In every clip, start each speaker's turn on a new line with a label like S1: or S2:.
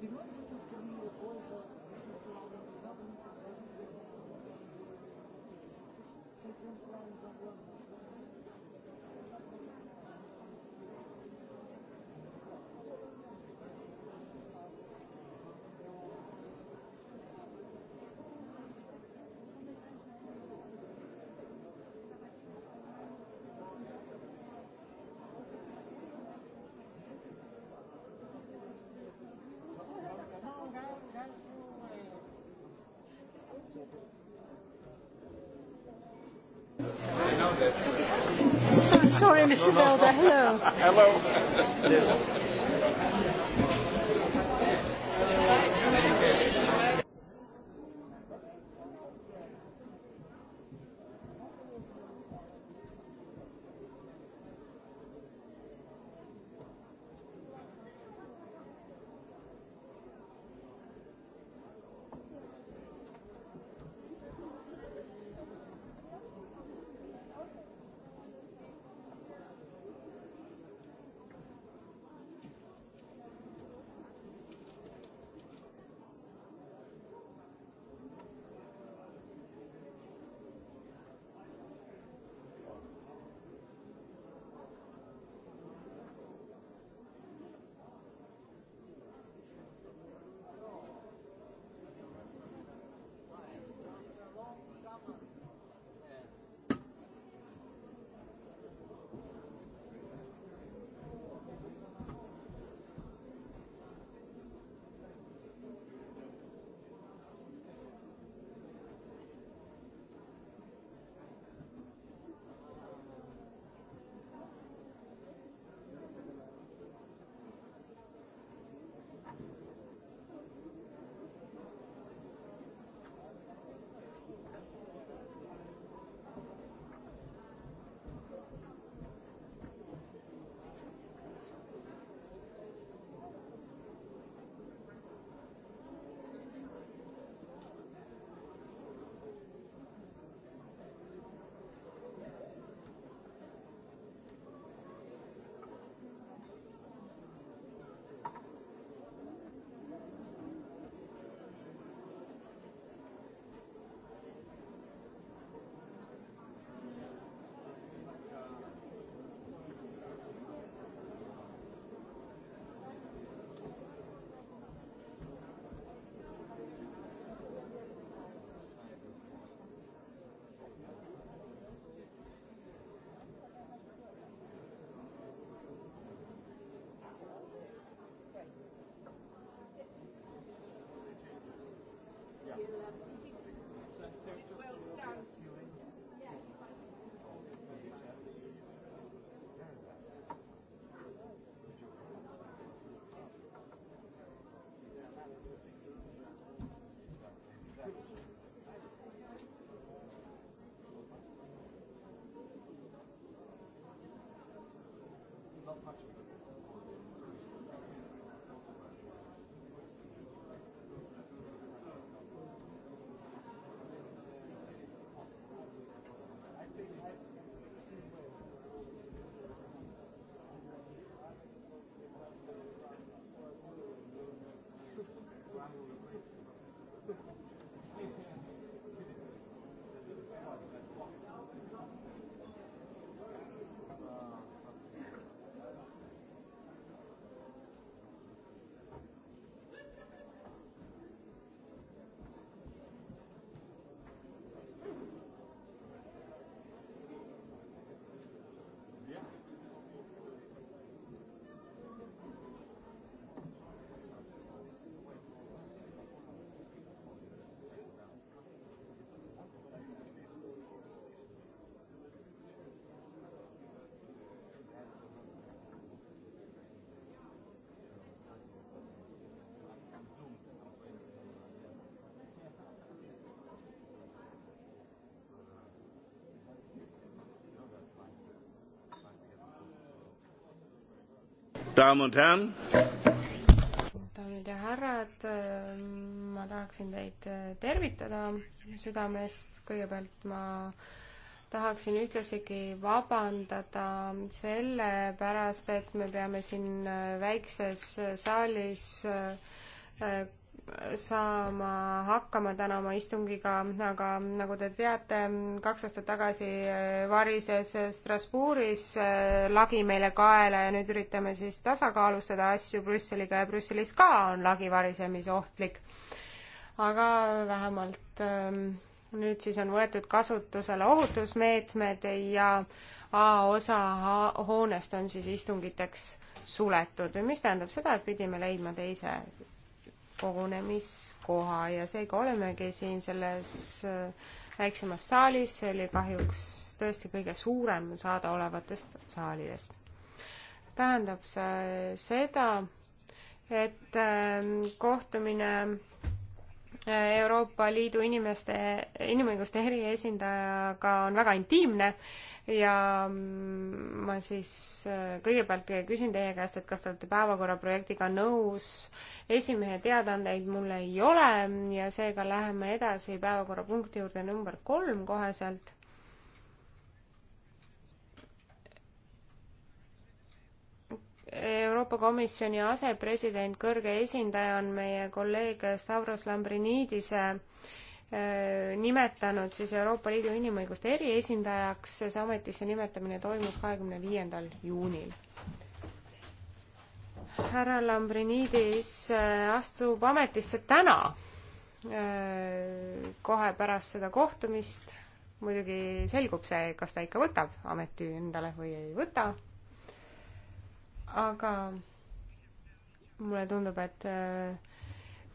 S1: Мотивация поскорее польза, что славим за западных христианских. Таким славим за главное. morning, Mr. Felder. Hello. Hello. What part
S2: Damen und Herren.
S3: daamid ja härrad, ma tahaksin teid tervitada südamest. kõigepealt ma tahaksin ühtlasigi vabandada selle pärast, et me peame siin väikses saalis saama hakkama täna oma istungiga, aga nagu te teate, kaks aastat tagasi eh, varises eh, Strasbourgis eh, lagi meile kaela ja nüüd üritame siis tasakaalustada asju Brüsseliga ja Brüsselis ka on lagi varisemise ohtlik. aga vähemalt ehm, nüüd siis on võetud kasutusele ohutusmeetmed ja A-osa hoonest on siis istungiteks suletud, mis tähendab seda, et pidime leidma teise kogunemiskoha ja seega olemegi siin selles äh, väiksemas saalis, see oli kahjuks tõesti kõige suurem saadaolevatest saalidest. tähendab see seda, et ähm, kohtumine äh, Euroopa Liidu inimeste, inimõiguste eriesindajaga on väga intiimne ja mm, ma siis äh, kõigepealt küsin teie käest, et kas te olete päevakorra projektiga nõus. esimehe teadaandeid mul ei ole ja seega läheme edasi päevakorrapunkti juurde number kolm koheselt. Euroopa Komisjoni asepresident, kõrge esindaja on meie kolleeg Stavros Lambrinidise Äh, nimetanud siis Euroopa Liidu inimõiguste eriesindajaks, see ametisse nimetamine toimus kahekümne viiendal juunil. härra Lambrinidis äh, astub ametisse täna, äh, kohe pärast seda kohtumist, muidugi selgub see, kas ta ikka võtab ameti endale või ei võta, aga mulle tundub, et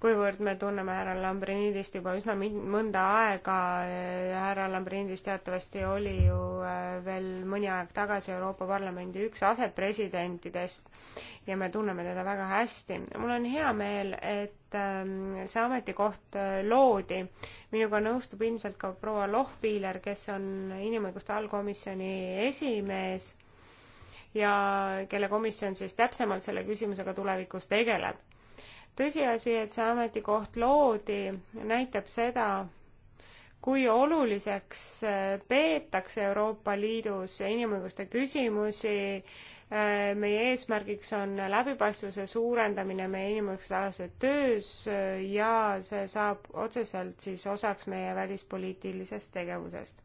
S3: kuivõrd me tunneme härra Lambrinidist juba üsna mõnda aega, eh, härra Lambrinidis teatavasti oli ju eh, veel mõni aeg tagasi Euroopa Parlamendi üks asepresidentidest ja me tunneme teda väga hästi. mul on hea meel, et ehm, see ametikoht eh, loodi. minuga nõustub ilmselt ka proua Lohpiiler, kes on inimõiguste allkomisjoni esimees ja kelle komisjon siis täpsemalt selle küsimusega tulevikus tegeleb tõsiasi, et see ametikoht loodi, näitab seda, kui oluliseks äh, peetakse Euroopa Liidus inimõiguste küsimusi. Äh, meie eesmärgiks on läbipaistvuse suurendamine meie inimõiguste alases töös äh, ja see saab otseselt siis osaks meie välispoliitilisest tegevusest.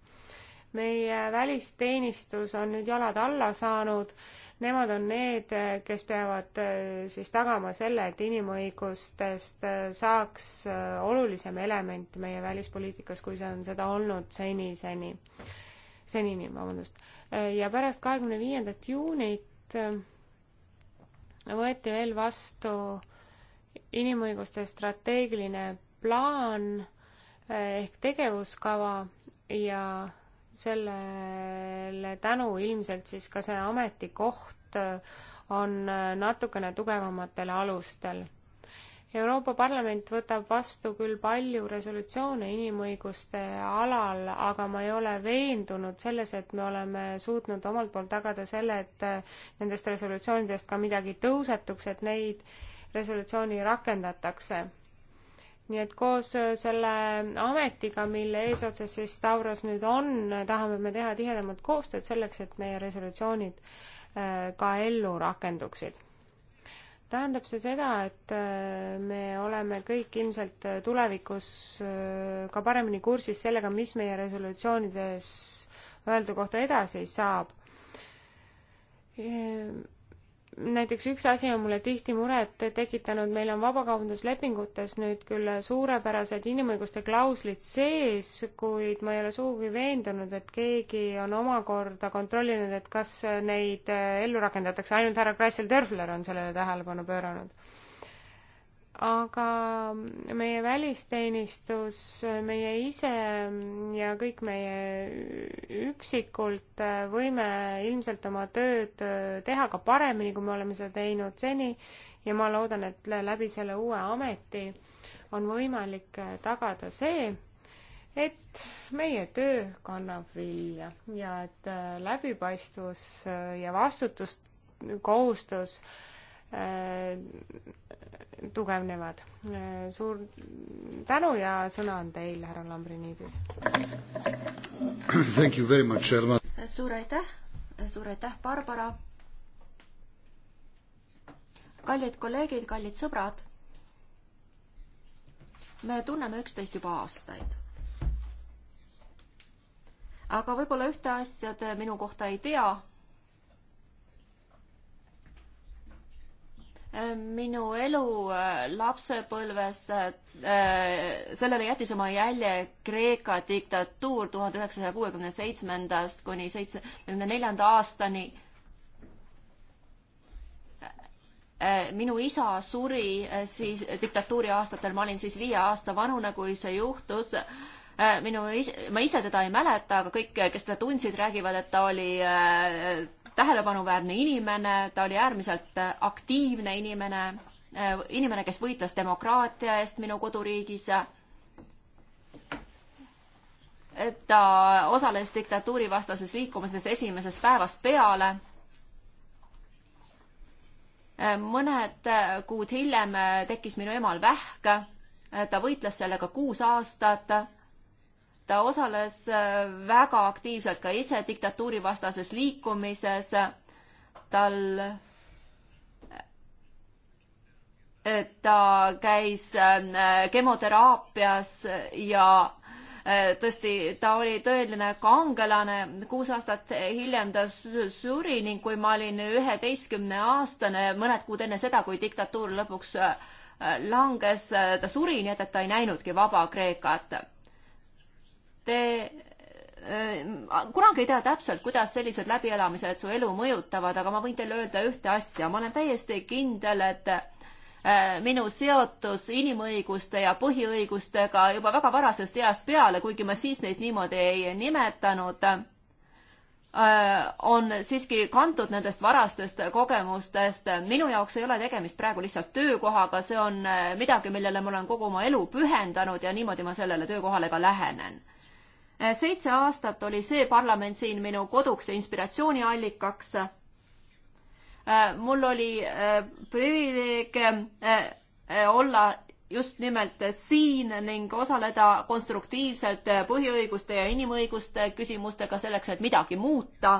S3: meie välisteenistus on nüüd jalad alla saanud Nemad on need, kes peavad eh, siis tagama selle, et inimõigustest eh, saaks eh, olulisem element meie välispoliitikas, kui see on seda olnud seniseni, senini, vabandust. ja pärast kahekümne viiendat juunit võeti veel vastu inimõiguste strateegiline plaan ehk tegevuskava ja sellele tänu ilmselt siis ka see ametikoht äh, on äh, natukene tugevamatel alustel. Euroopa Parlament võtab vastu küll palju resolutsioone inimõiguste alal, aga ma ei ole veendunud selles, et me oleme suutnud omalt poolt tagada selle, et äh, nendest resolutsioonidest ka midagi tõusetuks, et neid resolutsiooni rakendatakse nii et koos äh, selle ametiga, mille eesotsas siis Stavros nüüd on, tahame me teha tihedamat koostööd selleks, et meie resolutsioonid äh, ka ellu rakenduksid tähendab see seda, et äh, me oleme kõik ilmselt tulevikus ka paremini kursis sellega, mis meie resolutsioonides öeldu kohta edasi saab. Ehm, näiteks üks asi on mulle tihti muret tekitanud, meil on vabakaubanduslepingutes nüüd küll suurepärased inimõiguste klauslid sees, kuid ma ei ole sugugi veendunud, et keegi on omakorda kontrollinud, et kas neid eh, ellu rakendatakse, ainult härra Kreisel-Dörfler on sellele tähelepanu pööranud aga meie välisteenistus, meie ise ja kõik meie üksikult äh, võime ilmselt oma tööd äh, teha ka paremini, kui me oleme seda teinud seni ja ma loodan, et läbi selle uue ameti on võimalik äh, tagada see, et meie töö kannab vilja ja et läbipaistvus ja vastutuskohustus äh, Äh, tugevnevad. Äh, suur tänu ja sõna on teil, härra Lambrinidis. suur aitäh, suur aitäh, Barbara.
S4: kallid kolleegid, kallid sõbrad. me tunneme üksteist juba aastaid aga võib-olla ühte asja te minu kohta ei tea. minu elu äh, lapsepõlves, äh, sellele jättis oma jälje Kreeka diktatuur tuhande üheksasaja kuuekümne seitsmendast kuni seitsmekümne neljanda aastani. Äh, minu isa suri siis diktatuuri aastatel, ma olin siis viie aasta vanune, kui see juhtus Äh, minu is-, ma ise teda ei mäleta, aga kõik, kes teda tundsid, räägivad, et ta oli äh, tähelepanuväärne inimene, ta oli äärmiselt äh, aktiivne inimene, inimene, kes võitles demokraatia eest minu koduriigis. ta osales diktatuurivastases liikumises esimesest päevast peale mõned kuud hiljem tekkis minu emal vähk, ta võitles sellega kuus aastat ta osales äh, väga aktiivselt ka ise diktatuurivastases liikumises. tal, äh, ta käis äh, kemoteraapias ja tõesti, ta oli tõeline kangelane, kuus aastat hiljem ta suri ning kui ma olin üheteistkümneaastane, mõned kuud enne seda, kui diktatuur lõpuks langes, ta suri, nii et, et ta ei näinudki Vaba-Kreekat te äh, kunagi ei tea täpselt, kuidas sellised läbielamised su elu mõjutavad, aga ma võin teile öelda ühte asja, ma olen täiesti kindel, et äh, minu seotus inimõiguste ja põhiõigustega juba väga varasest east peale, kuigi ma siis neid niimoodi ei nimetanud, äh, on siiski kantud nendest varastest kogemustest. minu jaoks ei ole tegemist praegu lihtsalt töökohaga, see on midagi, millele ma olen kogu oma elu pühendanud ja niimoodi ma sellele töökohale ka lähenen seitse aastat oli see parlament siin minu koduks ja inspiratsiooniallikaks. Äh, mul oli äh, privileeg äh, olla just nimelt siin ning osaleda konstruktiivselt põhiõiguste ja inimõiguste küsimustega selleks, et midagi muuta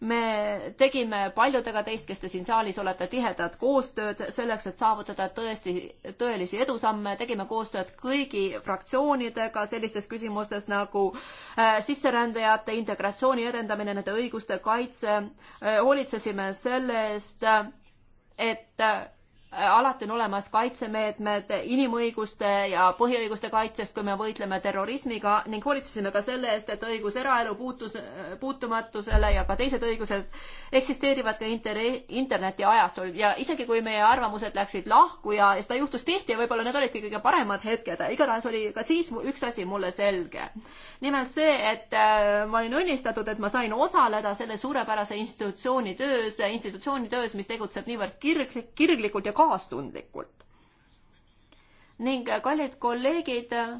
S4: me tegime paljudega teist, kes te siin saalis olete, tihedat koostööd selleks, et saavutada tõesti tõelisi edusamme, tegime koostööd kõigi fraktsioonidega sellistes küsimustes nagu äh, sisserändajate integratsiooni edendamine, nende õiguste kaitse äh,, hoolitsesime selle eest, äh, et äh, Äh, alati on olemas kaitsemeetmed inimõiguste ja põhiõiguste kaitsest, kui me võitleme terrorismiga ning hoolitsesime ka selle eest, et õigus eraelu puutus, puutumatusele ja ka teised õigused eksisteerivad ka inter-, internetiajastul ja isegi kui meie arvamused läksid lahku ja seda juhtus tihti ja võib-olla need olidki kõige paremad hetked, igatahes oli ka siis üks asi mulle selge. nimelt see, et äh, ma olin õnnistatud, et ma sain osaleda selle suurepärase institutsiooni töös, institutsiooni töös, mis tegutseb niivõrd kirg-, kirglikult ja kaastundlikult. ning äh, kallid kolleegid, äh,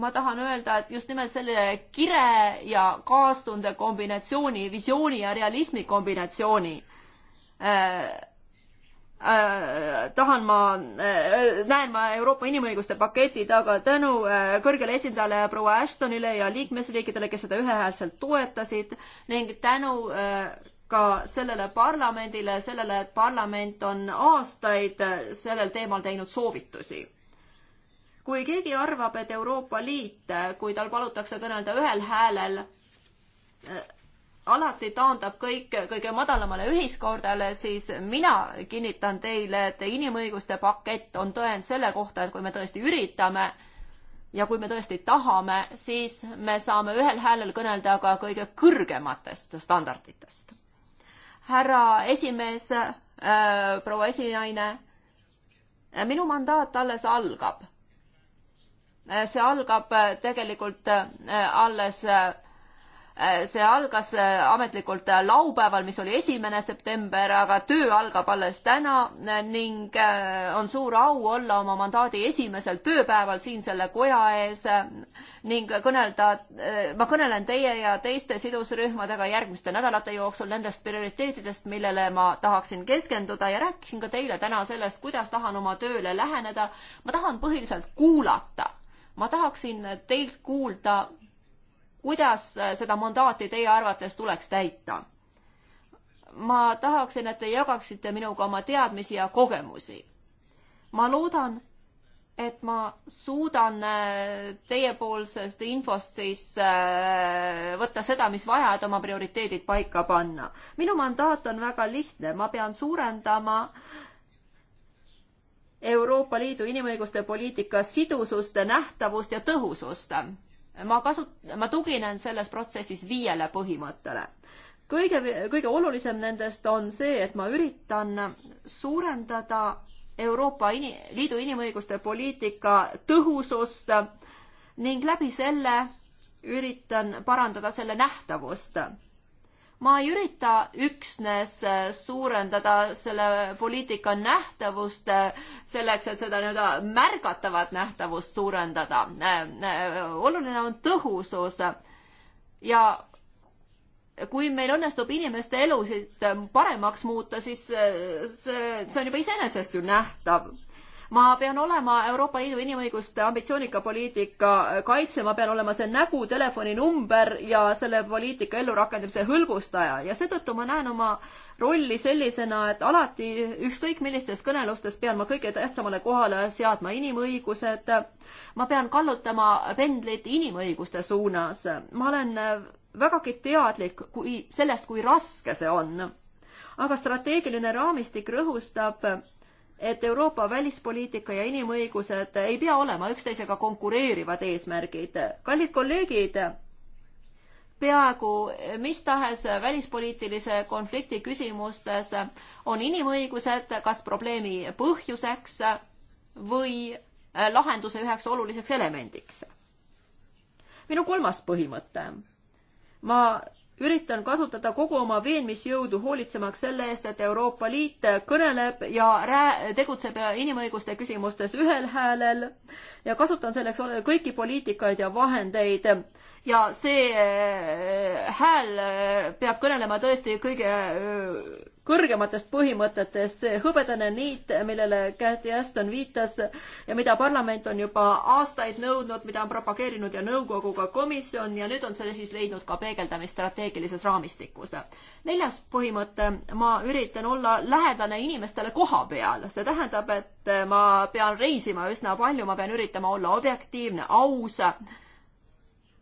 S4: ma tahan öelda, et just nimelt selle kire ja kaastunde kombinatsiooni, visiooni ja realismi kombinatsiooni äh, äh, tahan ma äh,, näen ma Euroopa inimõiguste paketi taga tänu äh, kõrgele esindajale proua Ashtonile ja liikmesriikidele, kes seda ühehäälselt toetasid ning tänu ka sellele parlamendile, sellele, et parlament on aastaid sellel teemal teinud soovitusi. kui keegi arvab, et Euroopa Liit, kui tal palutakse kõnelda ühel häälel, alati taandab kõik kõige madalamale ühiskordale, siis mina kinnitan teile, et inimõiguste pakett on tõend selle kohta, et kui me tõesti üritame ja kui me tõesti tahame, siis me saame ühel häälel kõnelda ka kõige kõrgematest standarditest härra esimees äh,, proua esinaine, äh, minu mandaat alles algab. Äh, see algab äh, tegelikult alles Äh, see algas äh, ametlikult äh, laupäeval, mis oli esimene september, aga töö algab alles täna ning on suur au olla oma mandaadi esimesel tööpäeval siin selle koja ees ning kõnelda, ma kõnelen teie ja teiste sidusrühmadega järgmiste nädalate jooksul nendest prioriteetidest, millele ma tahaksin keskenduda ja rääkisin ka teile täna sellest, kuidas tahan oma tööle läheneda. ma tahan põhiliselt kuulata ma tahaksin teilt kuulda, kuidas äh, seda mandaati teie arvates tuleks täita? ma tahaksin, et te jagaksite minuga oma teadmisi ja kogemusi. ma loodan, et ma suudan äh, teiepoolsest infost siis äh, võtta seda, mis vaja, et oma prioriteedid paika panna. minu mandaat on väga lihtne, ma pean suurendama Euroopa Liidu inimõiguste poliitika sidusust, nähtavust ja tõhusust ma kasut-, ma tuginen selles protsessis viiele põhimõttele. kõige, kõige olulisem nendest on see, et ma üritan suurendada Euroopa ini-, Liidu inimõiguste poliitika tõhusust ning läbi selle üritan parandada selle nähtavust ma ei ürita üksnes äh, suurendada selle poliitika nähtavust äh, selleks, et seda nii-öelda märgatavat nähtavust suurendada. Äh, oluline on tõhusus ja kui meil õnnestub inimeste elusid paremaks muuta, siis see, see on juba iseenesest ju nähtav ma pean olema Euroopa Liidu inimõiguste ambitsioonika poliitika kaitsja, ma pean olema see nägu, telefoninumber ja selle poliitika ellurakendamise hõlbustaja ja seetõttu ma näen oma rolli sellisena, et alati ükskõik millistes kõnelustes pean ma kõige tähtsamale kohale seadma inimõigused. ma pean kallutama pendlit inimõiguste suunas. ma olen vägagi teadlik kui sellest, kui raske see on. aga strateegiline raamistik rõhustab et Euroopa välispoliitika ja inimõigused ei pea olema üksteisega konkureerivad eesmärgid. kallid kolleegid, peaaegu mis tahes välispoliitilise konflikti küsimustes on inimõigused kas probleemi põhjuseks või lahenduse üheks oluliseks elemendiks. minu kolmas põhimõte. ma üritan kasutada kogu oma veenmisjõudu hoolitsemaks selle eest, et Euroopa Liit kõneleb ja rää-, tegutseb inimõiguste küsimustes ühel häälel ja kasutan selleks kõiki poliitikaid ja vahendeid. ja see äh, hääl äh, peab kõnelema tõesti kõige äh, kõrgematest põhimõtetest, see hõbedane niit, millele Cathy Aston viitas ja mida parlament on juba aastaid nõudnud, mida on propageerinud ja nõukoguga komisjon ja nüüd on see siis leidnud ka peegeldamist strateegilises raamistikus. neljas põhimõte, ma üritan olla lähedane inimestele koha peal, see tähendab, et ma pean reisima üsna palju, ma pean üritama olla objektiivne, aus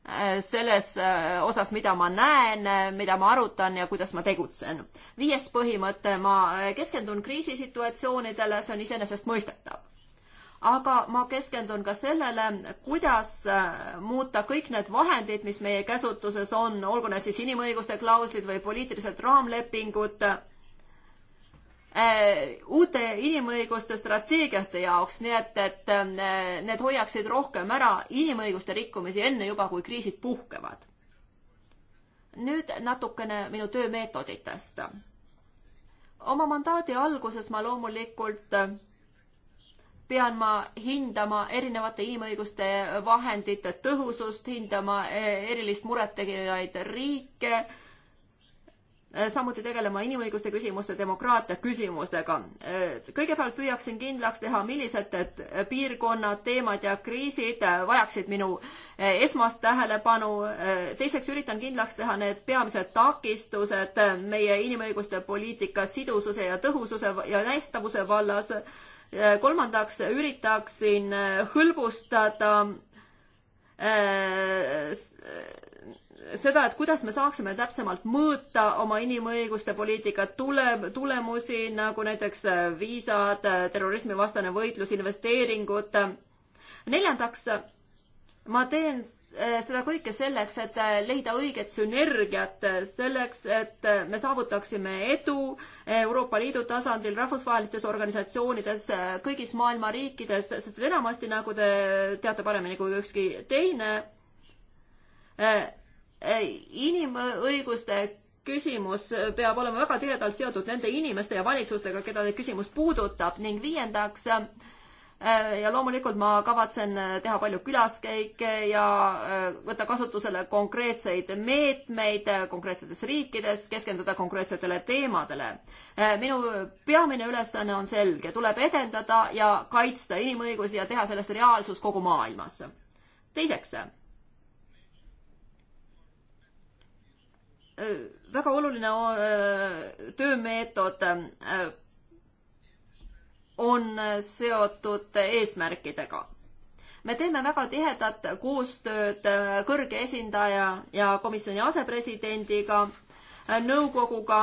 S4: Äh, selles äh, osas, mida ma näen, äh, mida ma arutan ja kuidas ma tegutsen. viies põhimõte, ma keskendun kriisisituatsioonidele, see on iseenesestmõistetav. aga ma keskendun ka sellele, kuidas muuta kõik need vahendid, mis meie käsutuses on, olgu need siis inimõiguste klauslid või poliitilised raamlepingud, Äh, uute inimõiguste strateegiate jaoks, nii et, et ähm, need hoiaksid rohkem ära inimõiguste rikkumisi enne juba, kui kriisid puhkevad. nüüd natukene minu töömeetoditest. oma mandaadi alguses ma loomulikult äh, pean ma hindama erinevate inimõiguste vahendite tõhusust, hindama äh, erilist murettegijaid riike Äh, samuti tegelema inimõiguste küsimuste, demokraatia küsimustega. Äh, kõigepealt püüaksin kindlaks teha, millised äh, piirkonnad, teemad ja kriisid vajaksid minu esmast tähelepanu. teiseks üritan kindlaks teha need peamised takistused meie inimõiguste poliitika sidususe ja tõhususe ja nähtavuse vallas. kolmandaks üritaksin hõlbustada seda, et kuidas me saaksime täpsemalt mõõta oma inimõiguste poliitika tule, tulemusi, nagu näiteks viisad, terrorismivastane võitlus, investeeringud. neljandaks, ma teen eh, seda kõike selleks, et eh, leida õiget sünergiat, eh, selleks, et me saavutaksime edu Euroopa Liidu tasandil, rahvusvahelistes organisatsioonides, kõigis maailma riikides, sest enamasti, nagu te teate paremini kui ükski teine, inimõiguste küsimus peab olema väga tihedalt seotud nende inimeste ja valitsustega, keda küsimus puudutab ning viiendaks äh, ja loomulikult ma kavatsen teha palju külaskäike ja äh, võtta kasutusele konkreetseid meetmeid äh, konkreetsetes riikides, keskenduda konkreetsetele teemadele. minu peamine ülesanne on selge, tuleb edendada ja kaitsta inimõigusi ja teha sellest reaalsus kogu maailmas. teiseks Äh, väga oluline äh, töömeetod äh, on seotud eesmärkidega. me teeme väga tihedat koostööd kõrge esindaja ja komisjoni asepresidendiga, nõukoguga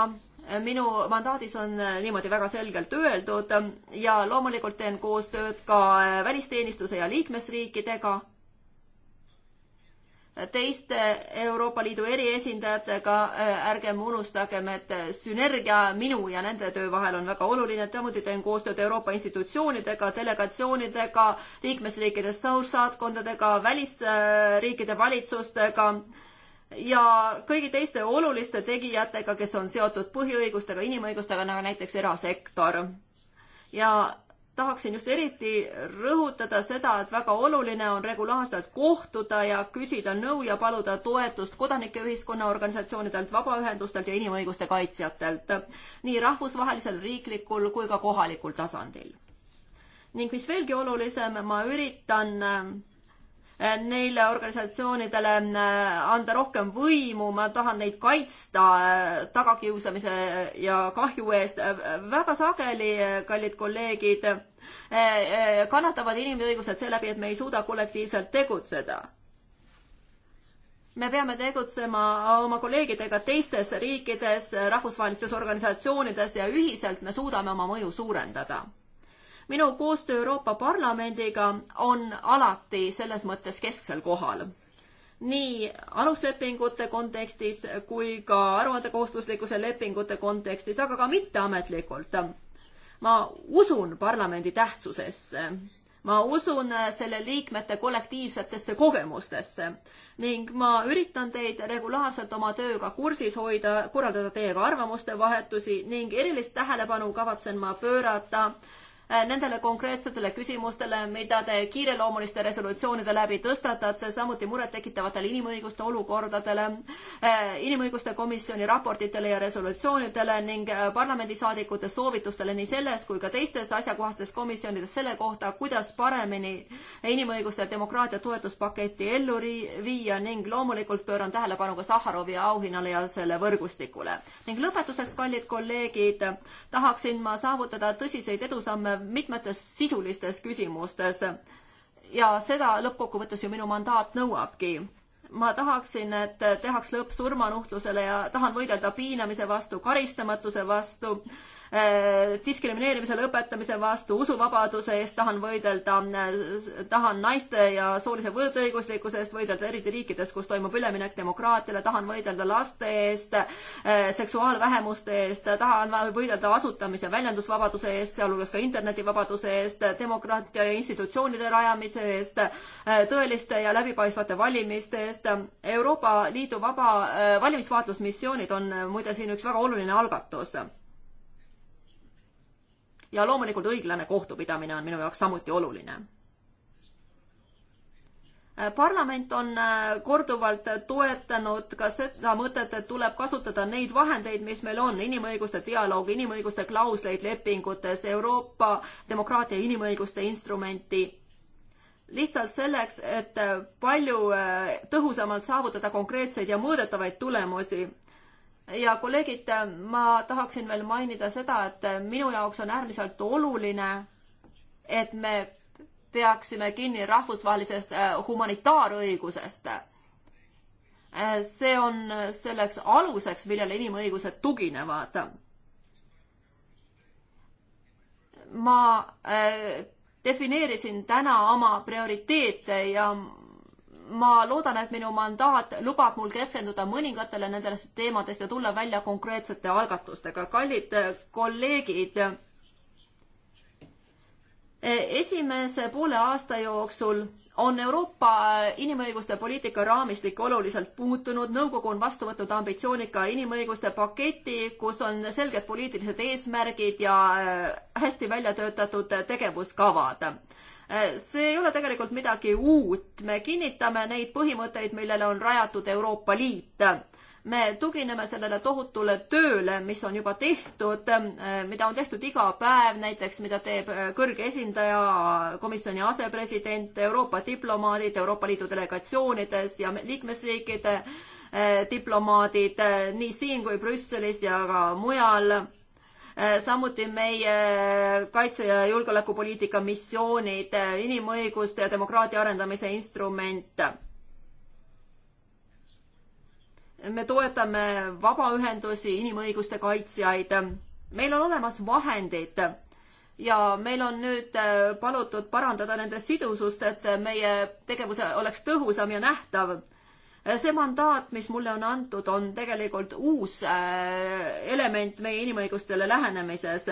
S4: minu mandaadis on niimoodi väga selgelt öeldud ja loomulikult teen koostööd ka välisteenistuse ja liikmesriikidega teiste Euroopa Liidu eriesindajatega, äh, ärgem unustagem, et sünergia minu ja nende töö vahel on väga oluline, samuti teen koostööd Euroopa institutsioonidega, delegatsioonidega, liikmesriikides saatkondadega, välisriikide valitsustega ja kõigi teiste oluliste tegijatega, kes on seotud põhiõigustega, inimõigustega, nagu näiteks erasektor. ja tahaksin just eriti rõhutada seda, et väga oluline on regulaarselt kohtuda ja küsida nõu ja paluda toetust kodanikeühiskonna organisatsioonidelt, vabaühendustelt ja inimõiguste kaitsjatelt nii rahvusvahelisel, riiklikul kui ka kohalikul tasandil. ning mis veelgi olulisem, ma üritan äh, Äh, neile organisatsioonidele äh, anda rohkem võimu, ma tahan neid kaitsta äh, tagakiusamise ja kahju eest. väga sageli, kallid kolleegid, kannatavad inimõigused seeläbi, et me ei suuda kollektiivselt tegutseda me peame tegutsema oma kolleegidega teistes riikides, rahvusvahelistes organisatsioonides ja ühiselt me suudame oma mõju suurendada minu koostöö Euroopa Parlamendiga on alati selles mõttes kesksel kohal nii aluslepingute kontekstis kui ka aruandekohustuslikkuse lepingute kontekstis, aga ka mitteametlikult. ma usun parlamendi tähtsusesse. ma usun selle liikmete kollektiivsetesse kogemustesse ning ma üritan teid regulaarselt oma tööga kursis hoida, korraldada teiega arvamuste vahetusi ning erilist tähelepanu kavatsen ma pöörata äh, Äh, nendele konkreetsetele küsimustele, mida te kiireloomuliste resolutsioonide läbi tõstatate, samuti murettekitavatele inimõiguste olukordadele, äh, inimõiguste komisjoni raportitele ja resolutsioonidele ning äh, parlamendisaadikute soovitustele nii selles kui ka teistes asjakohastes komisjonides selle kohta, kuidas paremini inimõiguste ja demokraatia toetuspaketti ellu viia ning loomulikult pööran tähelepanu ka Sahharovi auhinnale ja selle võrgustikule. ning lõpetuseks, kallid kolleegid, tahaksin ma saavutada tõsiseid edusamme mitmetes sisulistes küsimustes ja seda lõppkokkuvõttes ju minu mandaat nõuabki. ma tahaksin, et tehaks lõpp surmanuhtlusele ja tahan võidelda piinamise vastu, karistamatuse vastu Äh, diskrimineerimise lõpetamise vastu, usuvabaduse eest tahan võidelda, äh, tahan naiste ja soolise võrdõiguslikkuse eest võidelda, eriti riikides, kus toimub üleminek demokraatiale, tahan võidelda laste eest, äh, seksuaalvähemuste eest, tahan võidelda asutamise, väljendusvabaduse eest, sealhulgas ka internetivabaduse eest, demokraatia ja institutsioonide rajamise eest, tõeliste ja läbipaistvate valimiste eest. Euroopa Liidu vaba, valimisvaatlusmissioonid on muide siin üks väga oluline algatus ja loomulikult õiglane kohtupidamine on minu jaoks samuti oluline äh, parlament on äh, korduvalt toetanud ka seda mõtet, et tuleb kasutada neid vahendeid, mis meil on, inimõiguste dialoog, inimõiguste klausleid lepingutes, Euroopa demokraatia ja inimõiguste instrumenti. lihtsalt selleks, et äh, palju tõhusamalt saavutada konkreetseid ja mõõdetavaid tulemusi ja kolleegid, ma tahaksin veel mainida seda, et minu jaoks on äärmiselt oluline, et me peaksime kinni rahvusvahelisest äh, humanitaarõigusest. Äh, see on selleks aluseks, millele inimõigused tuginevad. ma äh, defineerisin täna oma prioriteete ja ma loodan, et minu mandaat lubab mul keskenduda mõningatele nendest teemadest ja tulla välja konkreetsete algatustega. kallid kolleegid, esimese poole aasta jooksul on Euroopa inimõiguste poliitika raamistik oluliselt muutunud, nõukogu on vastu võtnud ambitsioonika inimõiguste paketi, kus on selged poliitilised eesmärgid ja äh, hästi välja töötatud tegevuskavad Äh, see ei ole tegelikult midagi uut, me kinnitame neid põhimõtteid, millele on rajatud Euroopa Liit. me tugineme sellele tohutule tööle, mis on juba tehtud, äh, mida on tehtud iga päev, näiteks mida teeb äh, kõrge esindaja, komisjoni asepresident, Euroopa diplomaadid Euroopa Liidu delegatsioonides ja liikmesriikide diplomaadid nii siin kui Brüsselis ja ka mujal Äh, samuti meie äh, kaitse- ja julgeolekupoliitika missioonid, äh, inimõiguste ja demokraatia arendamise instrument. me toetame vabaühendusi, inimõiguste kaitsjaid. meil on olemas vahendid ja meil on nüüd palutud parandada nende sidusust, et meie tegevus oleks tõhusam ja nähtav see mandaat, mis mulle on antud, on tegelikult uus äh, element meie inimõigustele lähenemises.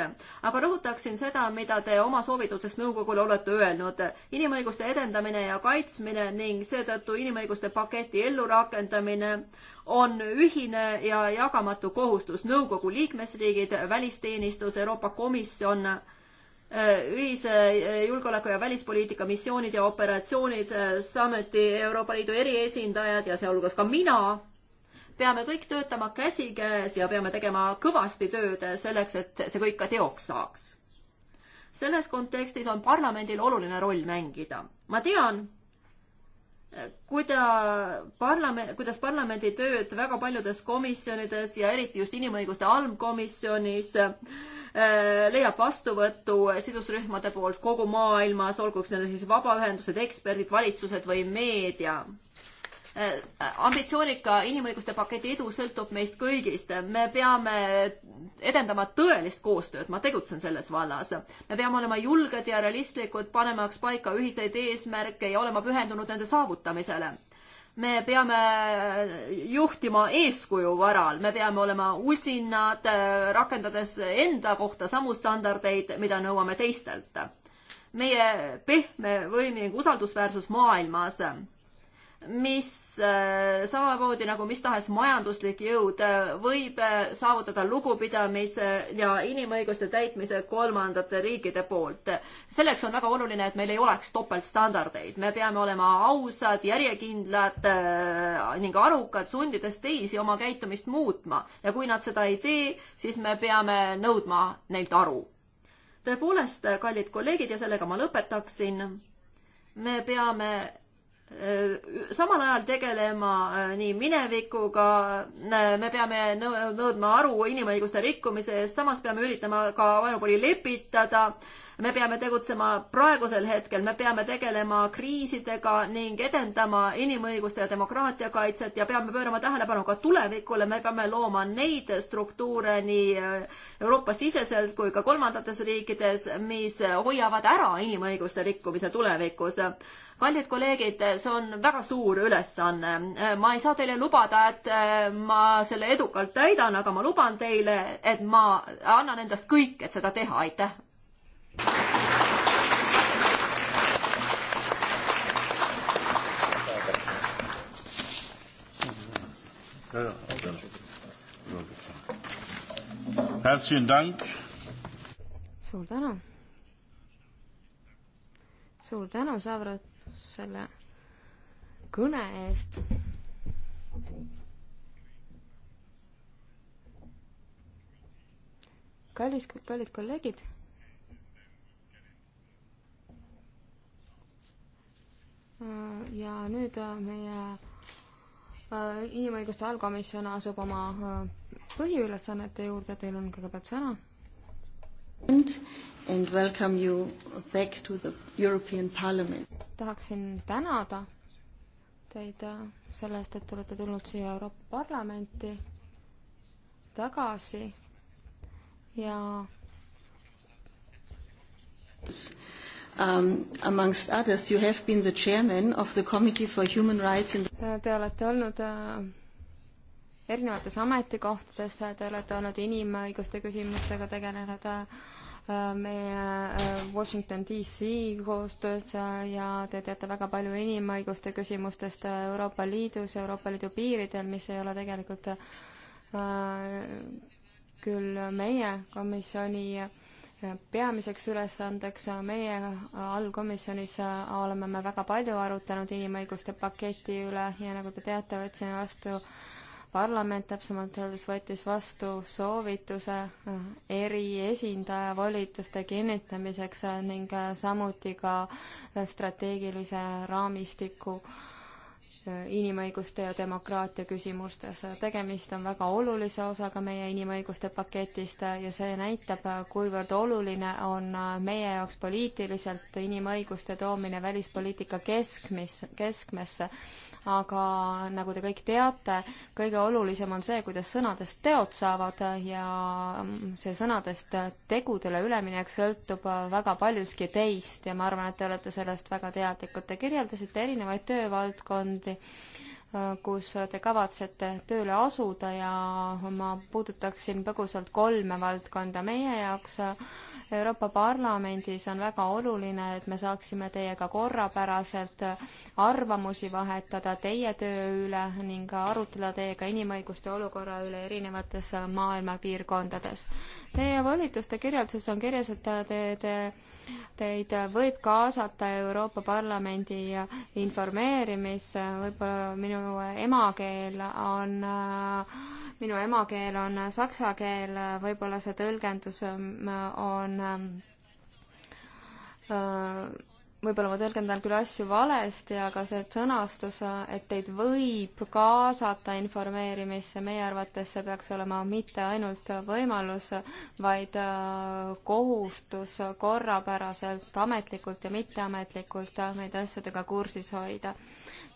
S4: aga rõhutaksin seda, mida te oma soovituses nõukogule olete öelnud. inimõiguste edendamine ja kaitsmine ning seetõttu inimõiguste paketi ellurakendamine on ühine ja jagamatu kohustus nõukogu liikmesriigid, välisteenistus, Euroopa Komisjon Äh, ühise äh, julgeoleku ja välispoliitika missioonid ja operatsioonid, äh, samuti Euroopa Liidu eriesindajad ja sealhulgas ka mina, peame kõik töötama käsikäes ja peame tegema kõvasti tööd selleks, et see kõik ka teoks saaks. selles kontekstis on parlamendil oluline roll mängida. ma tean, kuida parlament, kuidas parlamendi tööd väga paljudes komisjonides ja eriti just inimõiguste allkomisjonis äh, Äh, leiab vastuvõttu sidusrühmade poolt kogu maailmas, olguks need siis vabaühendused, eksperdid, valitsused või meedia äh, ambitsioonika inimõiguste paketi edu sõltub meist kõigist. me peame edendama tõelist koostööd, ma tegutsen selles vallas. me peame olema julged ja realistlikud, panemaks paika ühiseid eesmärke ja olema pühendunud nende saavutamisele me peame juhtima eeskuju varal, me peame olema usinad, rakendades enda kohta samu standardeid, mida nõuame teistelt. meie pehme võiming, usaldusväärsus maailmas mis äh, samamoodi nagu mis tahes majanduslik jõud äh, võib äh, saavutada lugupidamise ja inimõiguste täitmise kolmandate riikide poolt. selleks on väga oluline, et meil ei oleks topeltstandardeid, me peame olema ausad, järjekindlad ning arukad, sundides teisi oma käitumist muutma ja kui nad seda ei tee, siis me peame nõudma neilt aru. tõepoolest, kallid kolleegid ja sellega ma lõpetaksin. me peame Äh, samal ajal tegelema äh, nii minevikuga, äh, me peame nõudma aru inimõiguste rikkumise eest, samas peame üritama ka vaenupoli lepitada, me peame tegutsema praegusel hetkel, me peame tegelema kriisidega ning edendama inimõiguste ja demokraatia kaitset ja peame pöörama tähelepanu ka tulevikule, me peame looma neid struktuure nii Euroopa-siseselt kui ka kolmandates riikides, mis hoiavad ära inimõiguste rikkumise tulevikus kallid kolleegid, see on väga suur ülesanne. ma ei saa teile lubada, et äh, ma selle edukalt täidan, aga ma luban teile, et ma annan endast kõik, et seda teha, aitäh.
S5: suur tänu. suur tänu, Savrat selle kõne eest. kallis, kallid kolleegid. ja nüüd meie äh, inimõiguste allkomisjon asub oma äh, põhiülesannete juurde, teil on kõigepealt sõna.
S4: And welcome you back to the European Parliament
S5: tahaksin tänada teid äh, selle eest, et olete tulnud siia Euroopa Parlamenti tagasi ja Um, amongst others, you have been the chairman of the Committee for Human Rights in äh, Te olete olnud äh, erinevates ametikohtades, äh, te olete olnud inimõiguste küsimustega tegelenud äh, meie äh, Washington DC koostöös ja te teate väga palju inimõiguste küsimustest äh, Euroopa Liidus, Euroopa Liidu piiridel, mis ei ole tegelikult äh, küll meie komisjoni peamiseks ülesandeks meie allkomisjonis oleme me väga palju arutanud inimõiguste paketi üle ja nagu te teate, võtsime vastu parlament täpsemalt öeldes võttis vastu soovituse äh, eriesindaja volituste kinnitamiseks äh, ning äh, samuti ka strateegilise raamistiku inimõiguste ja demokraatia küsimustes. tegemist on väga olulise osaga meie inimõiguste paketist ja see näitab, kuivõrd oluline on meie jaoks poliitiliselt inimõiguste toomine välispoliitika keskmis, keskmesse aga nagu te kõik teate, kõige olulisem on see, kuidas sõnadest teod saavad ja see sõnadest tegudele üleminek sõltub väga paljuski teist ja ma arvan, et te olete sellest väga teadlikud. Te kirjeldasite erinevaid töövaldkondi kus te kavatsete tööle asuda ja ma puudutaksin põgusalt kolme valdkonda. meie jaoks Euroopa Parlamendis on väga oluline, et me saaksime teiega korrapäraselt arvamusi vahetada teie töö üle ning arutleda teiega inimõiguste olukorra üle erinevates maailma piirkondades. Teie volituste kirjelduses on kirjas, et te, te Teid võib kaasata Euroopa Parlamendi informeerimisse, võib-olla minu minu emakeel on, minu emakeel on saksa keel, võib-olla see tõlgendus mm, on mm, äh, võib-olla ma tõlgendan küll asju valesti, aga see sõnastus, et teid võib kaasata informeerimisse, meie arvates see peaks olema mitte ainult võimalus, vaid äh, kohustus korrapäraselt, ametlikult ja mitteametlikult meid asjadega kursis hoida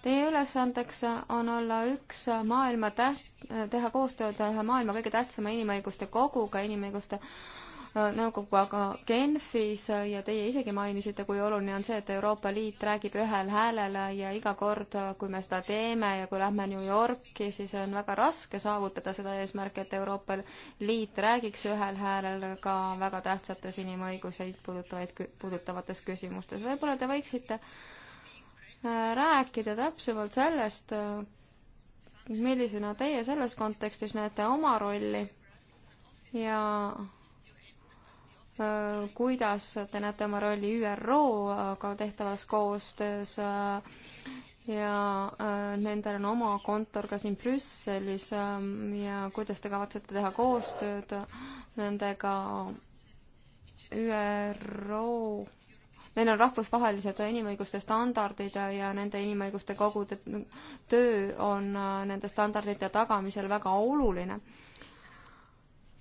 S5: Teie ülesandeks on olla üks maailma täht-, teha koostööd ühe maailma kõige tähtsama inimõiguste koguga, inimõiguste äh, nõukoguga Genfis ja teie isegi mainisite, kui oluline on see, et Euroopa Liit räägib ühel häälel ja iga kord, kui me seda teeme ja kui lähme New Yorki, siis on väga raske saavutada seda eesmärki, et Euroopa Liit räägiks ühel häälel ka väga tähtsates inimõiguseid puudutavaid, puudutavates küsimustes. võib-olla te võiksite Äh, rääkida täpsemalt sellest, äh, millisena teie selles kontekstis näete oma rolli ja äh, kuidas te näete oma rolli ÜRO-ga tehtavas koostöös ja nendel on oma kontor ka siin Brüsselis ja kuidas te kavatsete teha koostööd nendega ÜRO meil on rahvusvahelised inimõiguste standardid ja nende inimõiguste kogude töö on äh, nende standardite tagamisel väga oluline.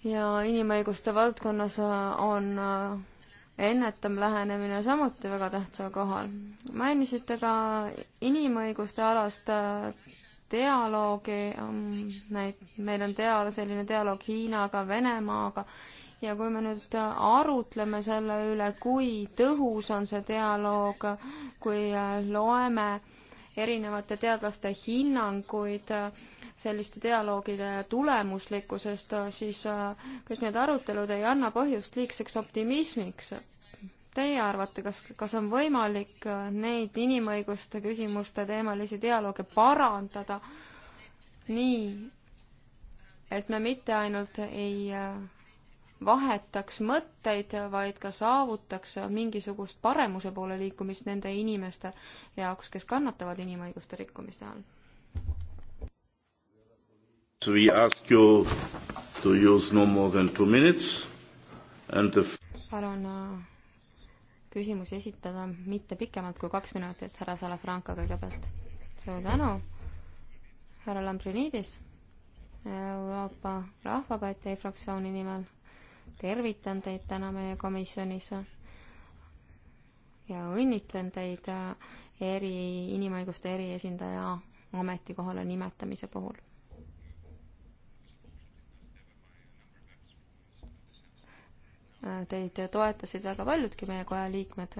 S5: ja inimõiguste valdkonnas äh, on äh, ennetav lähenemine samuti väga tähtsal kohal. mainisite ka inimõiguste alast dialoogi, mm, näit-, meil on dia-, selline dialoog Hiinaga, Venemaaga ja kui me nüüd arutleme selle üle, kui tõhus on see dialoog, kui äh, loeme erinevate teadlaste hinnanguid äh, selliste dialoogide tulemuslikkusest, äh, siis kõik need arutelud ei anna põhjust liigseks optimismiks. Teie arvate, kas, kas on võimalik neid inimõiguste küsimuste teemalisi dialoogi parandada nii, et me mitte ainult ei vahetaks mõtteid, vaid ka saavutaks mingisugust paremuse poole liikumist nende inimeste jaoks, kes kannatavad inimõiguste rikkumiste all.
S2: We ask you to use no more than two minutes and the
S5: palun äh, küsimusi esitada mitte pikemalt kui kaks minutit, härra Salafranca kõigepealt. suur tänu, härra Lambrinidis Euroopa Rahvapartei fraktsiooni nimel tervitan teid täna meie komisjonis ja õnnitlen teid eri, inimõiguste eriesindaja ametikohale nimetamise puhul. Teid toetasid väga paljudki meie koja liikmed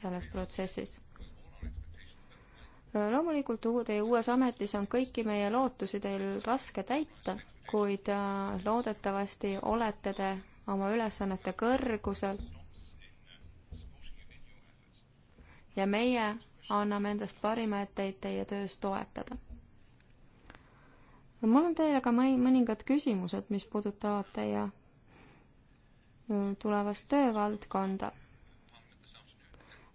S5: selles protsessis. loomulikult teie uues ametis on kõiki meie lootusi teil raske täita kuid äh, loodetavasti olete te oma ülesannete kõrgusel. ja meie anname endast parima, et teid teie töös toetada. mul on teile ka mõningad küsimused, mis puudutavad teie äh, tulevast töövaldkonda.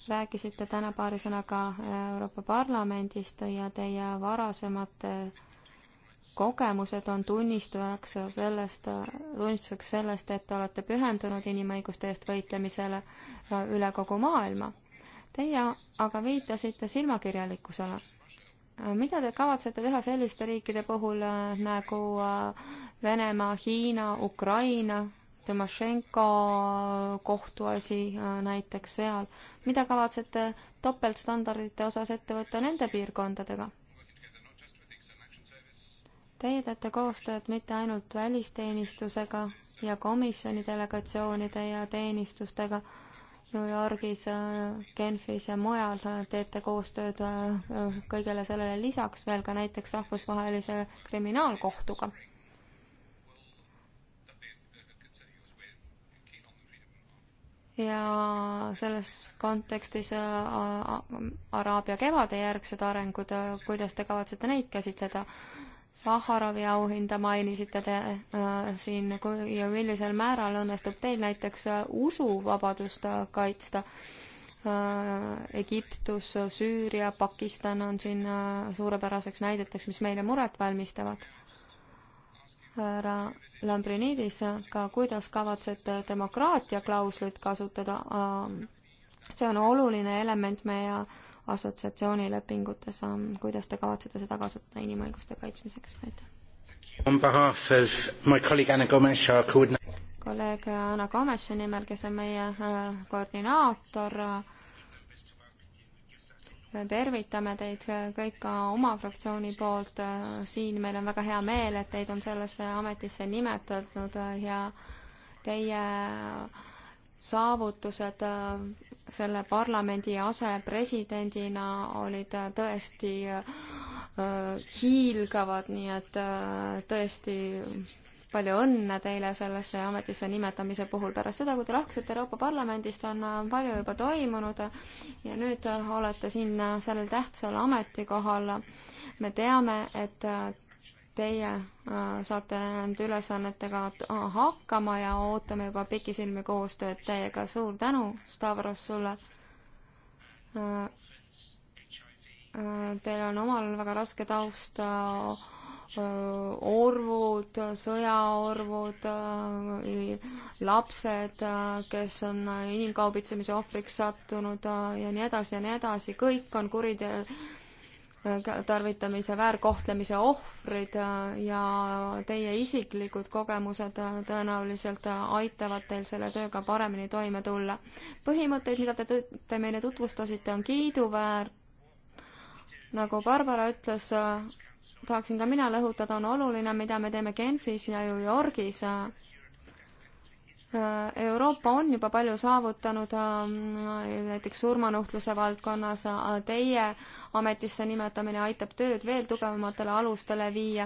S5: rääkisite täna paari sõnaga äh, Euroopa Parlamendist ja teie varasemate kogemused on tunnistajaks sellest, tunnistuseks sellest, et te olete pühendunud inimõiguste eest võitlemisele äh, üle kogu maailma. Teie aga viitasite silmakirjalikkusele. Äh, mida te kavatsete teha selliste riikide puhul äh, nagu Venemaa, Hiina, Ukraina, Tomašenko kohtuasi näiteks seal, mida kavatsete topeltstandardite osas ette võtta nende piirkondadega? Teie teete koostööd mitte ainult välisteenistusega ja komisjoni delegatsioonide ja teenistustega New Yorgis, Genfis ja mujal, teete koostööd äh, kõigele sellele lisaks veel ka näiteks Rahvusvahelise Kriminaalkohtuga. ja selles kontekstis äh, äh, Araabia kevade järgsed arengud, kuidas te kavatsete neid käsitleda? Saharovi auhinda mainisite te äh, siin ja millisel määral õnnestub teil näiteks äh, usuvabadust äh, kaitsta äh,. Egiptus, Süüria, Pakistan on siin äh, suurepäraseks näideteks, mis meile muret valmistavad. härra Lambrinidis, ka kuidas kavatsete demokraatia klauslit kasutada äh,? see on oluline element meie äh, assotsiatsioonilepingutes, kuidas te kavatsete seda kasutada inimõiguste kaitsmiseks, aitäh? kolleeg Anna Komeši nimel, kes on meie äh, koordinaator, tervitame teid kõik ka oma fraktsiooni poolt siin, meil on väga hea meel, et teid on sellesse ametisse nimetatud ja teie saavutused äh, selle parlamendi asepresidendina olid äh, tõesti äh, hiilgavad, nii et tõesti palju õnne teile sellesse ametisse nimetamise puhul. pärast seda, kui te lahkusite Euroopa Parlamendist, on palju juba toimunud ja nüüd olete siin sellel tähtsal ametikohal. me teame, et teie äh, saate nende ülesannetega äh, hakkama ja ootame juba pikisilmi koostööd teiega. suur tänu, Stavros, sulle. Äh, teil on omal väga raske taust, orvud, sõjaorvud, lapsed, kes on inimkaubitsemise ohvriks sattunud ja nii edasi ja nii edasi, kõik on kuriteo tarvitamise, väärkohtlemise ohvrid äh, ja teie isiklikud kogemused äh, tõenäoliselt äh, aitavad teil selle tööga paremini toime tulla. põhimõtteid, mida te, te meile tutvustasite, on kiiduväärt. nagu Barbara ütles, tahaksin ka mina rõhutada, on oluline, mida me teeme Genfis ja New Yorgis Äh, Euroopa on juba palju saavutanud ähm, näiteks surmanuhtluse valdkonnas, äh, teie ametisse nimetamine aitab tööd veel tugevamatele alustele viia.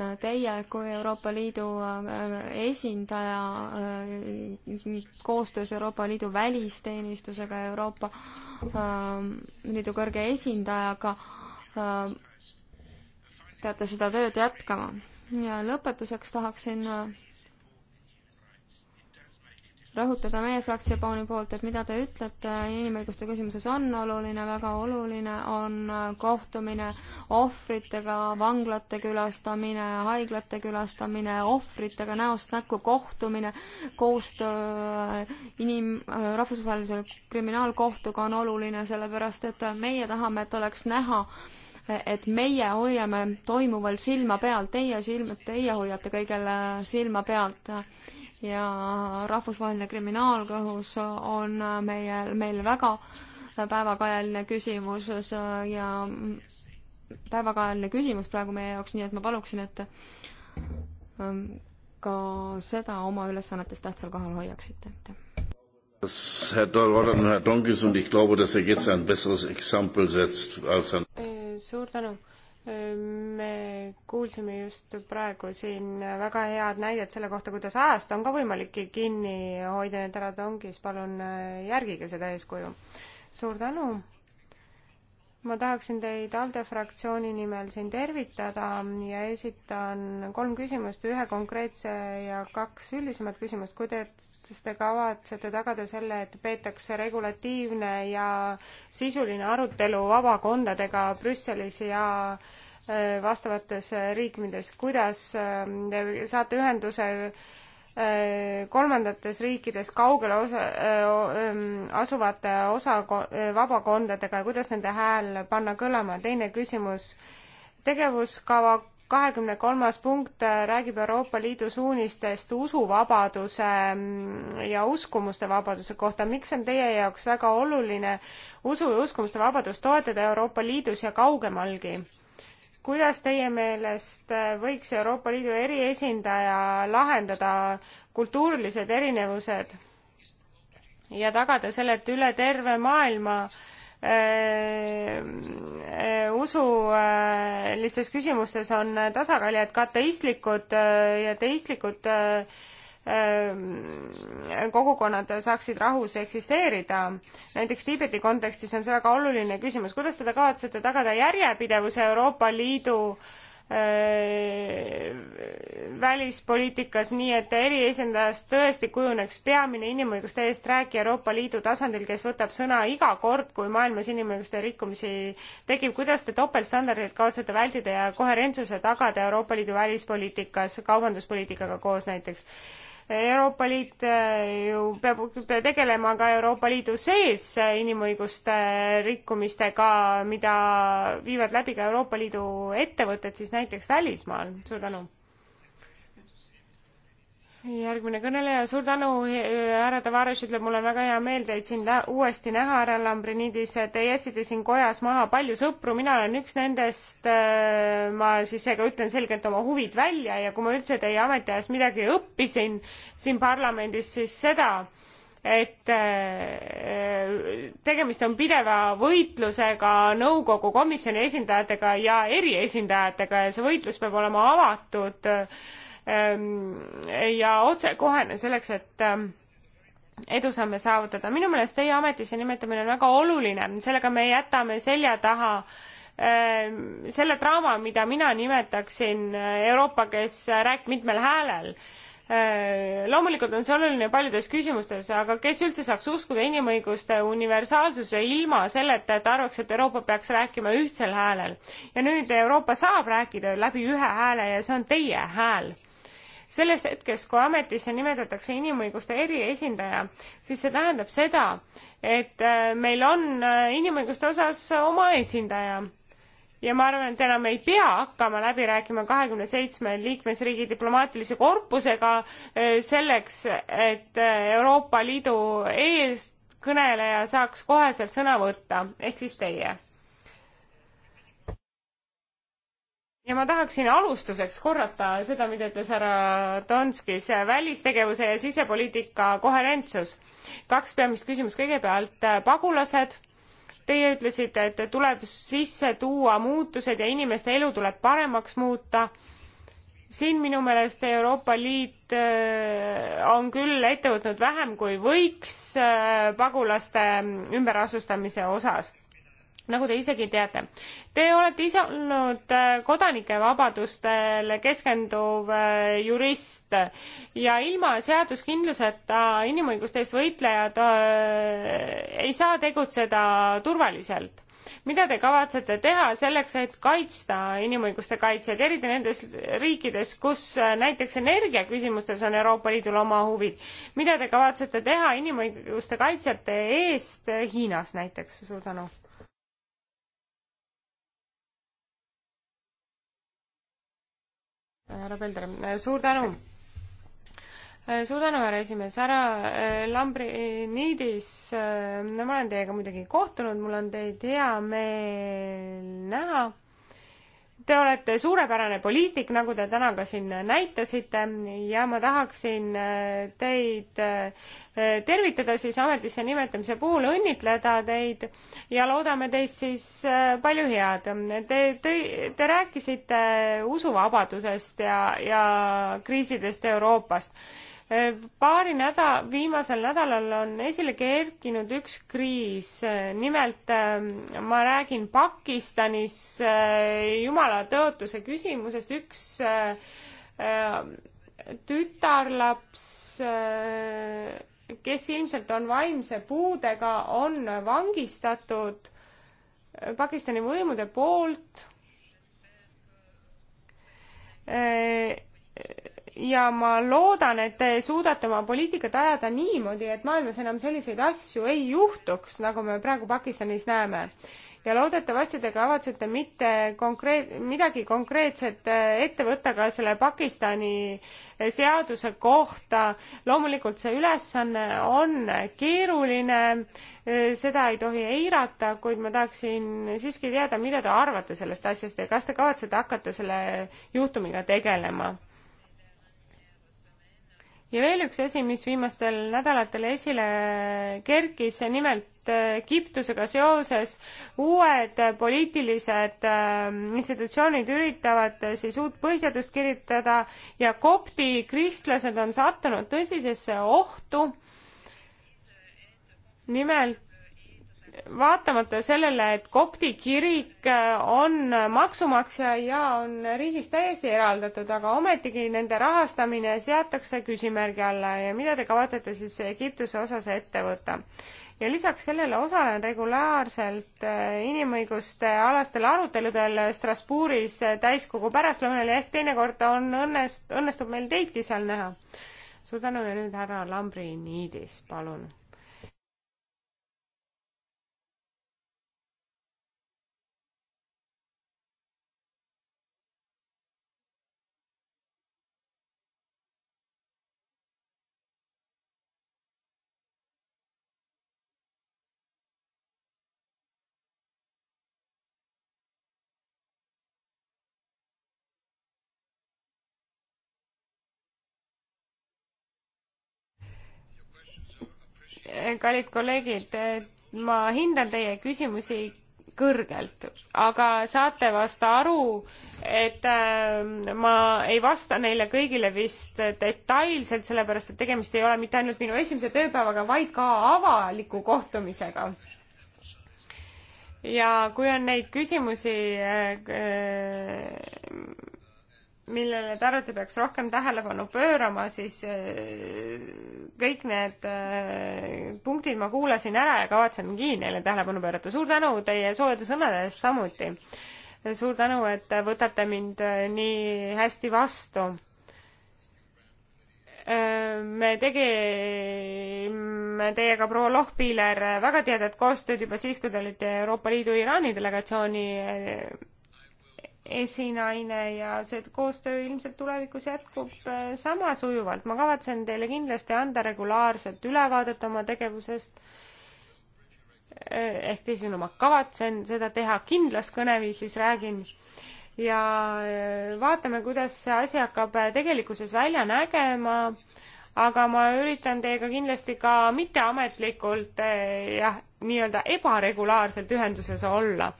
S5: Äh, teie kui Euroopa Liidu esindaja koostöös Euroopa Liidu välisteenistusega, Euroopa ähm, Liidu kõrge esindajaga ähm, peate seda tööd jätkama. ja lõpetuseks tahaksin rõhutada meie fraktsiooni poolt, et mida te ütlete, inimõiguste küsimuses on oluline, väga oluline on kohtumine ohvritega, vanglate külastamine, haiglate külastamine, ohvritega näost näkku kohtumine, koostöö inim-, rahvusvahelise kriminaalkohtuga on oluline, sellepärast et meie tahame, et oleks näha, et meie hoiame toimuval silma peal, teie silm, teie hoiate kõigel silma pealt ja rahvusvaheline kriminaalkohus on meie, meil väga päevakajaline küsimus ja päevakajaline küsimus praegu meie jaoks, nii et ma paluksin, et ähm, ka seda oma ülesannetes tähtsal kohal hoiaksite.
S2: Er äh,
S3: suur tänu me kuulsime just praegu siin väga head näidet selle kohta, kuidas ajast on ka võimalik kinni hoida, nii et härra Tongis, palun äh, järgige seda eeskuju. suur tänu! ma tahaksin teid ALDE fraktsiooni nimel siin tervitada ja esitan kolm küsimust, ühe konkreetse ja kaks üldisemat küsimust. kui te kas te kavatsete tagada selle, et peetakse regulatiivne ja sisuline arutelu vabakondadega Brüsselis ja äh, vastavates riikides, kuidas äh, te saate ühenduse äh, kolmandates riikides kaugel osa, mm, asuvate osa vabakondadega ja kuidas nende hääl panna kõlama, teine küsimus tegevuskava kahekümne kolmas punkt äh, räägib Euroopa Liidu suunistest usuvabaduse mm, ja uskumuste vabaduse kohta. miks on teie jaoks väga oluline usu ja uskumuste vabadust toetada Euroopa Liidus ja kaugemalgi? kuidas teie meelest äh, võiks Euroopa Liidu eriesindaja lahendada kultuurilised erinevused ja tagada selle, et üle terve maailma äh, Äh, äh, usulistes küsimustes on tasakaal ja et ka ateistlikud äh, ja teistlikud kogukonnad saaksid rahus eksisteerida. näiteks Tiibeti kontekstis on see väga oluline küsimus. kuidas te kavatsete tagada järjepidevuse Euroopa Liidu äh, Äh, välispoliitikas, nii et eriesindajast tõesti kujuneks peamine inimõiguste eest rääkija Euroopa Liidu tasandil, kes võtab sõna iga kord, kui maailmas inimõiguste rikkumisi tekib. kuidas te topeltstandardeid kavatsete vältida ja koherentsuse tagada Euroopa Liidu välispoliitikas kaubanduspoliitikaga koos näiteks? Euroopa Liit äh, ju peab tegelema ka Euroopa Liidu sees äh, inimõiguste rikkumistega, mida viivad läbi ka Euroopa Liidu ettevõtted siis näiteks välismaal. suur tänu! järgmine kõneleja, suur tänu, härra Tavares ütleb, mul on väga hea meel teid siin uuesti näha, härra Lambrinidis, te jätsite siin kojas maha palju sõpru, mina olen üks nendest, ma siis seega ütlen selgelt oma huvid välja ja kui ma üldse teie ametiajast midagi õppisin siin parlamendis, siis seda, et tegemist on pideva võitlusega nõukogu komisjoni esindajatega ja eriesindajatega ja see võitlus peab olema avatud äh, Ehm, ja otsekohene selleks, et ehm, edusamme saavutada. minu meelest teie ametisse nimetamine on väga oluline, sellega me jätame selja taha ehm, selle draama, mida mina nimetaksin Euroopa, kes räägib mitmel häälel. loomulikult on see oluline paljudes küsimustes, aga kes üldse saaks uskuda inimõiguste universaalsuse ilma selleta, et arvaks, et Euroopa peaks rääkima ühtsel häälel. ja nüüd Euroopa saab rääkida läbi ühe hääle ja see on teie hääl sellest hetkest, kui ametisse nimetatakse inimõiguste eriesindaja, siis see tähendab seda, et äh, meil on äh, inimõiguste osas oma esindaja ja ma arvan, et enam ei pea hakkama läbi rääkima kahekümne seitsme liikmesriigi diplomaatilise korpusega äh, selleks, et Euroopa Liidu eeskõneleja saaks koheselt sõna võtta, ehk siis teie ja ma tahaksin alustuseks korrata seda, mida ütles härra Donskis, äh, välistegevuse ja sisepoliitika koherentsus. kaks peamist küsimust, kõigepealt äh, pagulased. Teie ütlesite, et tuleb sisse tuua muutused ja inimeste elu tuleb paremaks muuta. siin minu meelest Euroopa Liit äh, on küll ette võtnud vähem, kui võiks pagulaste ümberasustamise osas nagu te isegi teate. Te olete ise olnud äh, kodanike vabadustele keskenduv äh, jurist ja ilma seaduskindluseta inimõiguste eest võitlejad äh, ei saa tegutseda turvaliselt. mida te kavatsete teha selleks, et kaitsta inimõiguste kaitsjaid, eriti nendes riikides, kus näiteks energiaküsimustes on Euroopa Liidul oma huvid? mida te kavatsete teha inimõiguste kaitsjate eest Hiinas näiteks? suur tänu härra Pelder, suur tänu! suur tänu, härra esimees, härra äh, Lambriniidis, äh, ma olen teiega muidugi kohtunud, mul on teid hea meel näha Te olete suurepärane poliitik, nagu te täna ka siin näitasite ja ma tahaksin äh, teid äh, tervitada siis ametisse nimetamise puhul, õnnitleda teid ja loodame teist siis äh, palju head. Te, te, te rääkisite usuvabadusest ja, ja kriisidest Euroopast Äh, paari näda-, viimasel nädalal on esile kerkinud üks kriis, äh, nimelt ähm, ma räägin Pakistanis äh, jumala tõotuse küsimusest, üks tütarlaps, kes ilmselt on vaimse puudega, on vangistatud Pakistani võimude poolt ja ma loodan, et te suudate oma poliitikat ajada niimoodi, et maailmas enam selliseid asju ei juhtuks, nagu me praegu Pakistanis näeme. ja loodetavasti te kavatsete mitte konkreet-, midagi konkreetset eh, ette võtta ka selle Pakistani eh, seaduse kohta. loomulikult see ülesanne on keeruline, eh, seda ei tohi eirata, kuid ma tahaksin siiski teada, mida te arvate sellest asjast ja kas te kavatsete hakata selle juhtumiga tegelema ja veel üks asi, mis viimastel nädalatel esile kerkis, nimelt äh, Egiptusega seoses uued äh, poliitilised ähm, institutsioonid üritavad äh, siis uut põhiseadust kirjutada ja kopti kristlased on sattunud tõsisesse ohtu. nimelt vaatamata sellele, et kopti kirik äh, on maksumaksja ja on riigist täiesti eraldatud, aga ometigi nende rahastamine seatakse küsimärgi alla ja mida te kavatsete siis Egiptuse osas ette võtta? ja lisaks sellele osalen regulaarselt äh, inimõiguste alastel aruteludel Strasbourgis äh, täiskogu pärastlõunal ja ehk teinekord on õnnest-, õnnestub meil teidki seal näha. suur tänu ja nüüd härra Lambrinidis, palun kallid kolleegid, ma hindan teie küsimusi kõrgelt, aga saate vast aru, et äh, ma ei vasta neile kõigile vist detailselt, sellepärast et tegemist ei ole mitte ainult minu esimese tööpäevaga, vaid ka avaliku kohtumisega. ja kui on neid küsimusi, äh, äh, millele te arvate, peaks rohkem tähelepanu pöörama, siis äh, kõik need äh, punktid ma kuulasin ära ja kavatsengi neile tähelepanu pöörata. suur tänu teie soojade sõnade eest samuti. suur tänu, et võtate mind äh, nii hästi vastu. me tegime teiega, proua Lohpiiler, väga tihedat koostööd juba siis, kui te olite Euroopa Liidu Iraani delegatsiooni esinaine ja see koostöö ilmselt tulevikus jätkub äh, sama sujuvalt. ma kavatsen teile kindlasti anda regulaarselt ülevaadet oma tegevusest. Äh, ehk teisisõnu, ma kavatsen seda teha kindlas kõneviisis, räägin ja äh, vaatame, kuidas see asi hakkab tegelikkuses välja nägema. aga ma üritan teiega kindlasti ka mitteametlikult jah, nii-öelda ebaregulaarselt ühenduses olla.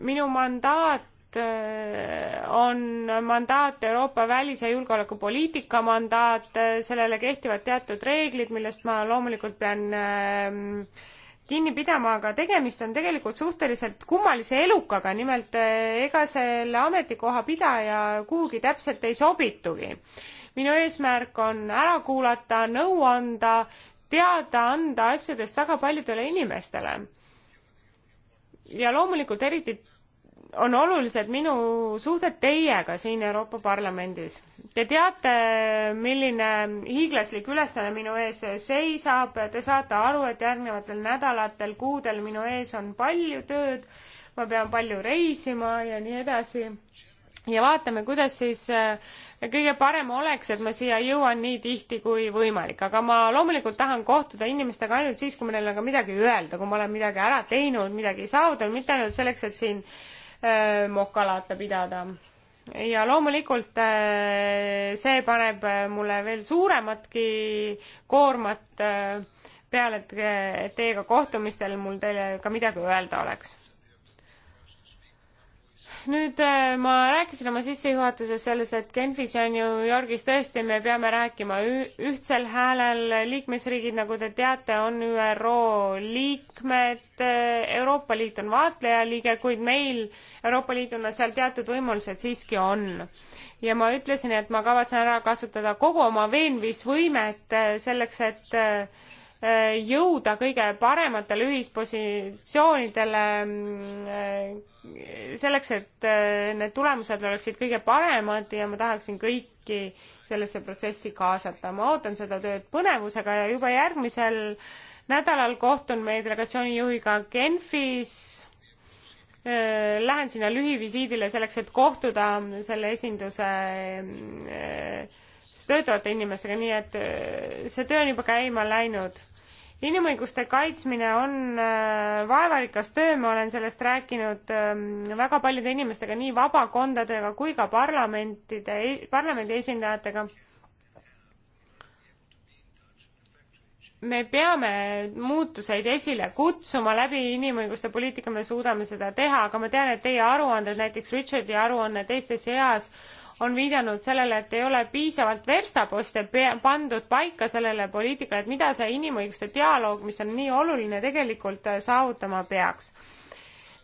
S3: minu mandaat Äh, on mandaat Euroopa välis- ja julgeolekupoliitika mandaat, äh, sellele kehtivad teatud reeglid, millest ma loomulikult pean ähm, kinni pidama, aga tegemist on tegelikult suhteliselt kummalise elukaga, nimelt äh, ega selle ametikoha pidaja kuhugi täpselt ei sobitugi. minu eesmärk on ära kuulata, nõu anda, teada anda asjadest väga paljudele inimestele. ja loomulikult eriti on olulised minu suhted teiega siin Euroopa Parlamendis. Te teate, milline hiiglaslik ülesanne minu ees seisab, te saate aru, et järgnevatel nädalatel, kuudel minu ees on palju tööd, ma pean palju reisima ja nii edasi. ja vaatame, kuidas siis äh, kõige parem oleks, et ma siia jõuan nii tihti kui võimalik, aga ma loomulikult tahan kohtuda inimestega ainult siis, kui ma neile ka midagi öelda, kui ma olen midagi ära teinud, midagi saavutanud, mitte ainult selleks, et siin äh, Äh, mokalaate pidada. ja loomulikult äh, see paneb äh, mulle veel suurematki koormat peale, et teiega kohtumistel mul teile ka midagi öelda oleks nüüd äh, ma rääkisin oma sissejuhatuses selles, et Genfis ja New Yorgis tõesti me peame rääkima ühtsel häälel, liikmesriigid, nagu te teate, on ÜRO liikmed, Euroopa Liit on vaatlejaliige, kuid meil Euroopa Liiduna seal teatud võimalused siiski on. ja ma ütlesin, et ma kavatsen ära kasutada kogu oma veenmisvõimet äh, selleks, et äh, jõuda kõige parematele ühispositsioonidele mm, selleks, et äh, need tulemused oleksid kõige paremad ja ma tahaksin kõiki sellesse protsessi kaasata. ma ootan seda tööd põnevusega ja juba järgmisel nädalal kohtun meie delegatsiooni juhiga Genfis. Äh, lähen sinna lühivisiidile selleks, et kohtuda selle esinduse äh, siis töötavate inimestega, nii et äh, see töö on juba käima läinud. inimõiguste kaitsmine on äh, vaevarikas töö, ma olen sellest rääkinud ähm, väga paljude inimestega, nii vabakondadega kui ka parlamentide, e, parlamendi esindajatega. me peame muutuseid esile kutsuma läbi inimõiguste poliitika, me suudame seda teha, aga ma tean, et teie aruanded, näiteks Richardi aruanne teiste seas, on viidanud sellele, et ei ole piisavalt verstaposte pandud paika sellele poliitikale, et mida see inimõiguste dialoog, mis on nii oluline, tegelikult äh, saavutama peaks.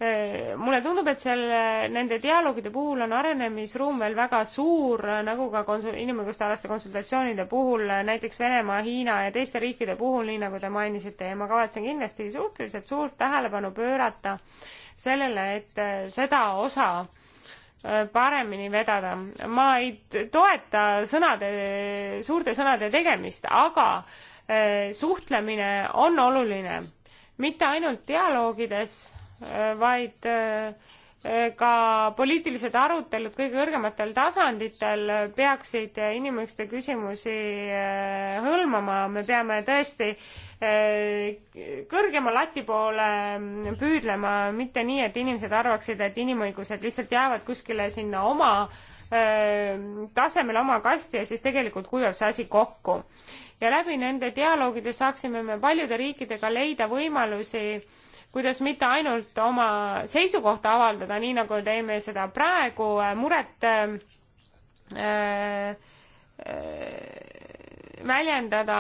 S3: Äh, mulle tundub, et selle, nende dialoogide puhul on arenemisruum veel väga suur, äh, nagu ka konsul-, inimõiguste alaste konsultatsioonide puhul, näiteks Venemaa, Hiina ja teiste riikide puhul, nii nagu te mainisite, ja ma kavatsen kindlasti suhteliselt suurt tähelepanu pöörata sellele, et seda osa paremini vedada. ma ei toeta sõnade, suurte sõnade tegemist, aga eh, suhtlemine on oluline. mitte ainult dialoogides, eh, vaid eh, ka poliitilised arutelud kõige kõrgematel tasanditel peaksid inimõiguste küsimusi eh, hõlmama, me peame tõesti eh, kõrgema lati poole mm, püüdlema, mitte nii, et inimesed arvaksid, et inimõigused lihtsalt jäävad kuskile sinna oma eh, tasemele oma kasti ja siis tegelikult kuivab see asi kokku. ja läbi nende dialoogide saaksime me paljude riikidega leida võimalusi äh, kuidas mitte ainult oma seisukohta avaldada, nii nagu teeme seda praegu, äh, muret äh, äh, väljendada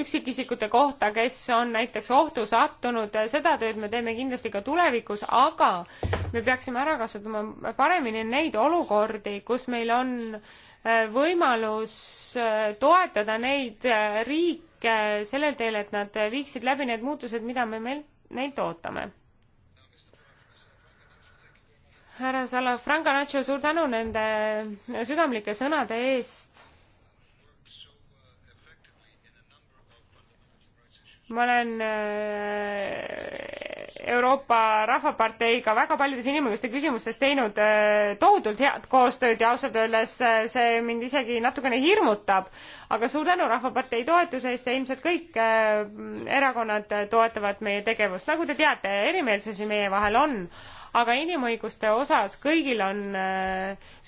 S3: üksikisikute kohta, kes on näiteks ohtu sattunud, seda tööd me teeme kindlasti ka tulevikus, aga me peaksime ära kasutama paremini neid olukordi, kus meil on äh, võimalus äh, toetada neid riike sellel teel, et nad viiksid läbi need muutused, mida me meilt neilt ootame. härra Salafranca Nacho, suur tänu nende südamlike sõnade eest. ma olen äh, Euroopa Rahvaparteiga väga paljudes inimõiguste küsimustes teinud äh, tohutult head koostööd ja ausalt öeldes äh, see mind isegi natukene hirmutab. aga suur tänu Rahvapartei toetuse eest ja ilmselt kõik äh, erakonnad toetavad meie tegevust. nagu te teate, erimeelsusi meie vahel on, aga inimõiguste osas kõigil on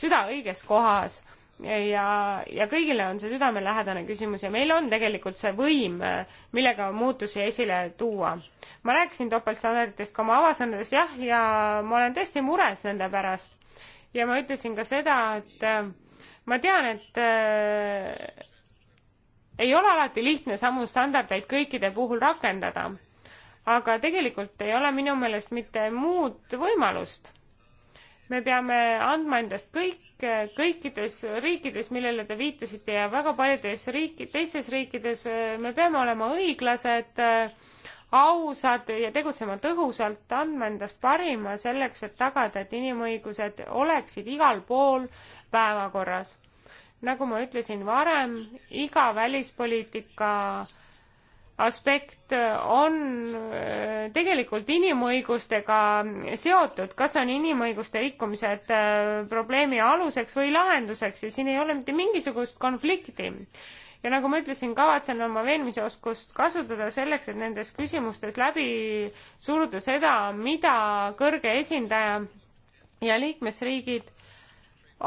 S3: süda õiges kohas ja, ja kõigile on see südamelähedane küsimus ja meil on tegelikult see võim, millega muutusi esile tuua. ma rääkisin topeltstandarditest ka oma avasõnades jah, ja ma olen tõesti mures nende pärast. ja ma ütlesin ka seda, et äh, ma tean, et äh, ei ole alati lihtne samu standardeid kõikide puhul rakendada, aga tegelikult ei ole minu meelest mitte muud võimalust me peame andma endast kõik kõikides riikides, millele te viitasite ja väga paljudes riiki, teistes riikides, eh, me peame olema õiglased, eh, ausad ja tegutsema tõhusalt, andma endast parima selleks, et tagada, et inimõigused oleksid igal pool päevakorras. nagu ma ütlesin varem, iga välispoliitika äh, aspekt äh, on äh, tegelikult inimõigustega seotud, kas on inimõiguste rikkumised äh, probleemi aluseks või lahenduseks ja siin ei ole mitte mingisugust konflikti. ja nagu ma ütlesin, kavatsen oma veenmisoskust kasutada selleks, et nendes küsimustes läbi suruda seda, mida kõrge esindaja ja liikmesriigid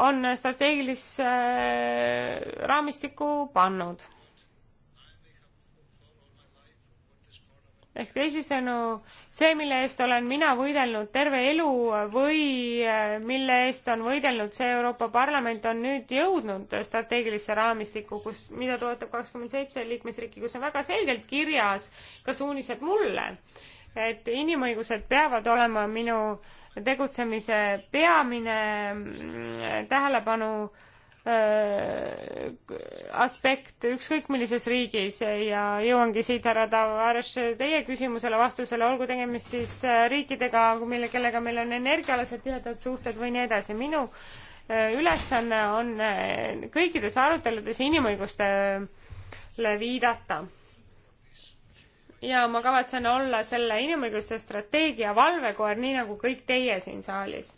S3: on strateegilisse raamistikku pannud ehk teisisõnu, see, mille eest olen mina võidelnud terve elu või äh, mille eest on võidelnud see Euroopa Parlament, on nüüd jõudnud strateegilisse raamistikku, kus, mida toetab kakskümmend seitse liikmesriiki, kus on väga selgelt kirjas ka suunised mulle, et inimõigused peavad olema minu tegutsemise peamine mm, tähelepanu äh, Äh, aspekt ükskõik millises riigis ja jõuangi siit härra Tavares teie küsimusele vastusele, olgu tegemist siis äh, riikidega, mille, kellega meil on energiaalased tihedad suhted või nii edasi. minu äh, ülesanne on kõikides aruteludes inimõigustele viidata. ja ma kavatsen olla selle inimõiguste strateegia valvekoer, nii nagu kõik teie siin saalis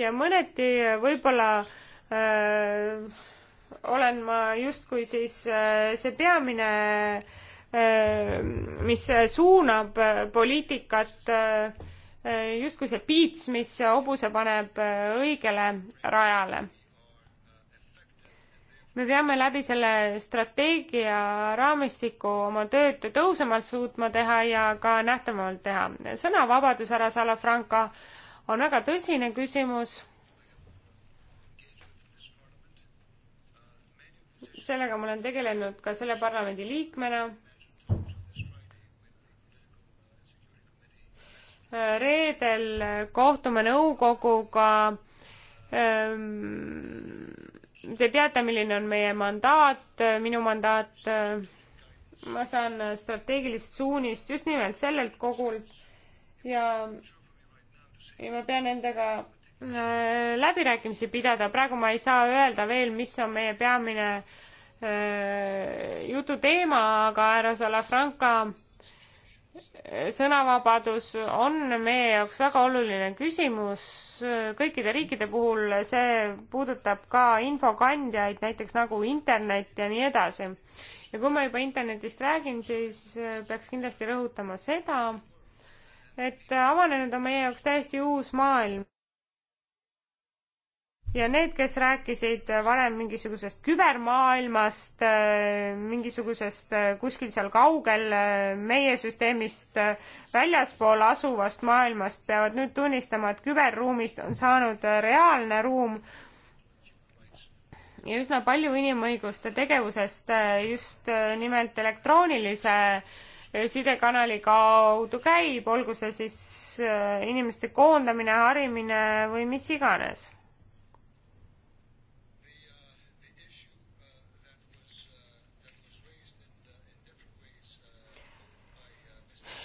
S3: ja mõneti võib-olla öö, äh, olen ma justkui siis öö, äh, see peamine, äh, mis suunab poliitikat, justkui see piits, mis hobuse paneb õigele rajale me peame läbi selle strateegia raamistiku oma tööd tõhusamalt suutma teha ja ka nähtavamalt teha. sõnavabadus, härra Salafranca, on väga tõsine küsimus. sellega ma olen tegelenud ka selle parlamendi liikmena reedel kohtume nõukoguga. Ehm, te teate, milline on meie mandaat, minu mandaat. ma saan strateegilist suunist just nimelt sellelt kogult ja ja ma pean nendega äh, läbirääkimisi pidada, praegu ma ei saa öelda veel, mis on meie peamine äh, jutu teema, aga härra Salafranca äh, sõnavabadus on meie jaoks väga oluline küsimus kõikide riikide puhul, see puudutab ka infokandjaid, näiteks nagu internet ja nii edasi. ja kui ma juba internetist räägin, siis peaks kindlasti rõhutama seda, et avanenud on meie jaoks täiesti uus maailm. ja need, kes rääkisid varem mingisugusest kübermaailmast, mingisugusest kuskil seal kaugel meie süsteemist väljaspool asuvast maailmast, peavad nüüd tunnistama, et küberruumist on saanud reaalne ruum ja üsna palju inimõiguste tegevusest just nimelt elektroonilise äh, Eh, sidekanali kaudu käib, olgu see siis eh, inimeste koondamine, harimine või mis iganes.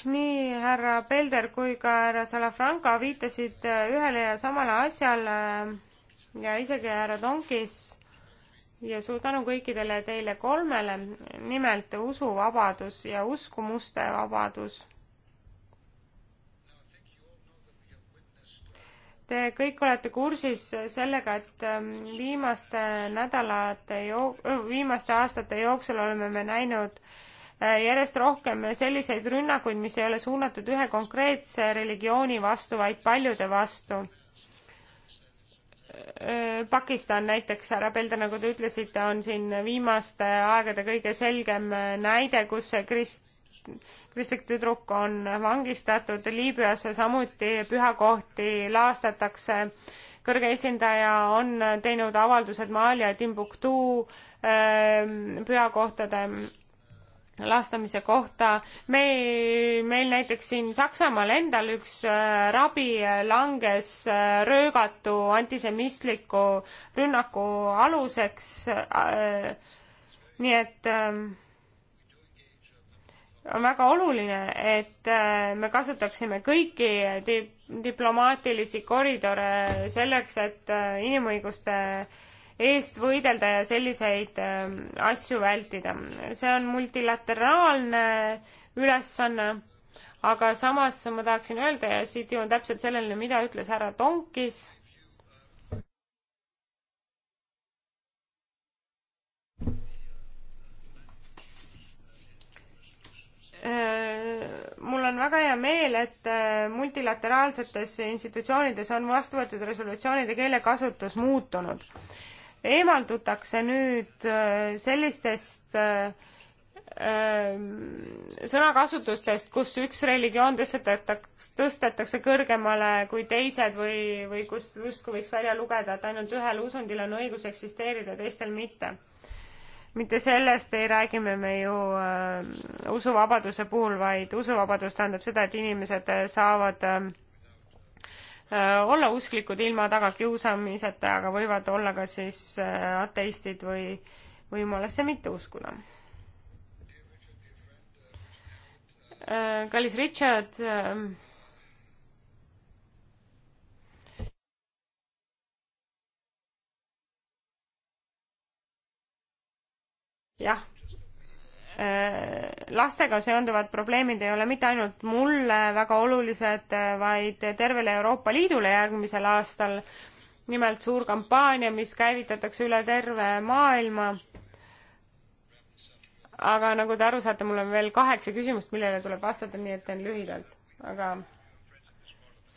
S3: nii härra Pelder kui ka härra Salafranca viitasid eh, ühele ja samale asjale ja isegi härra Donkis ja suur tänu kõikidele teile kolmele, nimelt usuvabadus ja uskumuste vabadus. Te kõik olete kursis sellega, et ähm, viimaste nädalate, viimaste aastate jooksul oleme me näinud äh, järjest rohkem selliseid rünnakuid, mis ei ole suunatud ühe konkreetse religiooni vastu, vaid paljude vastu Äh, Pakistan näiteks, härra Pelder, nagu te ütlesite, on siin viimaste aegade kõige selgem äh, näide, kus see krist-, kristlik tüdruk on vangistatud, Liibüas samuti pühakohti laastatakse, kõrge esindaja on teinud avaldused Mali ja Timbuktu äh, pühakohtade lastamise kohta. me, meil näiteks siin Saksamaal endal üks äh, rabi langes äh, röögatu antisemistliku rünnaku aluseks. Äh, nii et on väga oluline, et me kasutaksime kõiki di-, diplomaatilisi koridore selleks, et inimõiguste äh, eest võidelda ja selliseid ähm, asju vältida. see on multilateraalne ülesanne, aga samas ma tahaksin öelda ja siit jõuan täpselt sellele, mida ütles härra Tonkis. Äh, mul on väga hea meel, et äh, multilateraalsetes institutsioonides on vastu võetud resolutsioonide keelekasutus muutunud eemaldutakse nüüd äh, sellistest äh, äh, sõnakasutustest, kus üks religioon tõstetakse, tõstetakse kõrgemale kui teised või, või kus justkui võiks välja lugeda, et ainult ühel usundil on õigus eksisteerida, teistel mitte. mitte sellest ei räägi me ju äh, usuvabaduse puhul, vaid usuvabadus tähendab seda, et inimesed saavad äh, Äh, olla usklikud ilma tagakiusamiseta, aga võivad olla ka siis äh, ateistid või, või jumalasse mitte uskuda. Äh, kallis Richard. Ähm, jah Äh, lastega seonduvad probleemid ei ole mitte ainult mulle väga olulised, äh, vaid tervele Euroopa Liidule järgmisel aastal. nimelt suur kampaania, mis käivitatakse üle terve maailma. aga nagu te aru saate, mul on veel kaheksa küsimust, millele tuleb vastata, nii et teen lühidalt, aga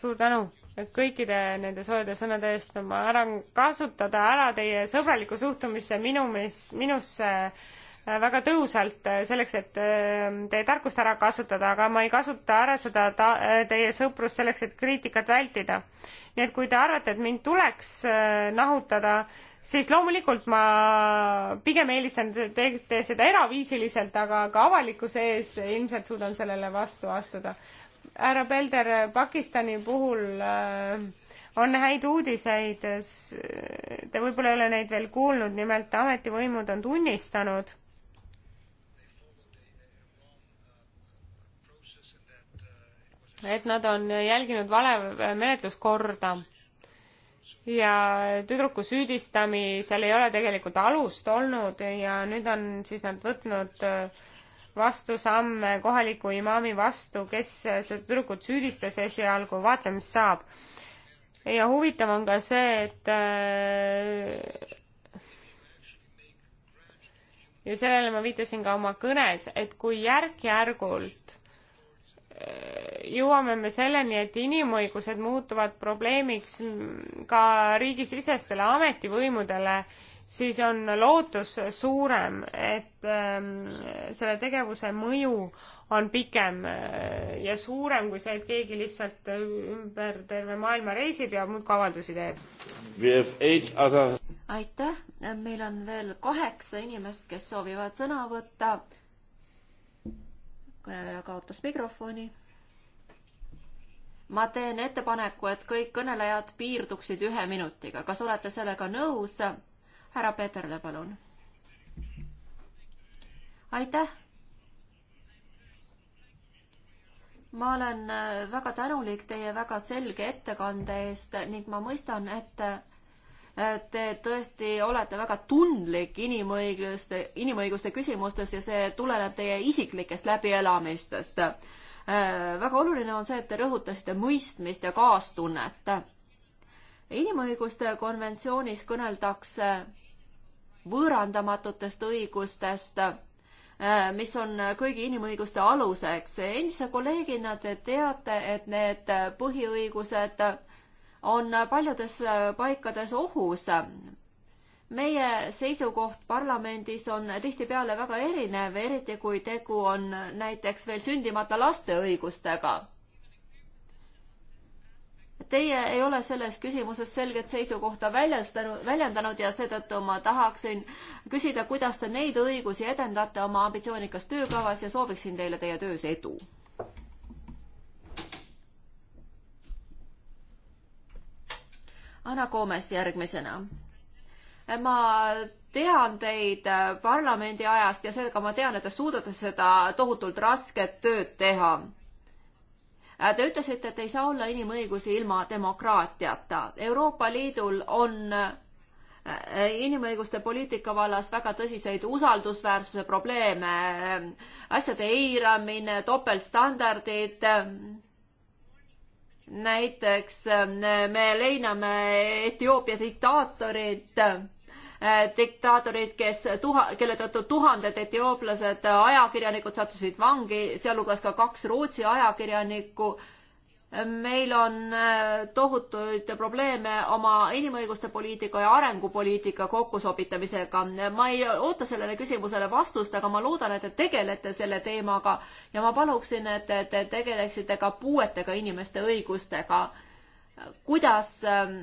S3: suur tänu kõikide nende soojade sõnade eest. ma arvan kasutada ära teie sõbralikku suhtumisse minu, mis, minusse äh, Äh, väga tõhusalt äh, selleks, et äh, teie tarkust ära kasutada, aga ma ei kasuta ära seda ta-, teie sõprust selleks, et kriitikat vältida. nii et kui te arvate, et mind tuleks nahutada, siis loomulikult ma pigem eelistan te, te, te seda eraviisiliselt, aga ka avalikkuse ees ilmselt suudan sellele vastu astuda. härra Pelder, Pakistani puhul on häid uudiseid, te võib-olla ei ole neid veel kuulnud, nimelt ametivõimud on tunnistanud et nad on jälginud vale menetluskorda ja tüdruku süüdistamisel ei ole tegelikult alust olnud ja nüüd on siis nad võtnud äh, vastu samme kohaliku imaami vastu, kes äh, seda tüdrukut süüdistas esialgu, vaatame, mis saab. ja huvitav on ka see, et äh, ja sellele ma viitasin ka oma kõnes, et kui järk-järgult jõuame me selleni, et inimõigused muutuvad probleemiks ka riigisisestele ametivõimudele, siis on lootus suurem, et ähm, selle tegevuse mõju on pikem äh, ja suurem kui see, et keegi lihtsalt ümber terve maailma reisib ja muudkui avaldusi
S2: teeb.
S3: aitäh, meil on veel kaheksa inimest, kes soovivad sõna
S4: võtta kõneleja kaotas mikrofoni. ma teen ettepaneku, et kõik kõnelejad piirduksid ühe minutiga. kas olete sellega nõus? härra Peterle, palun. aitäh. ma olen väga tänulik teie väga selge ettekande eest ning ma mõistan, et Te tõesti olete väga tundlik inimõiguste, inimõiguste küsimustes ja see tuleneb teie isiklikest läbielamistest. Äh, väga oluline on see, et te rõhutasite mõistmist ja kaastunnet. inimõiguste konventsioonis kõneldakse võõrandamatutest õigustest äh, mis on kõigi inimõiguste aluseks. endise kolleegina te teate, et need põhiõigused on paljudes äh, paikades ohus. meie seisukoht parlamendis on tihtipeale väga erinev, eriti kui tegu on näiteks veel sündimata laste õigustega. Teie ei ole selles küsimuses selget seisukohta väljastanud, väljendanud ja seetõttu ma tahaksin küsida, kuidas te neid õigusi edendate oma ambitsioonikas töökavas ja sooviksin teile teie töös edu Anna Koomes järgmisena. ma tean teid äh, parlamendi ajast ja seega ma tean, et te suudate seda tohutult rasket tööd teha. Äh, te ütlesite, et ei saa olla inimõigusi ilma demokraatiata. Euroopa Liidul on äh, inimõiguste poliitika vallas väga tõsiseid usaldusväärsuse probleeme, asjade eiramine, topeltstandardid näiteks ähm, me leiname Etioopia diktaatorit, äh, diktaatorid, kes tuha-, kelle tõttu tuhanded etiooplased äh, ajakirjanikud sattusid vangi, sealhulgas ka kaks Rootsi ajakirjanikku meil on äh, tohutuid probleeme oma inimõiguste poliitika ja arengupoliitika kokkusobitamisega. ma ei oota sellele küsimusele vastust, aga ma loodan, et te tegelete selle teemaga ja ma paluksin, et te tegeleksite ka puuetega inimeste õigustega. kuidas ähm,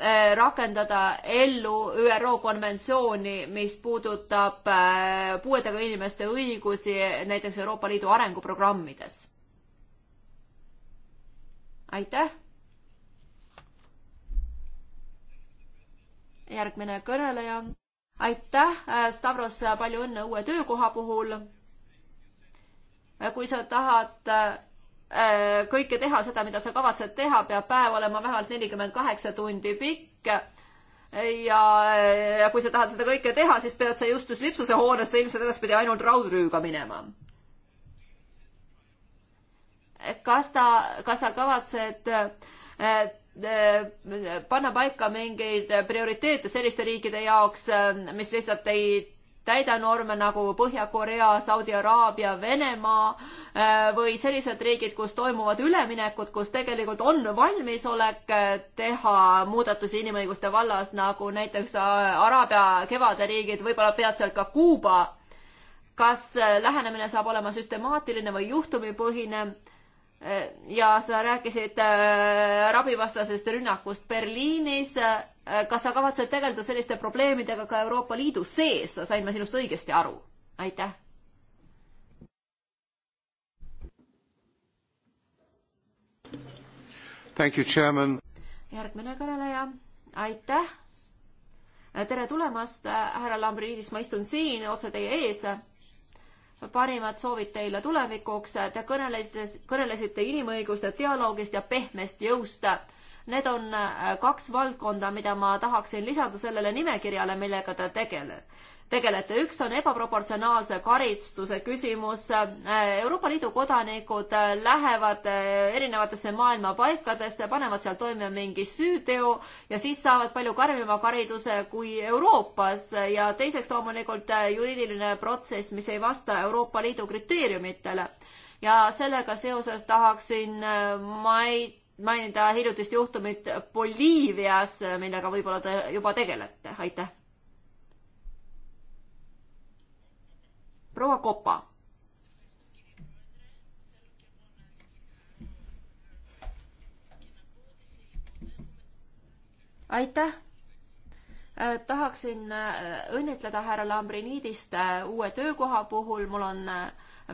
S4: äh, rakendada ellu ÜRO konventsiooni, mis puudutab äh, puuetega inimeste õigusi näiteks Euroopa Liidu arenguprogrammides aitäh. järgmine kõneleja. aitäh, äh, Stavros, äh, palju õnne uue töökoha puhul. Äh, kui sa tahad kõike teha seda, mida sa kavatsed teha, peab päev olema vähemalt nelikümmend kaheksa tundi pikk. ja, ja kui sa tahad seda kõike teha, siis pead sa Justus Lipsuse hoonesse ilmselt edaspidi ainult raudrüüga minema kas ta, kas sa kavatsed äh, äh, panna paika mingeid prioriteete selliste riikide jaoks, äh, mis lihtsalt ei täida norme nagu Põhja-Korea, Saudi Araabia, Venemaa või sellised riigid, kus toimuvad üleminekud, kus tegelikult on valmisolek teha muudatusi inimõiguste vallas, nagu näiteks Araabia kevade riigid, võib-olla peatselt ka Kuuba. kas lähenemine saab olema süstemaatiline või juhtumipõhine? ja sa rääkisid äh, rabivastasest rünnakust Berliinis. Äh, kas sa kavatsed tegeleda selliste probleemidega ka Euroopa Liidu sees, sain ma sinust õigesti aru? aitäh. järgmine kõneleja, aitäh. tere tulemast, äh, härra Lambridis, ma istun siin otse teie ees parimad soovid teile tulevikuks. Te kõnelesite, kõnelesite inimõiguste dialoogist ja pehmest jõust. Need on äh, kaks valdkonda, mida ma tahaksin lisada sellele nimekirjale, millega te tegelete tegelete. üks on ebaproportsionaalse karistuse küsimus. Euroopa Liidu kodanikud lähevad eh, erinevatesse maailma paikadesse, panevad seal toime mingi süüteo ja siis saavad palju karmima kariduse kui Euroopas ja teiseks loomulikult eh, juriidiline protsess, mis ei vasta Euroopa Liidu kriteeriumitele. ja sellega seoses tahaksin eh, maid mainida hiljutist juhtumit Boliivias, millega võib-olla te juba tegelete, aitäh proua Kopa. aitäh äh, tahaksin äh, õnnitleda härra Lambriniidist äh, uue töökoha puhul, mul on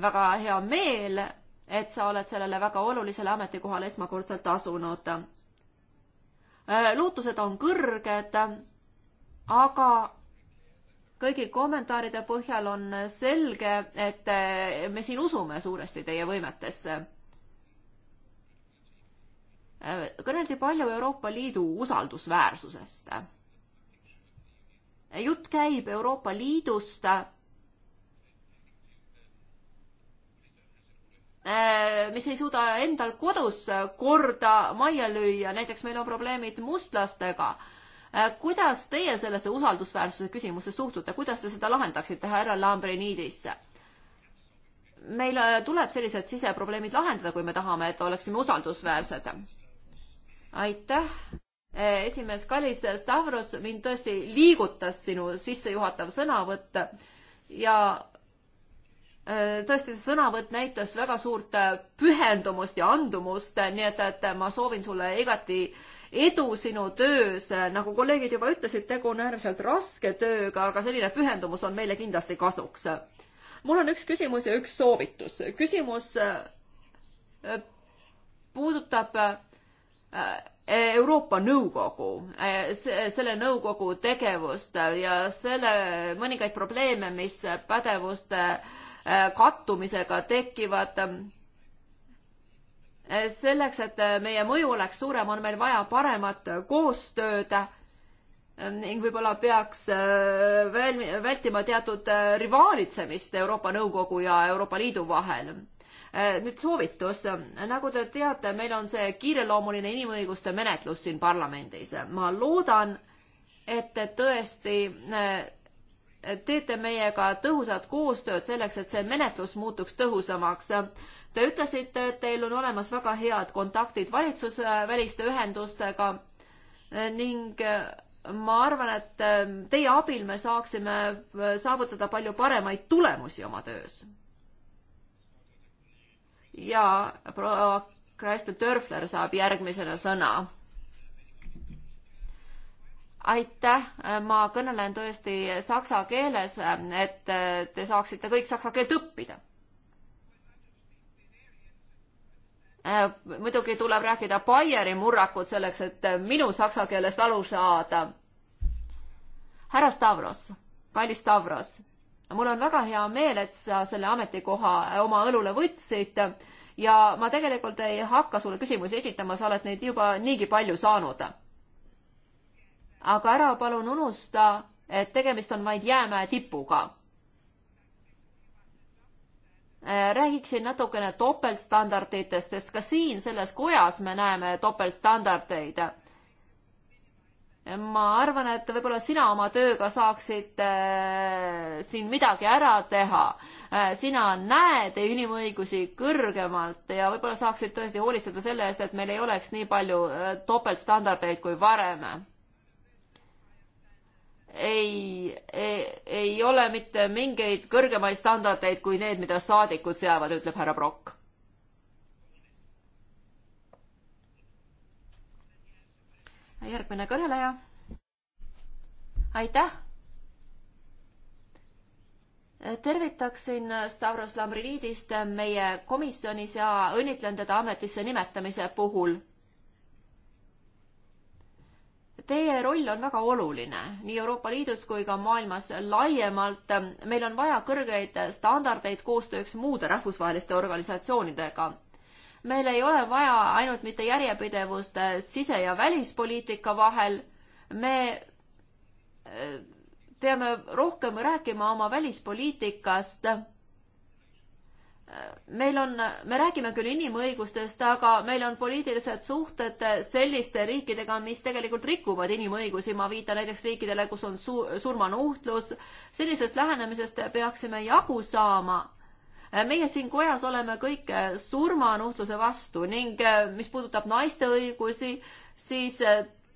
S4: väga hea meel, et sa oled sellele väga olulisele ametikohale esmakordselt asunud. lootused on kõrged, aga kõigi kommentaaride põhjal on selge, et eh, me siin usume suuresti teie võimetesse. Eh, kõneldi palju Euroopa Liidu usaldusväärsusest. jutt käib Euroopa Liidust, eh, mis ei suuda endal kodus korda majja lüüa, näiteks meil on probleemid mustlastega Äh, kuidas teie sellesse usaldusväärsuse küsimusse suhtute, kuidas te seda lahendaksite, härra Lambrinidis? meil äh, tuleb sellised siseprobleemid lahendada, kui me tahame, et oleksime usaldusväärsed. aitäh, äh, esimees Kalis Stavros, mind tõesti liigutas sinu sissejuhatav sõnavõtt ja tõesti, see sõnavõtt näitas väga suurt pühendumust ja andumust, nii et, et ma soovin sulle igati äh, edu sinu töös. nagu kolleegid juba ütlesid, tegu on äärmiselt raske tööga, aga selline pühendumus on meile kindlasti kasuks. mul on üks küsimus ja üks soovitus. küsimus äh, puudutab äh, Euroopa Nõukogu, äh, selle nõukogu tegevust ja selle mõningaid probleeme, mis pädevuste kattumisega tekivad selleks, et meie mõju oleks suurem, on meil vaja paremat koostööd ning võib-olla peaks äh, väl-, vältima teatud äh, rivaalitsemist Euroopa Nõukogu ja Euroopa Liidu vahel. Äh, nüüd soovitus. nagu te teate, meil on see kiireloomuline inimõiguste menetlus siin parlamendis. ma loodan, et te tõesti teete meiega tõhusat koostööd selleks, et see menetlus muutuks tõhusamaks. Te ütlesite, et teil on olemas väga head kontaktid valitsusväliste ühendustega ning ma arvan, et teie abil me saaksime saavutada palju paremaid tulemusi oma töös. ja proua Kreisler Dörfler saab järgmisena sõna aitäh, ma kõnelen tõesti saksa keeles, et äh, te saaksite kõik saksa keelt õppida. Äh, muidugi tuleb rääkida Baieri murrakut selleks, et äh, minu saksa keelest aru saada. härra Stavros, kallis Stavros, mul on väga hea meel, et sa selle ametikoha oma õlule võtsid ja ma tegelikult ei hakka sulle küsimusi esitama, sa oled neid juba niigi palju saanud aga ära palun unusta, et tegemist on vaid jäämäe tipuga. Äh, räägiksin natukene topeltstandarditest, sest ka siin selles kojas me näeme topeltstandardeid. ma arvan, et võib-olla sina oma tööga saaksid äh, siin midagi ära teha äh,. sina näed inimõigusi kõrgemalt ja võib-olla saaksid tõesti hoolitseda selle eest, et meil ei oleks nii palju äh, topeltstandardeid kui varem ei, ei, ei ole mitte mingeid kõrgemaid standardeid kui need, mida saadikud seavad, ütleb härra Brock. järgmine kõneleja. aitäh. tervitaksin Stavros Lambrilidist meie komisjonis ja õnnitlen teda ametisse nimetamise puhul Teie roll on väga oluline nii Euroopa Liidus kui ka maailmas laiemalt. meil on vaja kõrgeid standardeid koostööks muude rahvusvaheliste organisatsioonidega. meil ei ole vaja ainult mitte järjepidevust sise- ja välispoliitika vahel. me eh, peame rohkem rääkima oma välispoliitikast meil on, me räägime küll inimõigustest, aga meil on poliitilised suhted selliste riikidega, mis tegelikult rikuvad inimõigusi, ma viitan näiteks riikidele, kus on su-, surmanuhtlus, sellisest lähenemisest peaksime jagu saama. meie siin kojas oleme kõik surmanuhtluse vastu ning mis puudutab naiste õigusi, siis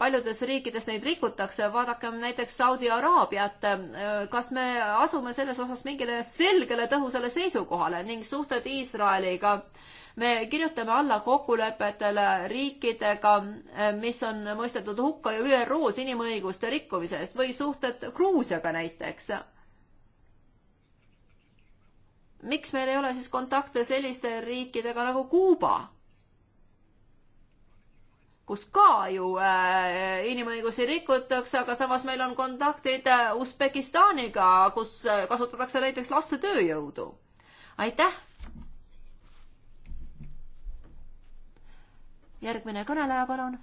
S4: paljudes riikides neid rikutakse, vaadakem näiteks Saudi Araabiat. kas me asume selles osas mingile selgele tõhusale seisukohale ning suhted Iisraeliga? me kirjutame alla kokkulepetele riikidega, mis on mõistetud hukka ÜRO-s inimõiguste rikkumise eest või suhted Gruusiaga näiteks miks meil ei ole siis kontakte selliste riikidega nagu Kuuba? kus ka ju äh, inimõigusi rikutakse, aga samas meil on kontaktid äh, Usbekistaniga, kus äh, kasutatakse näiteks laste tööjõudu. aitäh! järgmine kõneleja, palun.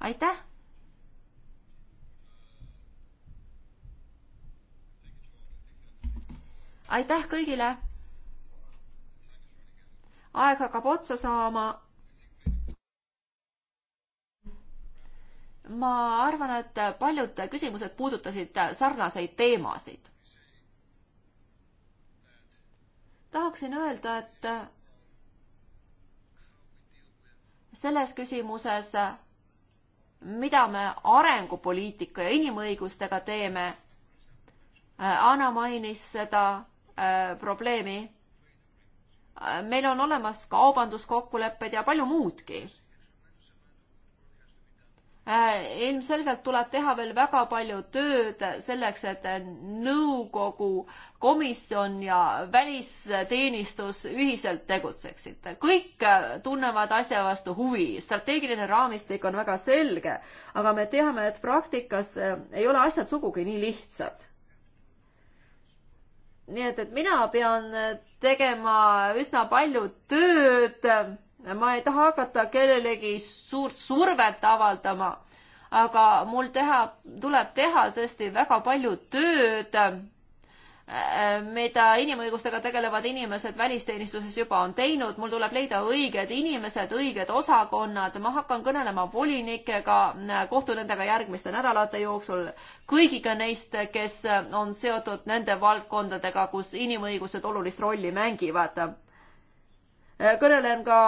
S4: aitäh! aitäh kõigile! aeg hakkab otsa saama. ma arvan, et paljud küsimused puudutasid sarnaseid teemasid. tahaksin öelda, et selles küsimuses, mida me arengupoliitika ja inimõigustega teeme, Anna mainis seda äh, probleemi meil on olemas kaubanduskokkulepped ja palju muudki. Äh, ilmselgelt tuleb teha veel väga palju tööd selleks, et nõukogu, komisjon ja välisteenistus ühiselt tegutseksid. kõik tunnevad asja vastu huvi, strateegiline raamistik on väga selge, aga me teame, et praktikas ei ole asjad sugugi nii lihtsad nii et, et mina pean äh, tegema üsna palju tööd. ma ei taha hakata kellelegi suurt survet avaldama, aga mul teha, tuleb teha tõesti väga palju tööd Äh, mida inimõigustega tegelevad inimesed välisteenistuses juba on teinud, mul tuleb leida õiged inimesed, õiged osakonnad, ma hakkan kõnelema volinikega, äh, kohtun nendega järgmiste nädalate jooksul, kõigiga neist, kes äh, on seotud nende valdkondadega, kus inimõigused olulist rolli mängivad. kõnelen ka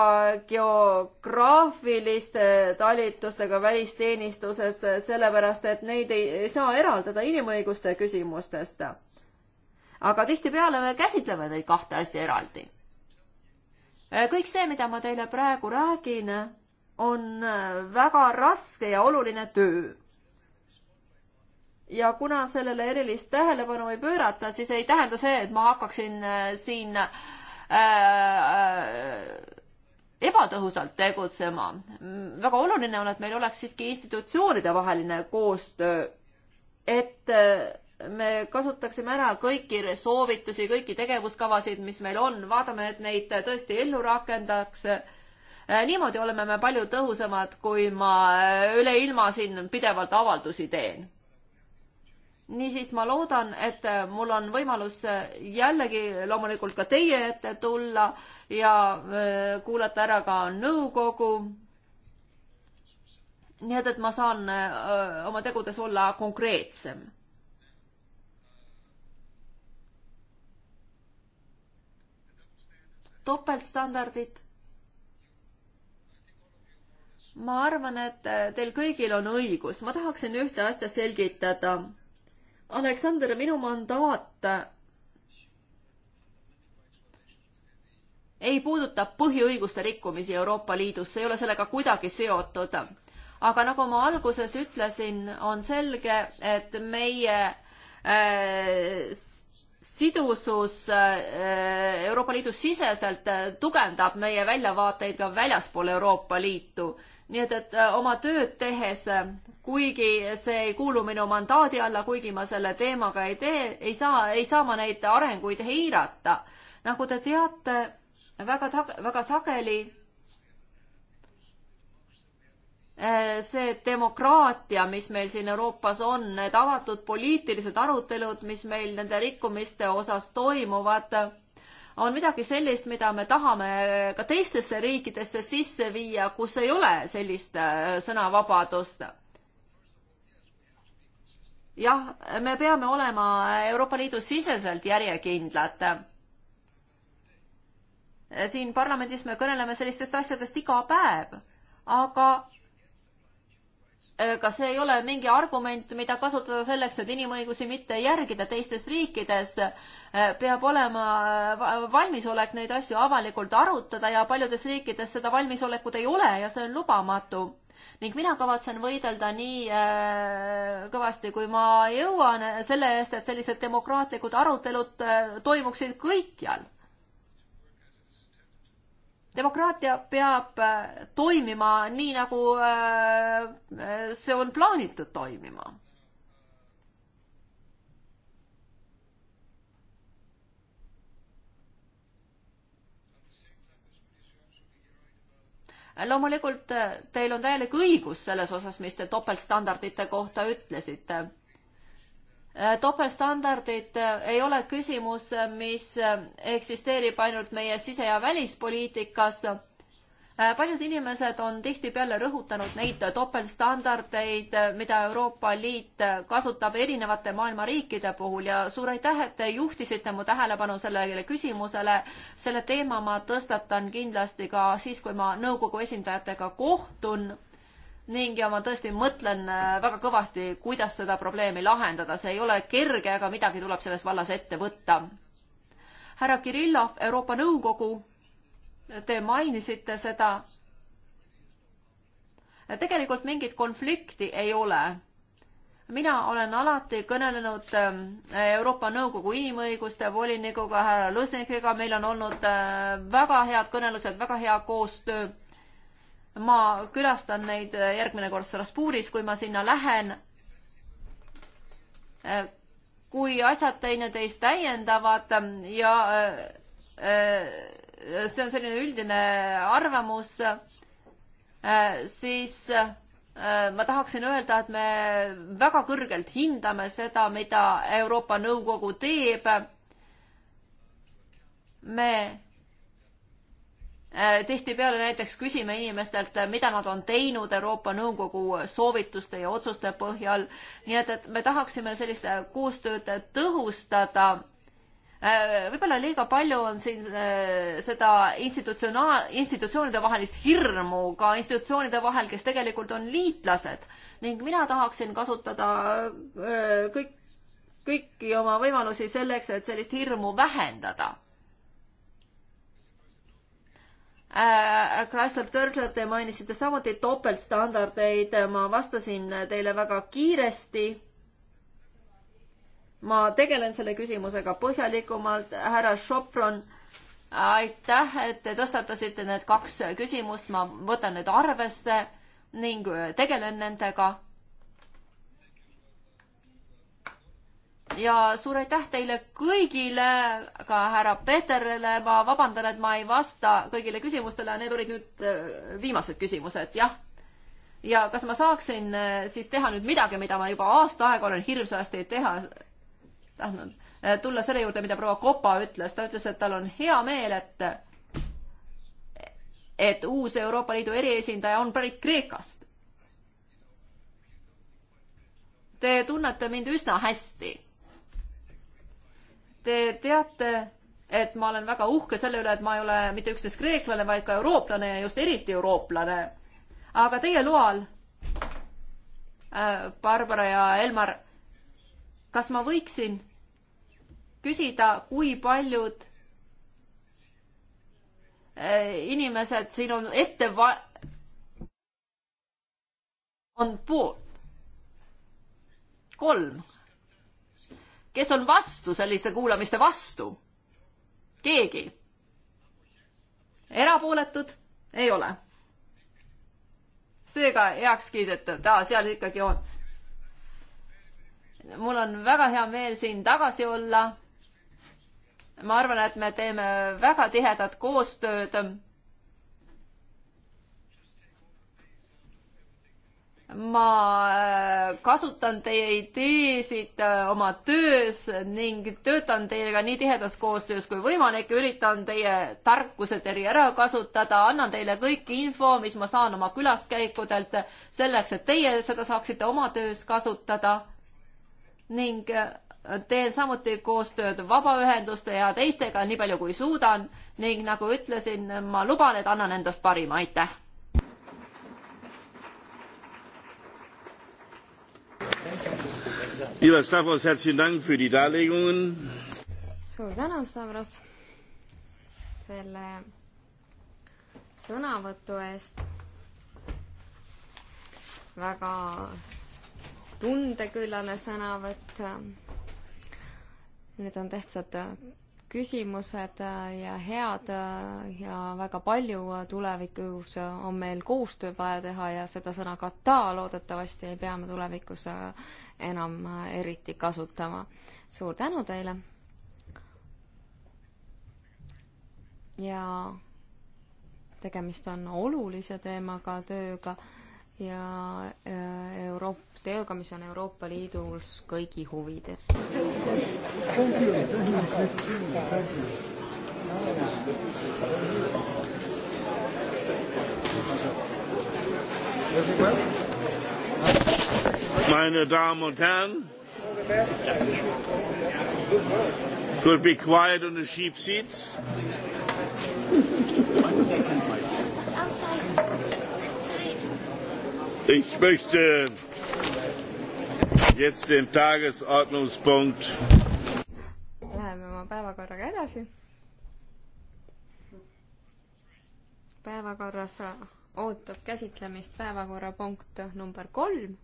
S4: geograafiliste talitustega välisteenistuses, sellepärast et neid ei saa eraldada inimõiguste küsimustest aga tihtipeale me käsitleme neid kahte asja eraldi. Äh, kõik see, mida ma teile praegu räägin, on äh, väga raske ja oluline töö. ja kuna sellele erilist tähelepanu ei pöörata, siis ei tähenda see, et ma hakkaksin äh, siin äh, ebatõhusalt tegutsema. väga oluline on, et meil oleks siiski institutsioonide vaheline koostöö, et äh, me kasutaksime ära kõiki soovitusi, kõiki tegevuskavasid, mis meil on, vaatame, et neid tõesti ellu rakendaks. Äh, niimoodi oleme me palju tõhusamad, kui ma äh, üle ilma siin pidevalt avaldusi teen. niisiis ma loodan, et äh, mul on võimalus jällegi loomulikult ka teie ette tulla ja kuulata ära ka nõukogu nii et, et ma saan öö, oma tegudes olla konkreetsem topeltstandardid. ma arvan, et teil kõigil on õigus, ma tahaksin ühte asja selgitada. Aleksander, minu mandaat ei puuduta põhiõiguste rikkumisi Euroopa Liidus, see ei ole sellega kuidagi seotud. aga nagu ma alguses ütlesin, on selge, et meie äh, sidusus äh, Euroopa Liidu siseselt äh, tugevdab meie väljavaateid ka väljaspool Euroopa Liitu. nii et, et äh, oma tööd tehes, kuigi see ei kuulu minu mandaadi alla, kuigi ma selle teemaga ei tee, ei saa, ei saa ma neid arenguid eirata. nagu te teate, väga tag-, väga sageli Äh, see demokraatia, mis meil siin Euroopas on, need avatud poliitilised arutelud, mis meil nende rikkumiste osas toimuvad, on midagi sellist, mida me tahame ka teistesse riikidesse sisse viia, kus ei ole sellist äh, sõnavabadust. jah, me peame olema Euroopa Liidu siseselt järjekindlad siin parlamendis me kõneleme sellistest asjadest iga päev, aga Äh, kas ei ole mingi argument, mida kasutada selleks, et inimõigusi mitte järgida teistes riikides? Äh, peab olema äh, valmisolek neid asju avalikult arutada ja paljudes riikides seda valmisolekut ei ole ja see on lubamatu. ning mina kavatsen võidelda nii kõvasti, kui ma jõuan, selle eest, et sellised demokraatlikud arutelud toimuksid kõikjal demokraatia peab äh, toimima nii, nagu äh, see on plaanitud toimima loomulikult äh, teil on täielik õigus selles osas, mis te topeltstandardite kohta ütlesite Äh, topeltstandardid äh, ei ole küsimus, äh, mis eksisteerib ainult meie sise- ja välispoliitikas. paljud inimesed on tihtipeale rõhutanud neid topeltstandardeid, mida Euroopa Liit kasutab erinevate maailma riikide puhul ja suur aitäh, et te juhtisite mu tähelepanu sellele küsimusele. selle teema ma tõstatan kindlasti ka siis, kui ma nõukogu esindajatega kohtun ning ja ma tõesti mõtlen äh, väga kõvasti, kuidas seda probleemi lahendada, see ei ole kerge, aga midagi tuleb selles vallas ette võtta. härra Kirillov, Euroopa Nõukogu, te mainisite seda. tegelikult mingit konflikti ei ole mina olen alati kõnelenud ähm, Euroopa Nõukogu inimõiguste volinikuga härra Lusnikiga, meil on olnud äh, väga head kõnelused, väga hea koostöö ma külastan neid äh, järgmine kord Strasbourgis, kui ma sinna lähen. Äh, kui asjad teineteist täiendavad ähm, ja äh, see on selline üldine arvamus, siis ma tahaksin öelda, et me väga kõrgelt hindame seda, mida Euroopa Nõukogu teeb. me Äh, tihtipeale näiteks küsime inimestelt, äh, mida nad on teinud Euroopa Nõukogu soovituste ja otsuste põhjal. nii et, et me tahaksime sellist äh, koostööd tõhustada võib-olla liiga palju on siin seda institutsionaal, institutsioonide vahelist hirmu ka institutsioonide vahel, kes tegelikult on liitlased ning mina tahaksin kasutada kõik, kõiki oma võimalusi selleks, et sellist hirmu vähendada Äh, Chrysler-Törtler, te mainisite samuti topeltstandardeid, ma vastasin teile väga kiiresti. ma tegelen selle küsimusega põhjalikumalt, härra Šopron, aitäh, et te tõstatasite need kaks küsimust, ma võtan need arvesse ning tegelen nendega ja suur aitäh teile kõigile, ka härra Peeterile, ma vabandan, et ma ei vasta kõigile küsimustele, need olid nüüd äh, viimased küsimused, jah. ja kas ma saaksin äh, siis teha nüüd midagi, mida ma juba aasta aega olen hirmsasti teha tahtnud, äh, tulla selle juurde, mida proua Kopa ütles, ta ütles, et tal on hea meel, et et uus Euroopa Liidu eriesindaja on pärit Kreekast. Te tunnete mind üsna hästi Te teate, et ma olen väga uhke selle üle, et ma ei ole mitte üksnes kreeklane, vaid ka eurooplane ja just eriti eurooplane. aga teie loal, äh, Barbara ja Elmar, kas ma võiksin küsida, kui paljud äh, inimesed siin on ette va-, on poolt? kolm kes on vastu, selliste kuulamiste vastu? keegi? erapooletud? ei ole. seega heaks kiidetav, ta seal ikkagi on. mul on väga hea meel siin tagasi olla. ma arvan, et me teeme väga tihedat koostööd ma äh, kasutan teie ideesid äh, oma töös ning töötan teiega nii tihedas koostöös kui võimalik, üritan teie tarkuseteri ära kasutada, annan teile kõik info, mis ma saan oma külaskäikudelt, selleks, et teie seda saaksite oma töös kasutada. ning äh, teen samuti koostööd vabaühenduste ja teistega, nii palju kui suudan ning nagu ütlesin, ma luban, et annan endast parima, aitäh
S2: Lieber Stavros, herzlichen Dank für die Darlegungen.
S5: suur tänu, Stavros, selle sõnavõtu eest. väga tundeküllane sõnavõtt. Need on tähtsad küsimused äh, ja head äh, ja väga palju äh, tulevikus on meil koostööd vaja teha ja seda sõna kata loodetavasti ei pea me tulevikus enam eriti kasutama. suur tänu teile. ja tegemist on olulise teemaga, tööga ja Euroopa tööga, mis on Euroopa Liidus kõigi huvides.
S2: Meine Damen und Herren, could be quiet on the sheep seats. Ich möchte Jetzt dem Tagesordnungspunkt.
S5: Läheme oma päevakorraga edasi. päevakorras ootab käsitlemist päevakorrapunkt number kolm,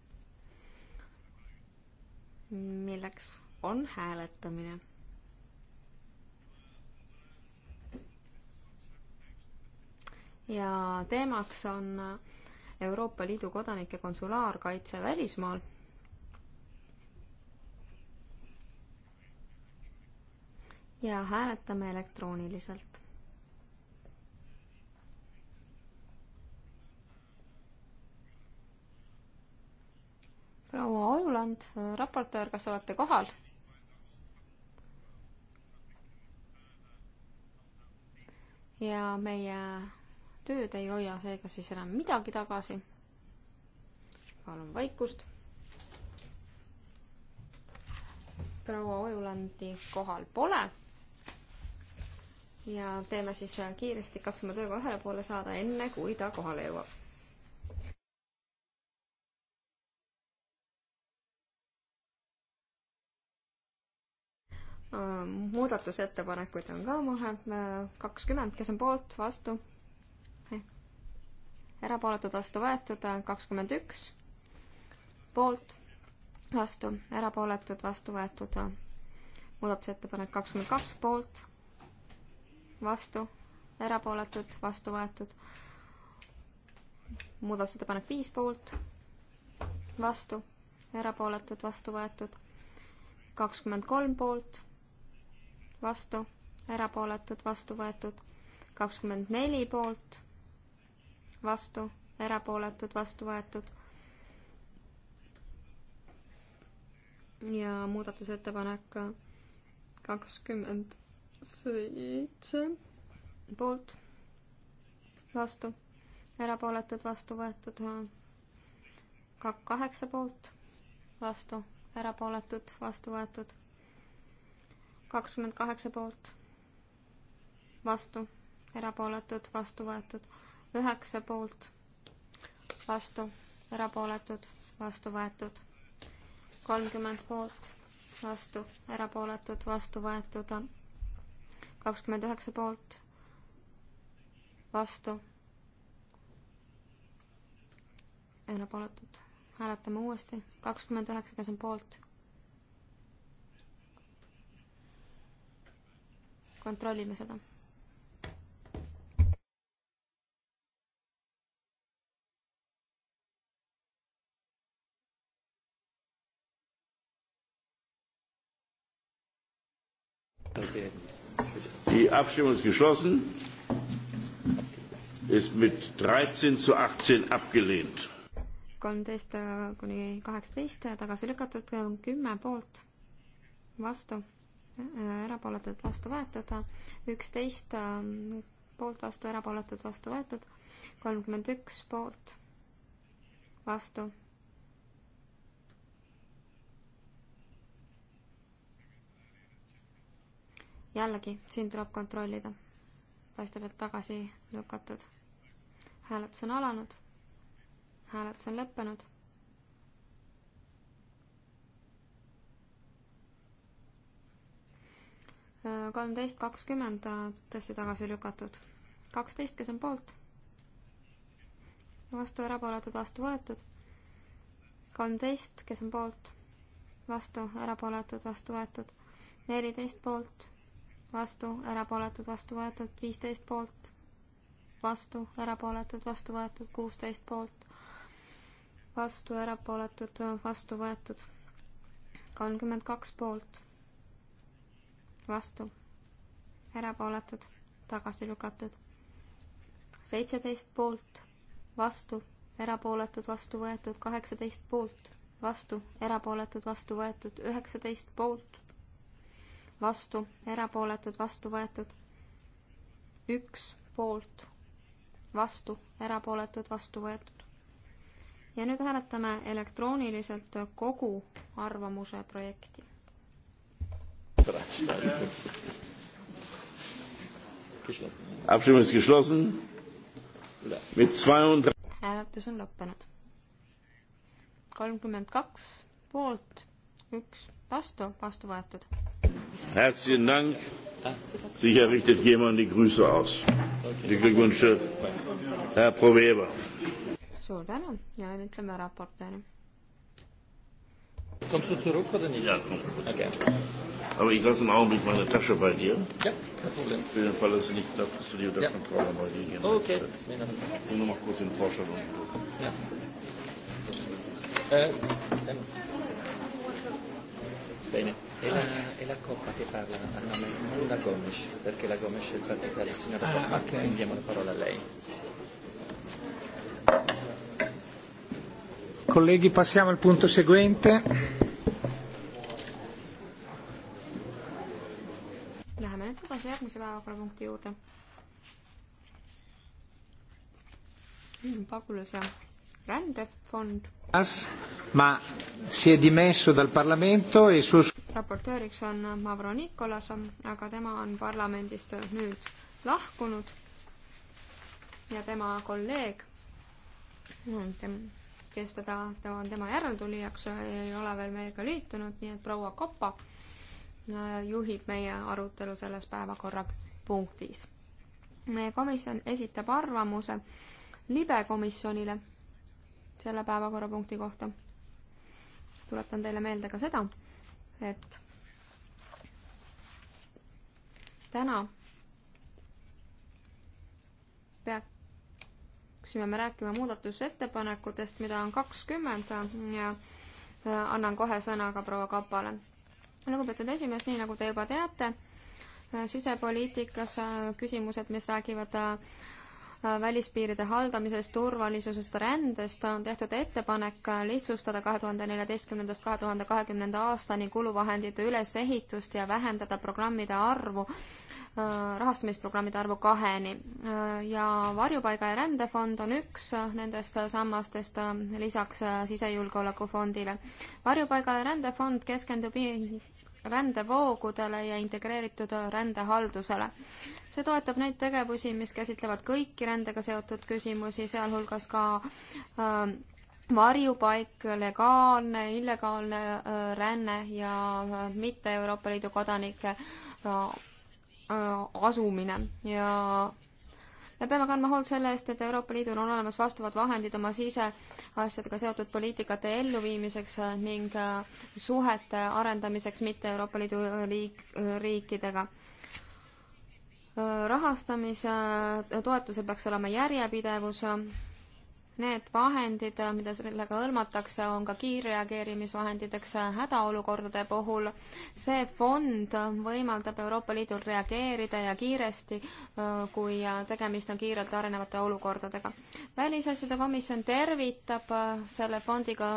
S5: milleks on hääletamine ja teemaks on Euroopa Liidu kodanike konsulaarkaitse välismaal. ja hääletame elektrooniliselt. proua Ojuland, raportöör, kas olete kohal? ja meie tööd ei hoia seega siis enam midagi tagasi. palun vaikust. proua Ojulandi kohal pole ja teeme siis äh, kiiresti, katsume tööga ühele poole saada, enne kui ta kohale jõuab. Äh, muudatusettepanekuid on ka mahe, äh, kakskümmend, kes on poolt, vastu? erapooletud, vastu võetud, kakskümmend üks, poolt, vastu, erapooletud, vastu võetud, muudatusettepanek kakskümmend kaks, poolt vastu, erapooletud, vastu võetud. muudatusettepanek viis poolt, vastu, erapooletud, vastu võetud. kakskümmend kolm poolt, vastu, erapooletud, vastu võetud. kakskümmend neli poolt, vastu, erapooletud, vastu võetud. ja muudatusettepanek kakskümmend seitse poolt, vastu, erapooletud, vastu võetud, kaheksa poolt, vastu, erapooletud, vastu võetud, kakskümmend kaheksa poolt, vastu, erapooletud, vastu võetud, üheksa poolt, vastu, erapooletud, vastu võetud, kolmkümmend poolt, vastu, erapooletud, vastu võetud kakskümmend üheksa poolt, vastu, erapooletud. hääletame uuesti, kakskümmend üheksa, kes on poolt. kontrollime seda.
S2: Okay. Die Abstimmung ist geschlossen. Ist mit 13 zu 18 abgelehnt.
S5: kolmteist äh, kuni kaheksateist äh, tagasi lükatud, äh, kümme poolt, vastu, erapooletud, vastu võetud, üksteist poolt, vastu, erapooletud, vastu võetud, kolmkümmend üks poolt, vastu jällegi, siin tuleb kontrollida. paistab, et tagasi lükatud. hääletus on alanud. hääletus on lõppenud. kolmteist kakskümmend tõesti tagasi lükatud. kaksteist, kes on poolt? vastu, erapooletud, vastu võetud. kolmteist, kes on poolt? vastu, erapooletud, vastu võetud. neliteist poolt vastu, erapooletud, vastu võetud, viisteist poolt, vastu, erapooletud, vastu võetud, kuusteist poolt, vastu, erapooletud, vastu võetud, kolmkümmend kaks poolt, vastu, erapooletud, tagasi lükatud, seitseteist poolt, vastu, erapooletud, vastu võetud, kaheksateist poolt, vastu, erapooletud, vastu võetud, üheksateist poolt vastu, erapooletud, vastu võetud. üks poolt, vastu, erapooletud, vastu võetud. ja nüüd hääletame elektrooniliselt kogu arvamuse projekti. hääletus on lõppenud. kolmkümmend kaks poolt, üks vastu, vastu võetud
S2: Herzlichen Dank. Sicher richtet jemand die Grüße aus. Die Glückwünsche, Herr Provera.
S5: Suur tänu ja nüüd ütleme raportööri.
S2: Kommst du zurück oder nicht? Ja. Okay. Aber ich lasse einen Augenblick meine Tasche bei dir. Ja, kein Problem. Für den Fall, dass du nicht glaubst, dass du die unter ja. Kontrolle bei dir hier Okay. Nur noch mal kurz in Vorstellung. Ja. Äh, dann.
S6: Bene. È la, è la Coppa che parla a nome, non la Gomes, perché la Gomes è il partito della signora ah, Coppa, okay. quindi diamo la parola a lei. Colleghi, passiamo al punto seguente.
S5: Läheme nüüd edasi järgmise päevakorrapunkti juurde. pagulase rändefond
S6: ma si è dimesso dal Parlamento e su...
S5: raportööriks on Mavro Nikolas, aga tema on parlamendist nüüd lahkunud ja tema kolleeg, kes teda, tema on tema järeltulijaks, ei ole veel meiega liitunud, nii et proua Kopa äh, juhib meie arutelu selles päevakorrapunktis. meie komisjon esitab arvamuse libekomisjonile selle päevakorrapunkti kohta. tuletan teile meelde ka seda, et täna peaksime me rääkima muudatusettepanekutest, mida on kakskümmend ja äh, annan kohe sõna ka proua Kapale. lugupeetud esimees, nii nagu te juba teate, äh, sisepoliitikas äh, küsimused, mis räägivad äh, välispiiride haldamisest, turvalisusest, rändest on tehtud ettepanek lihtsustada kahe tuhande neljateistkümnendast kahe tuhande kahekümnenda aastani kuluvahendite ülesehitust ja vähendada programmide arvu, rahastamisprogrammide arvu kaheni. ja varjupaiga ja rändefond on üks nendest sammastest lisaks sisejulgeolekufondile. varjupaiga ja rändefond keskendub rändevoogudele ja integreeritud rändehaldusele. see toetab neid tegevusi, mis käsitlevad kõiki rändega seotud küsimusi, sealhulgas ka äh, varjupaik, legaalne, illegaalne äh, ränne ja äh, mitte Euroopa Liidu kodanike äh, äh, asumine ja me peame kandma hoolt selle eest, et Euroopa Liidul on olemas vastavad vahendid oma siseasjadega seotud poliitikate elluviimiseks ning äh, suhete arendamiseks mitte Euroopa Liidu liik-, riikidega äh, rahastamise äh, toetusel peaks olema järjepidevus Need vahendid, mida sellega hõlmatakse, on ka kiirreageerimisvahendideks hädaolukordade puhul. see fond võimaldab Euroopa Liidul reageerida ja kiiresti, kui tegemist on kiirelt arenevate olukordadega. välisasjade komisjon tervitab selle fondiga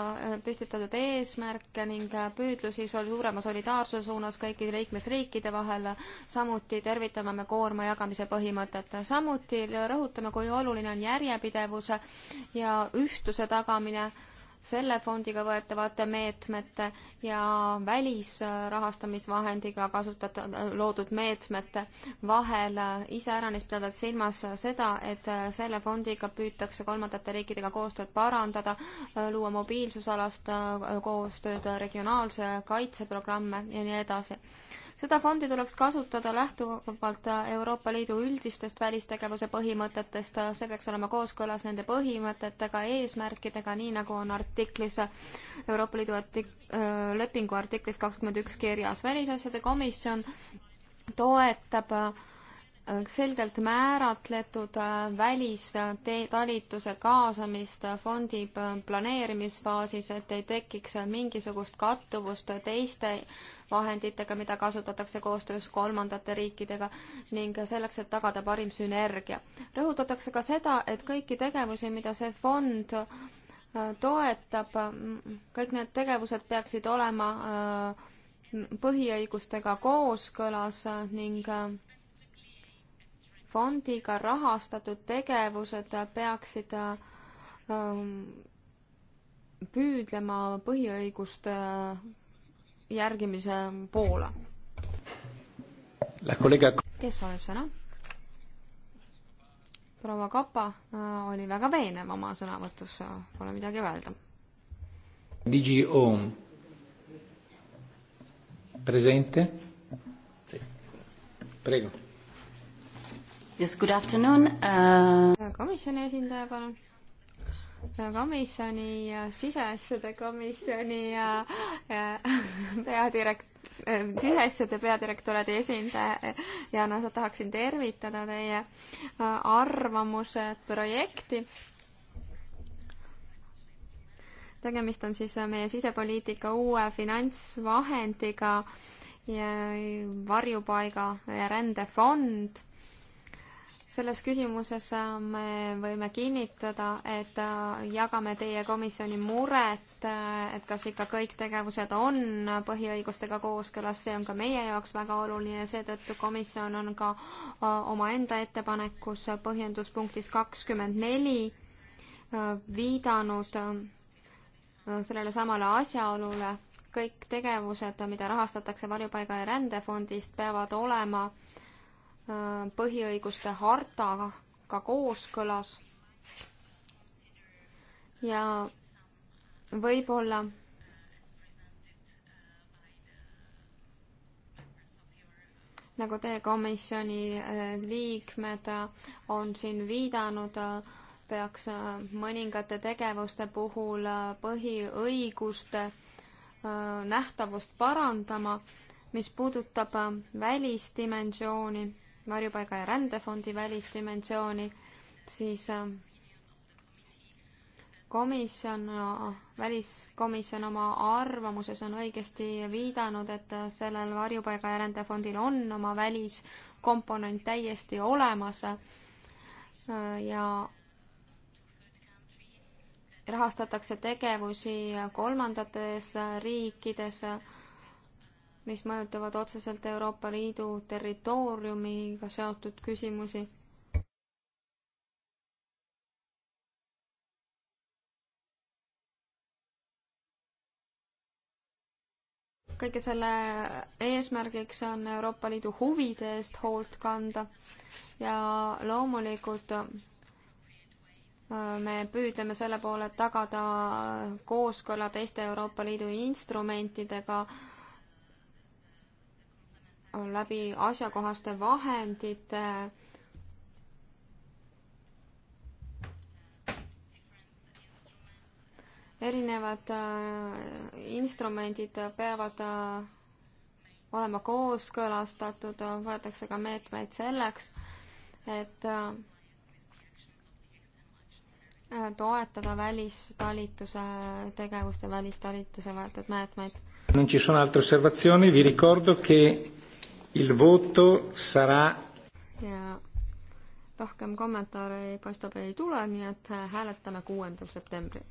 S5: püstitatud eesmärke ning püüdlusi suurema solidaarsuse suunas kõikide liikmesriikide vahel. samuti tervitame me koorma jagamise põhimõtet. samuti rõhutame, kui oluline on järjepidevus ja ühtuse tagamine selle fondiga võetavate meetmete ja välisrahastamisvahendiga kasutatud, loodud meetmete vahel iseäranis pidades silmas seda, et selle fondiga püütakse kolmandate riikidega koostööd parandada, luua mobiilsusalast koostööd, regionaalse kaitseprogramme ja nii edasi seda fondi tuleks kasutada lähtuvalt Euroopa Liidu üldistest välistegevuse põhimõtetest, see peaks olema kooskõlas nende põhimõtetega, eesmärkidega, nii nagu on artiklis, Euroopa Liidu artik-, äh, lepingu artiklis kakskümmend üks kirjas. välisasjade komisjon toetab äh, selgelt määratletud äh, välistalituse kaasamist fondi planeerimisfaasis, et ei tekiks mingisugust kattuvust teiste vahenditega, mida kasutatakse koostöös kolmandate riikidega ning selleks, et tagada parim sünergia. rõhutatakse ka seda, et kõiki tegevusi, mida see fond äh, toetab, kõik need tegevused peaksid olema äh, põhiõigustega kooskõlas ning äh, fondiga rahastatud tegevused peaksid püüdlema põhiõiguste järgimise poole. kes soovib sõna? proua Kapa äh, oli väga veenev oma sõnavõtus, äh, pole midagi öelda.
S6: Digi Oom. Presente.
S5: Prego. Yes, good afternoon uh.... komisjoni esindaja, palun komisjoni ja siseasjade komisjoni ja, ja peadirekt-, äh, siseasjade peadirektoraadi esindaja ja no tahaksin tervitada teie äh, arvamuse projekti. tegemist on siis äh, meie sisepoliitika uue finantsvahendiga ja varjupaiga ja rändefond selles küsimuses äh, me võime kinnitada, et äh, jagame teie komisjoni muret, äh, et kas ikka kõik tegevused on põhiõigustega kooskõlas, see on ka meie jaoks väga oluline, seetõttu komisjon on ka omaenda ettepanekus põhjenduspunktis kakskümmend neli viidanud sellele samale asjaolule, kõik tegevused, mida rahastatakse varjupaiga ja rändefondist, peavad olema äh, põhiõiguste hartaga kooskõlas. ja võib-olla nagu teie komisjoni äh, liikmed äh, on siin viidanud, äh, peaks mõningate tegevuste puhul põhiõiguste nähtavust parandama, mis puudutab välisdimensiooni varjupaiga ja rändefondi välisdimensiooni, siis äh, komisjon, väliskomisjon oma arvamuses on õigesti viidanud, et sellel varjupaiga ja rändefondil on oma väliskomponent täiesti olemas äh, ja rahastatakse tegevusi kolmandates riikides mis mõjutavad otseselt Euroopa Liidu territooriumiga seotud küsimusi. kõige selle eesmärgiks on Euroopa Liidu huvide eest hoolt kanda ja loomulikult äh, me püüdleme selle poole, et tagada kooskõla teiste Euroopa Liidu instrumentidega äh, läbi asjakohaste vahendite erinevad äh, instrumendid peavad äh, olema kooskõlastatud, võetakse ka meetmeid selleks, et äh, toetada välistalituse tegevust ja välistalituse võetud meetmeid.
S6: Non ci sono altre osservazioni, vi ricordo che Il voto sarà
S5: ja rohkem kommentaare ei, paistab, ei tule, nii et hääletame kuuendal septembril.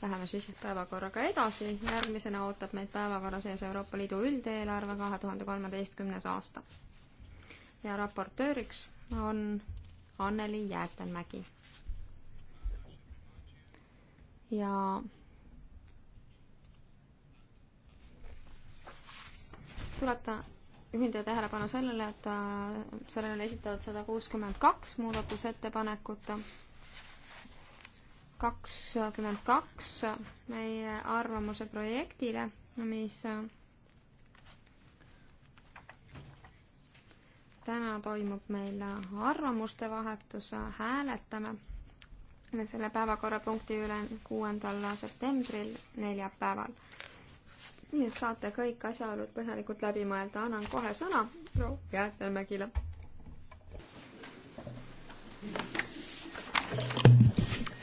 S5: Läheme siis päevakorraga edasi, järgmisena ootab meid päevakorra sees Euroopa Liidu üldeelarve kahe tuhande kolmeteistkümnes aasta. ja raportööriks on Anneli Jäätenmägi. ja tuleta juhin teie tähelepanu sellele, et äh, sellele on esitatud sada kuuskümmend kaks muudatusettepanekut. kakskümmend kaks meie arvamuse projektile, mis äh, täna toimub meil arvamuste vahetus, äh, hääletame me selle päevakorrapunkti üle kuuendal septembril neljapäeval nii et saate kõik asjaolud põhjalikult läbi mõelda. annan kohe sõna proua Jäätelmägile.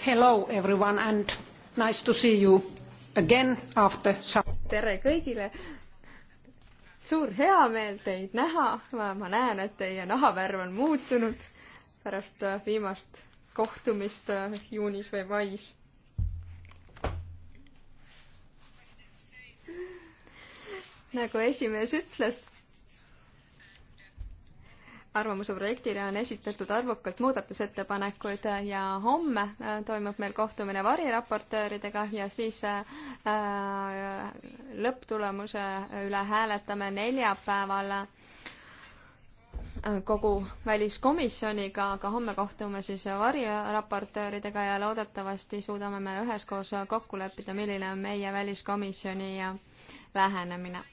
S3: Hello everyone and nice to see you again after some
S5: tere kõigile! suur heameel teid näha, ma näen, et teie nahavärv on muutunud pärast viimast kohtumist juunis või mais nagu esimees ütles, arvamuse projektile on esitatud arvukalt muudatusettepanekuid ja homme äh, toimub meil kohtumine variraportööridega ja siis äh, äh, lõpptulemuse üle hääletame neljapäeval kogu väliskomisjoniga, aga homme kohtume siis variraportööridega ja loodetavasti suudame me üheskoos kokku leppida, milline on meie väliskomisjoni lähenemine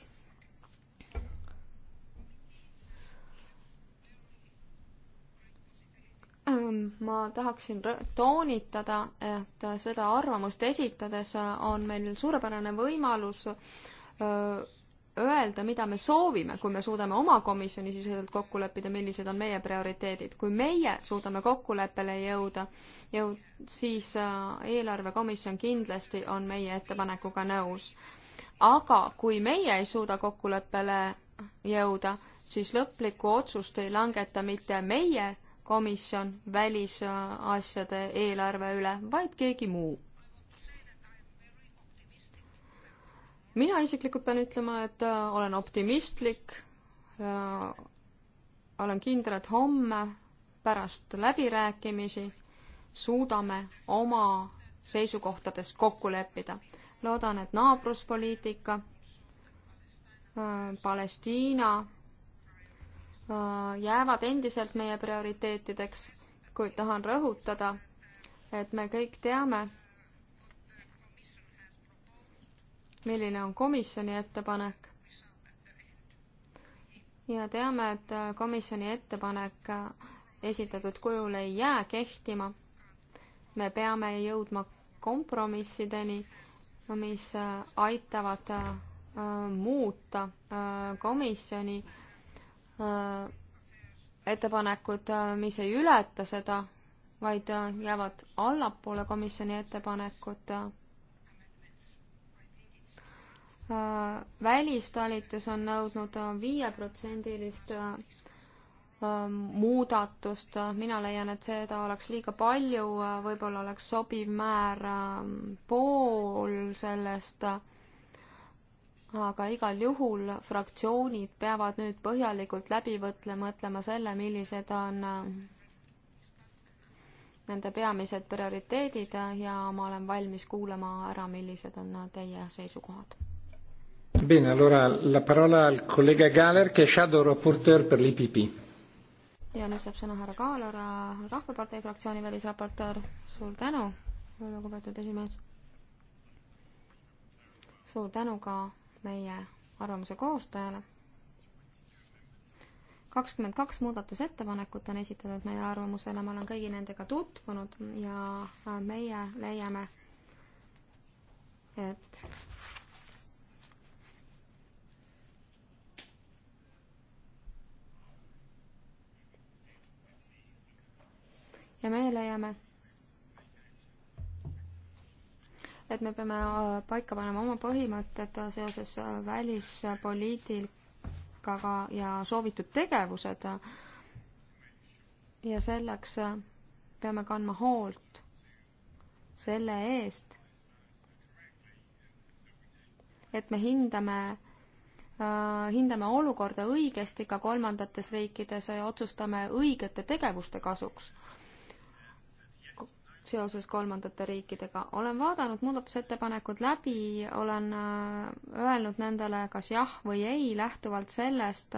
S5: Ähm, ma tahaksin toonitada, et seda arvamust esitades on meil suurepärane võimalus öelda, mida me soovime, kui me suudame oma komisjoni siseselt kokku leppida, millised on meie prioriteedid. kui meie suudame kokkuleppele jõuda, jõud-, siis äh, eelarvekomisjon kindlasti on meie ettepanekuga nõus. aga kui meie ei suuda kokkuleppele jõuda, siis lõplikku otsust ei langeta mitte meie komisjon välisasjade eelarve üle, vaid keegi muu. mina isiklikult pean ütlema, et äh, olen optimistlik. Äh, olen kindel, et homme pärast läbirääkimisi suudame oma seisukohtades kokku leppida. loodan, et naabruspoliitika, äh, Palestiina jäävad endiselt meie prioriteetideks, kuid tahan rõhutada, et me kõik teame, milline on komisjoni ettepanek. ja teame, et komisjoni ettepanek esitatud kujul ei jää kehtima. me peame jõudma kompromissideni, mis aitavad äh, muuta äh, komisjoni äh, Äh, ettepanekud, äh, mis ei ületa seda, vaid äh, jäävad allapoole komisjoni ettepanekut. välistalitus on nõudnud viieprotsendilist muudatust, mina leian, et seda oleks liiga palju, võib-olla oleks sobiv määr pool sellest aga igal juhul fraktsioonid peavad nüüd põhjalikult läbi mõtlema, mõtlema selle, millised on äh, nende peamised prioriteedid äh, ja ma olen valmis kuulama ära, millised on äh, teie seisukohad.
S6: Bene, allora la parola al collega Galer, che è shadow rapporteur per l'IPP.
S5: ja nüüd saab sõna härra Kaaler, Rahvapartei fraktsiooni välisraportöör, suur tänu, lugupeetud esimees. suur tänu ka meie arvamuse koostajale. kakskümmend kaks muudatusettepanekut on esitatud meie arvamusele, ma olen kõigi nendega tutvunud ja äh, meie leiame, et ja meie leiame, et me peame äh, paika panema oma põhimõtted äh, seoses äh, välispoliitikaga ja soovitud tegevused. ja selleks peame kandma hoolt selle eest, et me hindame hindame olukorda õigesti ka kolmandates riikides ja otsustame õigete tegevuste kasuks seoses kolmandate riikidega. olen vaadanud muudatusettepanekud läbi, olen äh, öelnud nendele kas jah või ei, lähtuvalt sellest,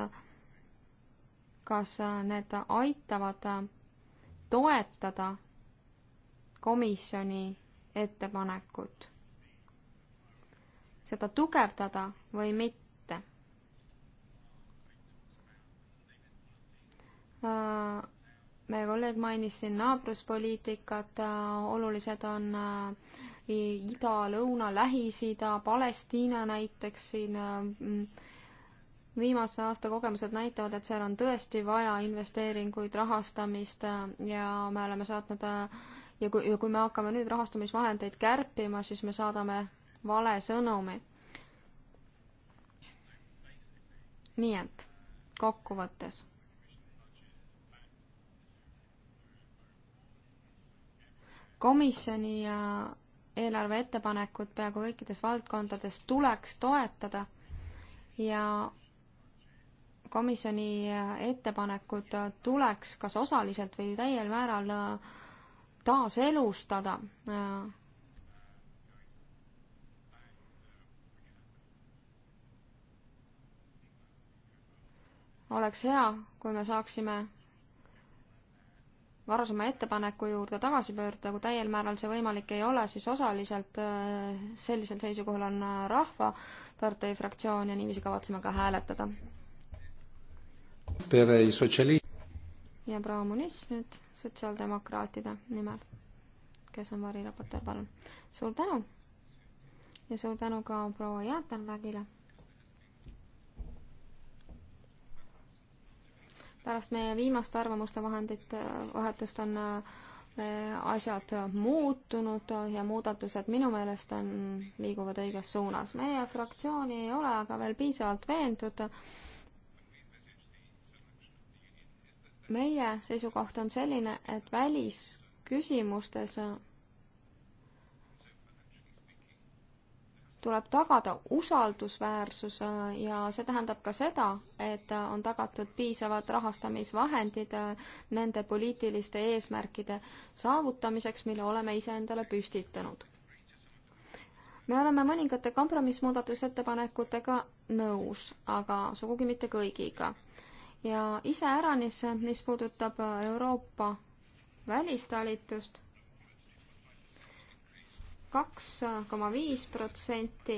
S5: kas äh, need aitavad äh, toetada komisjoni ettepanekut, seda tugevdada või mitte. Uh, meie kolleeg mainis siin naabruspoliitikat, olulised on äh, ida, lõuna, Lähis-Ida, Palestiina näiteks siin. Äh, viimase aasta kogemused näitavad, et seal on tõesti vaja investeeringuid, rahastamist äh, ja me oleme saatnud ja kui, ja kui me hakkame nüüd rahastamisvahendeid kärpima, siis me saadame vale sõnumi. nii et kokkuvõttes komisjoni ja eelarve ettepanekut peaaegu kõikides valdkondades tuleks toetada ja komisjoni ettepanekud tuleks kas osaliselt või täiel määral äh, taaselustada. Äh, oleks hea, kui me saaksime varasema ettepaneku juurde tagasi pöörduda, kui täiel määral see võimalik ei ole, siis osaliselt äh, sellisel seisukohal on äh, Rahvapartei fraktsioon ja niiviisi kavatseme ka hääletada. ja proua Munis nüüd sotsiaaldemokraatide nimel, kes on variraportöör, palun. suur tänu ja suur tänu ka proua Jaatanmägile pärast meie viimast arvamuste vahendit, äh, vahetust on äh, asjad muutunud ja muudatused minu meelest on, liiguvad õiges suunas. meie fraktsiooni ei ole aga veel piisavalt veendud. meie seisukoht on selline, et välisküsimustes tuleb tagada usaldusväärsus ja see tähendab ka seda, et on tagatud piisavad rahastamisvahendid nende poliitiliste eesmärkide saavutamiseks, mille oleme iseendale püstitanud. me oleme mõningate kompromissmuudatusettepanekutega nõus, aga sugugi mitte kõigiga. ja iseäranis, mis puudutab Euroopa välistalitust, kaks koma viis protsenti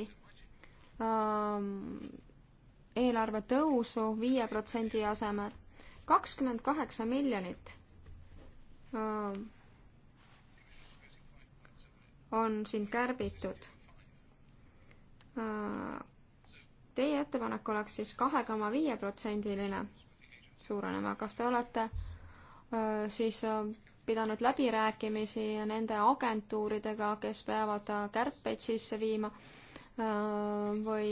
S5: ähm, eelarve tõusu viie protsendi asemel, kakskümmend kaheksa miljonit ähm, on siin kärbitud. Äh, teie ettepanek oleks siis kahe koma viie protsendiline suurenema, kas te olete äh, siis ähm, pidanud läbirääkimisi nende agentuuridega, kes peavad kärpeid sisse viima äh, või,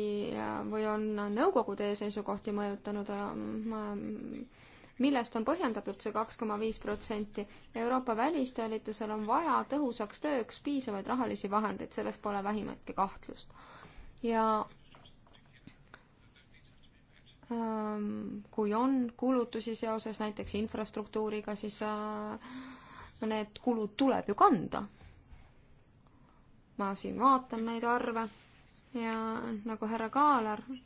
S5: või on nõukogu teie seisukohti mõjutanud äh, millest on põhjendatud see kaks koma viis protsenti. Euroopa välisteolitusel on vaja tõhusaks tööks piisavaid rahalisi vahendeid, selles pole vähimatki kahtlust. ja ähm, kui on kulutusi seoses näiteks infrastruktuuriga, siis äh, need kulud tuleb ju kanda. ma siin vaatan neid arve ja nagu härra Kaalargi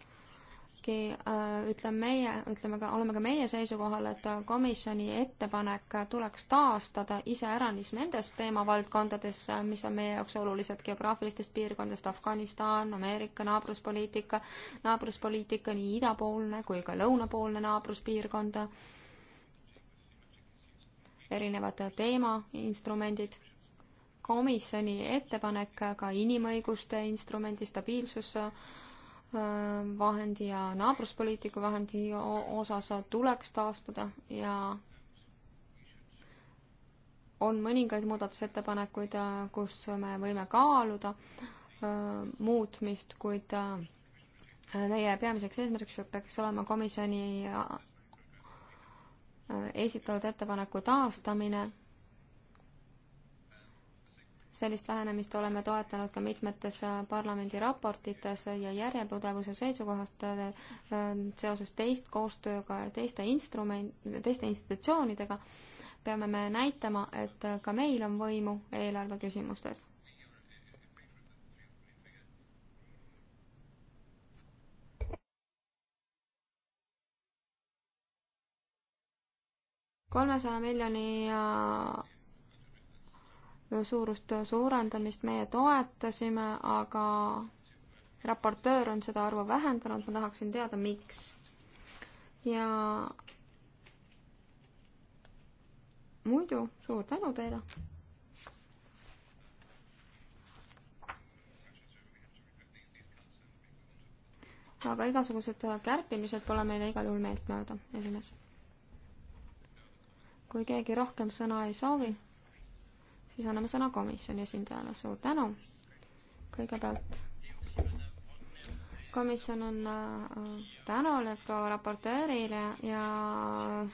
S5: äh, ütlen meie, ütleme ka, oleme ka meie seisukohal, et komisjoni ettepanek tuleks taastada iseäranis nendes teemavaldkondades, mis on meie jaoks olulised geograafilistest piirkondadest, Afganistan, Ameerika naabruspoliitika, naabruspoliitika nii idapoolne kui ka lõunapoolne naabruspiirkond äh,, erinevad teemainstrumendid, komisjoni ettepanek ka inimõiguste instrumendi stabiilsusvahendi äh, ja naabruspoliitika vahendi osas tuleks taastada ja on mõningaid muudatusettepanekuid, äh, kus me võime kaaluda äh, muutmist, kuid meie peamiseks eesmärgiks peaks olema komisjoni esitatud ettepaneku taastamine. sellist lähenemist oleme toetanud ka mitmetes äh, parlamendi raportites ja järjepidevuse seisukohast äh, seoses teist koostööga ja teiste instrument, teiste institutsioonidega peame me näitama, et ka meil on võimu eelarve küsimustes kolmesaja miljoni suurust suurendamist meie toetasime, aga raportöör on seda arvu vähendanud, ma tahaksin teada, miks. ja muidu suur tänu teile. aga igasugused kärpimised pole meile igal juhul meeltmööda, esimees kui keegi rohkem sõna ei soovi, siis anname sõna komisjoni esindajale, suur tänu. kõigepealt komisjon on äh, tänulik proua raportöörile ja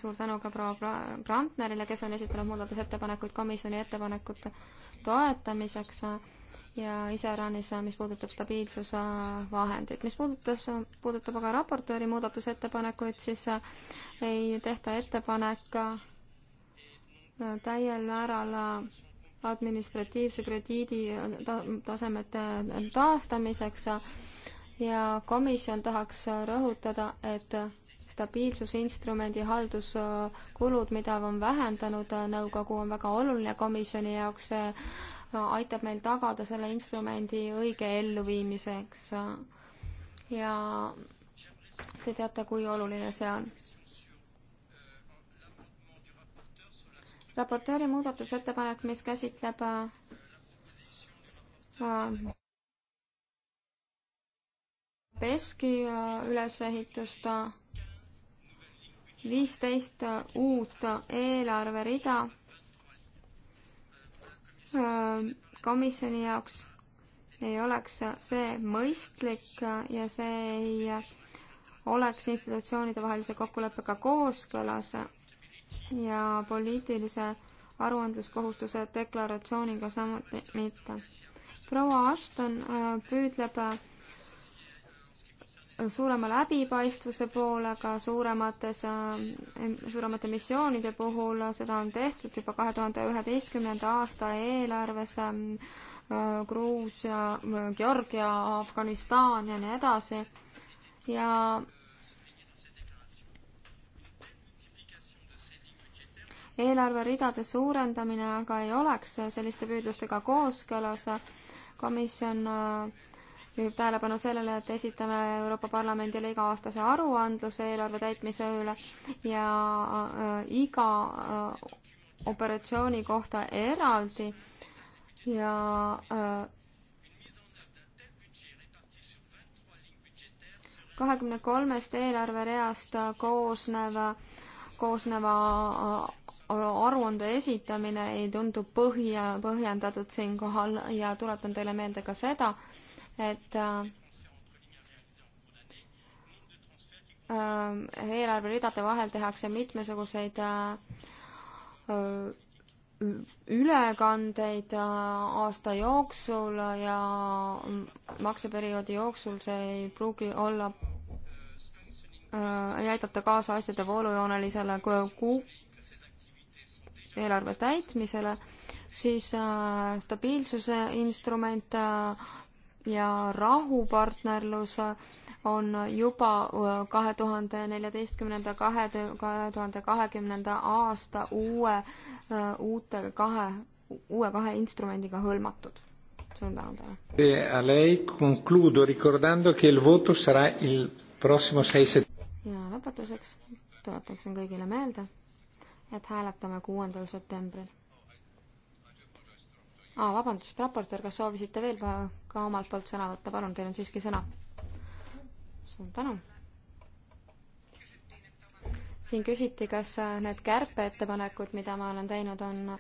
S5: suur tänu ka proua Brandnerile, kes on esitanud muudatusettepanekuid komisjoni ettepanekute toetamiseks ja iseäranis, äh, mis puudutab stabiilsuse vahendit. mis puudutas, äh, puudutab aga raportööri muudatusettepanekuid, siis ei tehta ettepanek täiel määral administratiivse krediidi tasemete taastamiseks ja komisjon tahaks rõhutada, et stabiilsusinstrumendi halduskulud, mida on vähendanud nõukogu, on väga oluline komisjoni jaoks, see aitab meil tagada selle instrumendi õige elluviimiseks. ja te teate, kui oluline see on raportööri muudatusettepanek, mis käsitleb äh, äh, Peski äh, ülesehitust, viisteist uut eelarverida komisjoni jaoks ei oleks see mõistlik ja see ei oleks institutsioonide vahelise kokkuleppega kooskõlas ja poliitilise aruandluskohustuse deklaratsiooniga samuti mitte. proua Ashton äh, püüdleb äh, suurema läbipaistvuse poole ka suuremates, äh, suuremate missioonide puhul, seda on tehtud juba kahe tuhande üheteistkümnenda aasta eelarves Gruusia, Georgia, Afganistan ja nii edasi ja eelarveridade suurendamine aga ei oleks selliste püüdlustega kooskõlas. komisjon äh, juhib tähelepanu sellele, et esitame Euroopa Parlamendile iga-aastase aruandluse eelarve täitmise üle ja äh, iga äh, operatsiooni kohta eraldi ja kahekümne kolmest eelarvereast koosneva, koosneva aruande esitamine ei tundu põhja, põhjendatud siinkohal ja tuletan teile meelde ka seda, et äh, äh eelarveridade vahel tehakse mitmesuguseid äh, ülekandeid äh, aasta jooksul ja makseperioodi jooksul see ei pruugi olla äh,, ei aidata kaasa asjade voolujoonelisele eelarve täitmisele, siis äh, stabiilsuse instrument äh, ja rahupartnerlus äh, on juba kahe tuhande neljateistkümnenda, kahe, kahe tuhande kahekümnenda aasta uue, uute kahe, uue kahe instrumendiga hõlmatud suur tänu
S6: teile. A lei concludo ricordando che il voto sarà il prossimo 6 settembre.
S5: ja lõpetuseks tuletaksin kõigile meelde, et hääletame kuuendal septembril. aa, vabandust, raportöör, kas soovisite veel ka omalt poolt sõna võtta, palun, teil on siiski sõna. suur tänu. siin küsiti, kas need kärpeettepanekud, mida ma olen teinud, on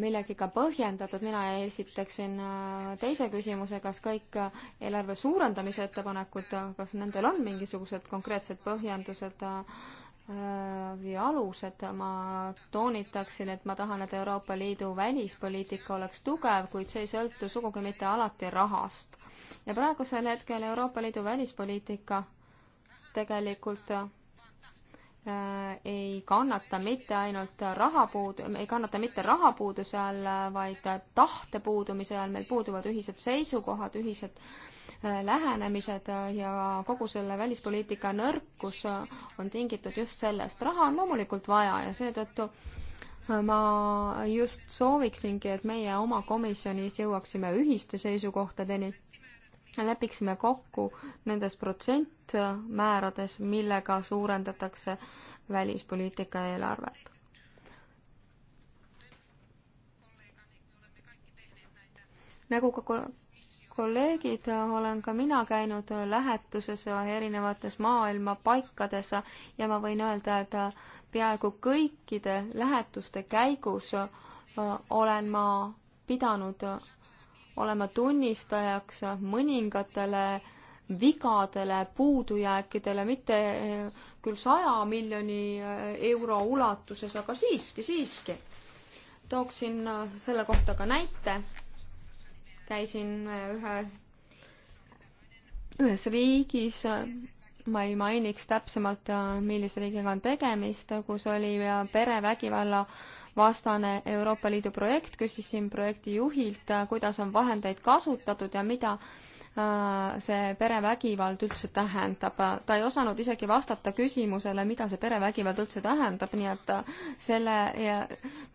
S5: millegiga põhjendatud, mina esitaksin äh, teise küsimuse, kas kõik äh, eelarve suurendamise ettepanekud, äh, kas nendel on mingisugused konkreetsed põhjendused äh, Äh, ja alused, ma toonitaksin, et ma tahan, et Euroopa Liidu välispoliitika oleks tugev, kuid see ei sõltu sugugi mitte alati rahast. ja praegusel hetkel Euroopa Liidu välispoliitika tegelikult äh, ei kannata mitte ainult rahapuudu, ei kannata mitte rahapuuduse all, vaid tahte puudumise all, meil puuduvad ühised seisukohad, ühised äh, Äh, lähenemised äh, ja kogu selle välispoliitika nõrkus äh, on tingitud just sellest. raha on loomulikult vaja ja seetõttu ma just sooviksingi, et meie oma komisjonis jõuaksime ühiste seisukohtadeni, lepiksime kokku nendes protsentmäärades, millega suurendatakse välispoliitika eelarvet nagu ka kolleegid, olen ka mina käinud lähetuses erinevates maailma paikades ja ma võin öelda, et peaaegu kõikide lähetuste käigus äh, olen ma pidanud äh, olema tunnistajaks mõningatele vigadele, puudujääkidele, mitte äh, küll saja miljoni euro ulatuses, aga siiski, siiski. tooksin selle kohta ka näite käisin äh, ühe, ühes riigis, ma ei mainiks täpsemalt, äh, millise riigiga on tegemist, kus oli äh, perevägivalla vastane Euroopa Liidu projekt, küsisin projekti juhilt, kuidas on vahendeid kasutatud ja mida äh, Äh, see perevägivald üldse tähendab. ta ei osanud isegi vastata küsimusele, mida see perevägivald üldse tähendab, nii et äh, selle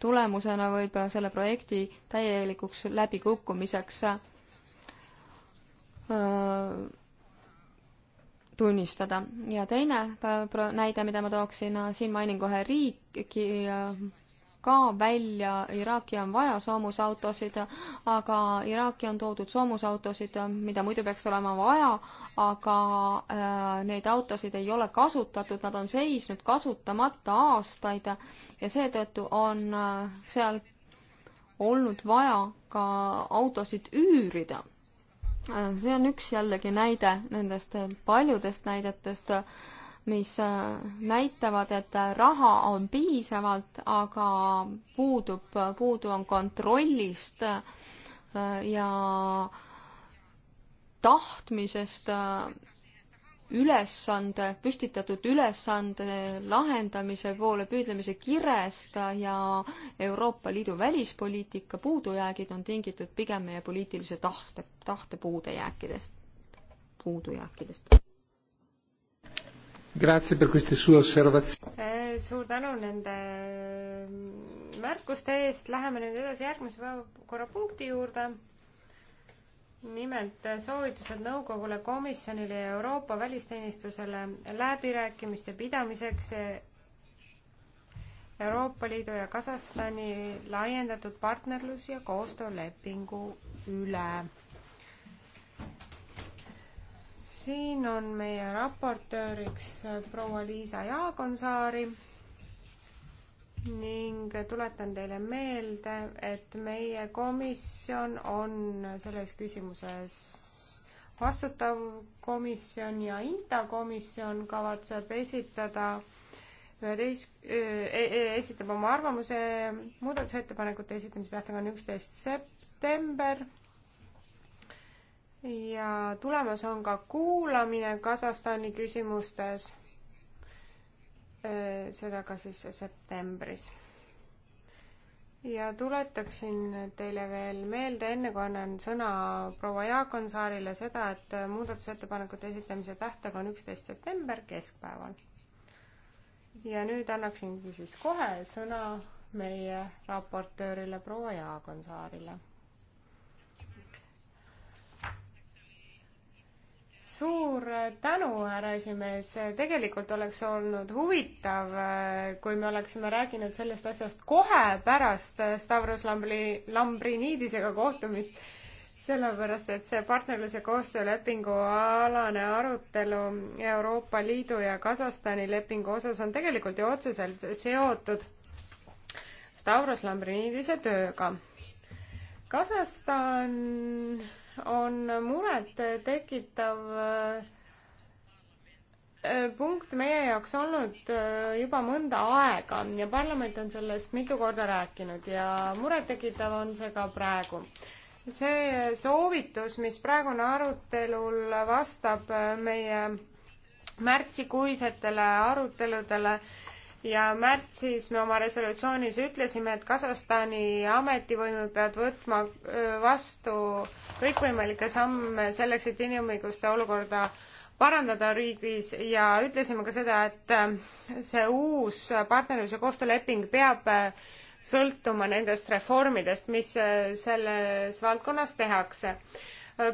S5: tulemusena võib äh, selle projekti täielikuks läbikukkumiseks tunnistada. ja teine näide, mida ma tooksin, siin mainin kohe riiki ka välja, Iraaki on vaja soomusautosid, aga Iraaki on toodud soomusautosid, mida muidu peaks olema vaja, aga äh, neid autosid ei ole kasutatud, nad on seisnud kasutamata aastaid ja seetõttu on äh, seal olnud vaja ka autosid üürida äh, see on üks jällegi näide nendest paljudest näidetest äh, mis äh, näitavad, et äh, raha on piisavalt, aga puudub, äh, puudu on kontrollist ja tahtmisest ülesande, püstitatud ülesande lahendamise poole püüdlemise kirest ja Euroopa Liidu välispoliitika puudujäägid on tingitud pigem meie poliitilise tahte,
S3: tahte puudujääkidest, puudujääkidest.
S6: Grazie per queste sue osservazioni.
S3: Eh, suur tänu nende mm, märkuste eest, läheme nüüd edasi järgmise päevakorrapunkti juurde. nimelt eh, soovitused nõukogule, komisjonile ja Euroopa välisteenistusele läbirääkimiste pidamiseks eh, Euroopa Liidu ja Kasahstani laiendatud partnerlus- ja koostöölepingu üle siin on meie raportööriks proua Liisa Jaagonsaari ning tuletan teile meelde, et meie komisjon on selles küsimuses vastutav komisjon ja INTA komisjon kavatseb esitada üheteist, e- e- esitab oma arvamuse, muudatusettepanekute esitamise tähtaeg on üksteist september ja tulemas on ka kuulamine Kasahstani küsimustes. Eh, seda ka siis septembris. ja tuletaksin teile veel meelde, enne kui annan sõna proua Jaakonsaarile, seda, et muudatusettepanekute esitamise tähtaeg on üksteist september keskpäeval. ja nüüd annaksingi siis kohe sõna meie raportöörile proua Jaakonsaarile suur tänu, härra esimees, tegelikult oleks olnud huvitav, kui me oleksime rääkinud sellest asjast kohe pärast Stavros Lambri, Lambrinidisega kohtumist, sellepärast et see partnerluse koostöölepingu alane arutelu Euroopa Liidu ja Kasahstani lepingu osas on tegelikult ju otseselt seotud Stavros Lambrinidise tööga. Kasahstan on muret tekitav äh, punkt meie jaoks olnud äh, juba mõnda aega ja parlament on sellest mitu korda rääkinud ja murettekitav on see ka praegu. see soovitus, mis praegune arutelul vastab äh, meie märtsikuisetele aruteludele, ja märtsis me oma resolutsioonis ütlesime, et Kasahstani ametivõimud peavad võtma vastu kõikvõimalikke samme selleks, et inimõiguste olukorda parandada riigis ja ütlesime ka seda, et see uus partnerluse koostööleping peab sõltuma nendest reformidest, mis selles valdkonnas tehakse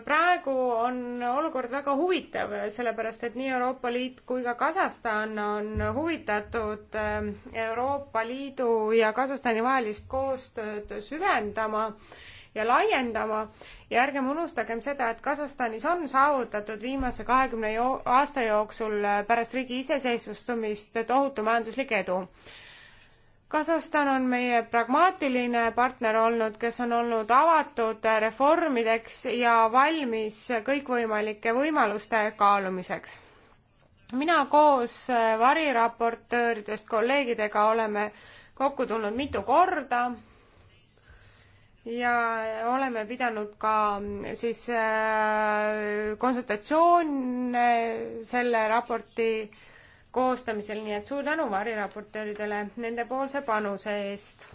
S3: praegu on olukord väga huvitav, sellepärast et nii Euroopa Liit kui ka Kasahstan on huvitatud eh, Euroopa Liidu ja Kasahstani vahelist koostööd süvendama ja laiendama ja ärgem unustagem seda, et Kasahstanis on saavutatud viimase kahekümne aasta jooksul eh, pärast riigi iseseisvustumist tohutu majanduslik edu Kasahstan on meie pragmaatiline partner olnud, kes on olnud avatud reformideks ja valmis kõikvõimalike võimaluste kaalumiseks. mina koos variraportööridest kolleegidega oleme kokku tulnud mitu korda ja oleme pidanud ka siis äh, konsultatsioone selle raporti koostamisel, nii et suur tänu variraportööridele nendepoolse panuse eest.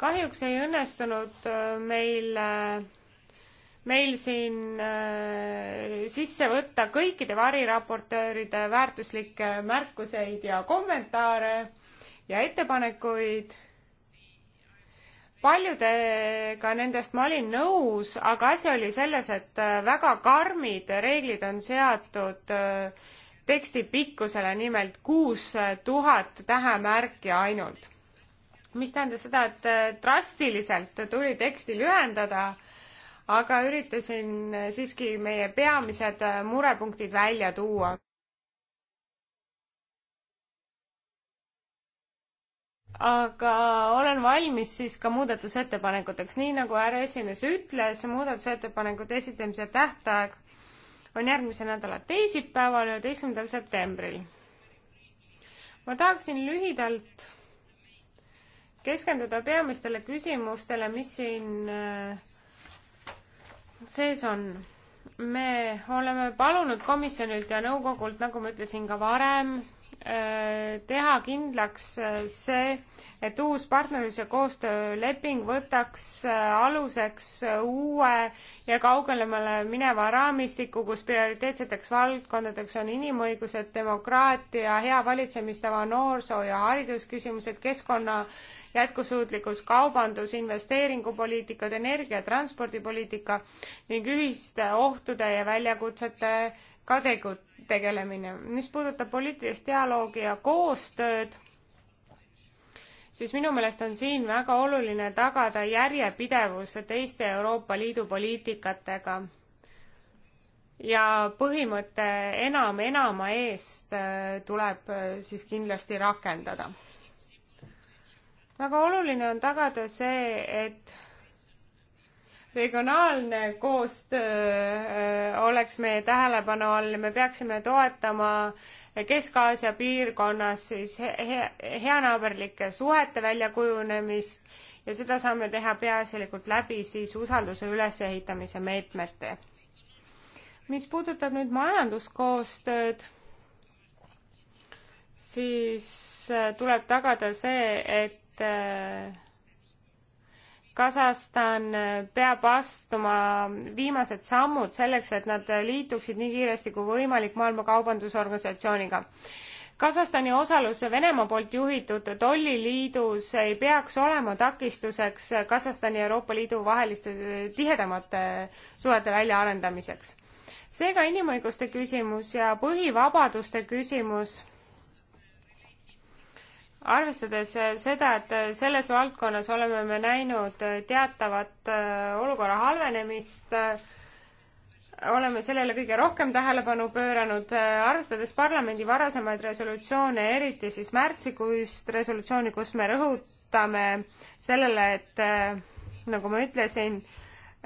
S3: kahjuks ei õnnestunud äh, meil äh, meil siin äh, sisse võtta kõikide variraportööride väärtuslikke märkuseid ja kommentaare ja ettepanekuid paljudega nendest ma olin nõus, aga asi oli selles, et äh, väga karmid reeglid on seatud äh, teksti pikkusele, nimelt kuus äh, tuhat tähemärki ainult. mis tähendas seda, et drastiliselt tuli teksti lühendada, aga üritasin siiski meie peamised murepunktid välja tuua aga olen valmis siis ka muudatusettepanekuteks, nii nagu härra esimees ütles, muudatusettepanekute esitamise tähtaeg on järgmise nädala teisipäeval, üheteistkümnendal septembril. ma tahaksin lühidalt keskenduda peamistele küsimustele, mis siin äh, sees on me oleme palunud komisjonilt ja nõukogult, nagu ma ütlesin ka varem, Äh, teha kindlaks äh, see, et uus partnerlus- ja koostööleping võtaks äh, aluseks uue ja kaugelemale mineva raamistiku, kus prioriteetseteks valdkondadeks on inimõigused, demokraatia, hea valitsemistava, noorsoo- ja haridusküsimused, keskkonna jätkusuutlikkus, kaubandus, investeeringupoliitikad, energia, transpordipoliitika ning ühiste ohtude ja väljakutsete ka tegu-, tegelemine. mis puudutab poliitilist dialoogi ja koostööd, siis minu meelest on siin väga oluline tagada järjepidevus teiste Euroopa Liidu poliitikatega ja põhimõte enam enama eest äh, tuleb äh, siis kindlasti rakendada. väga oluline on tagada see, et regionaalne koostöö äh, oleks meie tähelepanu all ja me peaksime toetama Kesk-Aasia piirkonnas siis heanaaberlike suhete väljakujunemist ja seda saame teha peaasjalikult läbi siis usalduse ülesehitamise meetmete. mis puudutab nüüd majanduskoostööd, siis äh, tuleb tagada see, et äh, Kasahstan eh, peab astuma viimased sammud selleks, et nad liituksid nii kiiresti kui võimalik Maailma Kaubandusorganisatsiooniga. Kasahstani osalus Venemaa poolt juhitud tolliliidus ei peaks olema takistuseks Kasahstani ja Euroopa Liidu vaheliste eh, tihedamate suhete väljaarendamiseks. seega inimõiguste küsimus ja põhivabaduste küsimus arvestades äh, seda, et äh, selles valdkonnas oleme me näinud äh, teatavat olukorra halvenemist, oleme sellele kõige rohkem tähelepanu pööranud, arvestades parlamendi varasemaid resolutsioone, eriti siis märtsikuist resolutsiooni, kus me rõhutame sellele, et nagu ma ütlesin,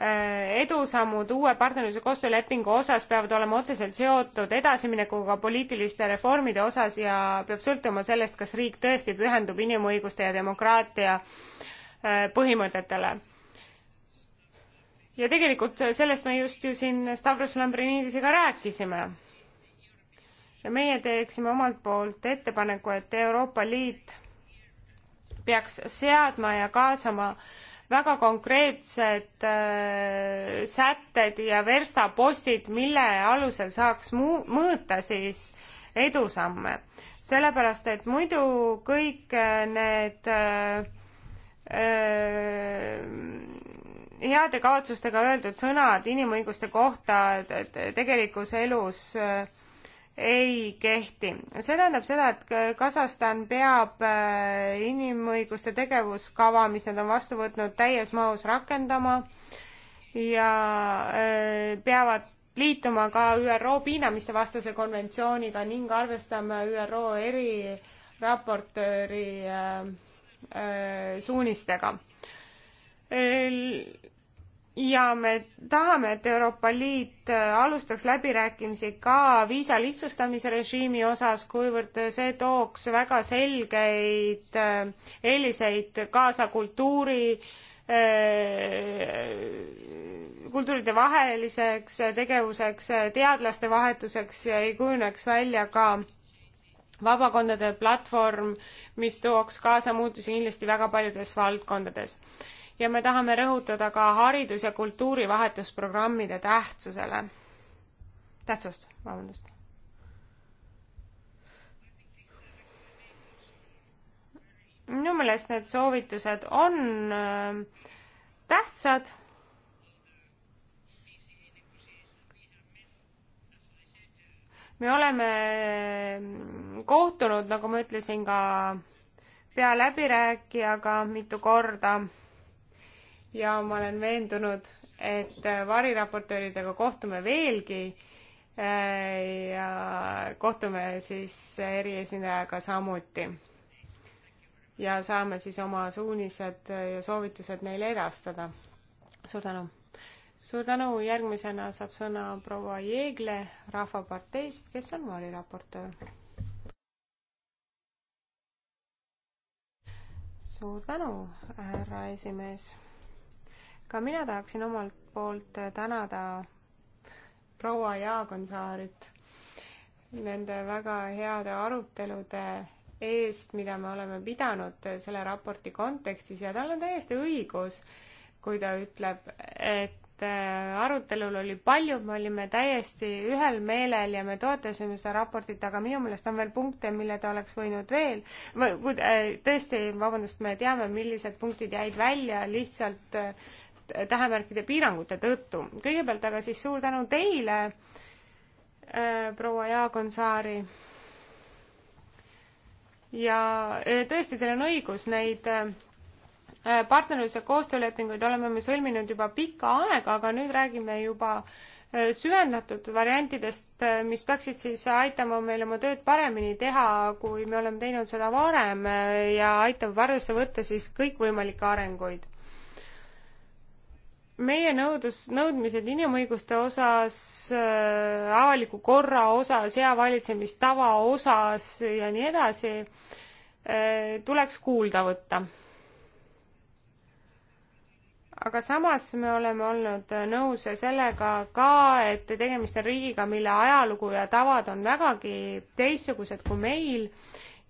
S3: Äh, edusammud uue partnerluse koostöölepingu osas peavad olema otseselt seotud edasiminekuga poliitiliste reformide osas ja peab sõltuma sellest, kas riik tõesti pühendub inimõiguste ja demokraatia äh, põhimõtetele. ja tegelikult sellest me just ju siin Stavros Lambrinidisega rääkisime. ja meie teeksime omalt poolt ettepaneku, et Euroopa Liit peaks seadma ja kaasama äh, väga konkreetsed äh, sätted ja verstapostid, mille alusel saaks muu-, mõõta siis edusamme. sellepärast, et muidu kõik äh, need äh, äh, heade kavatsustega öeldud sõnad inimõiguste kohta tegelikus elus äh, ei kehti. see tähendab seda, et Kasahstan peab äh, inimõiguste tegevuskava, mis nad on vastu võtnud, täies mahus rakendama ja äh, peavad liituma ka ÜRO piinamiste vastase konventsiooniga ning arvestama ÜRO eriraportööri äh, suunistega ja me tahame, et Euroopa Liit äh, alustaks läbirääkimisi ka viisa lihtsustamise režiimi osas, kuivõrd see tooks väga selgeid äh, eeliseid kaasa kultuuri, äh, kultuuride vaheliseks tegevuseks, teadlaste vahetuseks ja ei kujuneks välja ka vabakondade platvorm, mis tooks kaasa muutusi kindlasti väga paljudes valdkondades ja me tahame rõhutada ka haridus- ja kultuurivahetusprogrammide tähtsusele, tähtsust, vabandust. minu meelest need soovitused on äh, tähtsad me oleme äh, kohtunud, nagu ma ütlesin, ka pealäbirääkijaga mitu korda ja ma olen veendunud, et äh, variraportööridega kohtume veelgi äh, ja kohtume siis eriesindajaga samuti. ja saame siis oma suunised äh, ja soovitused neile edastada. suur tänu! suur tänu, järgmisena saab sõna proua Jeegle Rahvaparteist, kes on variraportöör. suur tänu, härra esimees ka mina tahaksin omalt poolt äh, tänada proua Jaagonsaarit nende väga heade arutelude eest, mida me oleme pidanud äh, selle raporti kontekstis ja tal on täiesti õigus, kui ta ütleb, et äh, arutelul oli palju, me olime täiesti ühel meelel ja me toetasime seda raportit, aga minu meelest on veel punkte, mille ta oleks võinud veel, või tõesti, vabandust, me teame, millised punktid jäid välja, lihtsalt äh, just tähemärkide piirangute tõttu. kõigepealt aga siis suur tänu teile äh,, proua Jaagonsaari. ja tõesti, teil on õigus, neid äh, partnerlus- ja koostöölepinguid oleme me sõlminud juba pikka aega, aga nüüd räägime juba äh, süvendatud variantidest, äh, mis peaksid siis aitama meil oma tööd paremini teha, kui me oleme teinud seda varem äh, ja aitab arvesse võtta siis kõikvõimalikke arenguid meie nõudus, nõudmised inimõiguste osas äh,, avaliku korra osas, hea valitsemistava osas ja nii edasi äh, tuleks kuulda võtta. aga samas me oleme olnud nõus sellega ka, et tegemist on riigiga, mille ajalugu ja tavad on vägagi teistsugused kui meil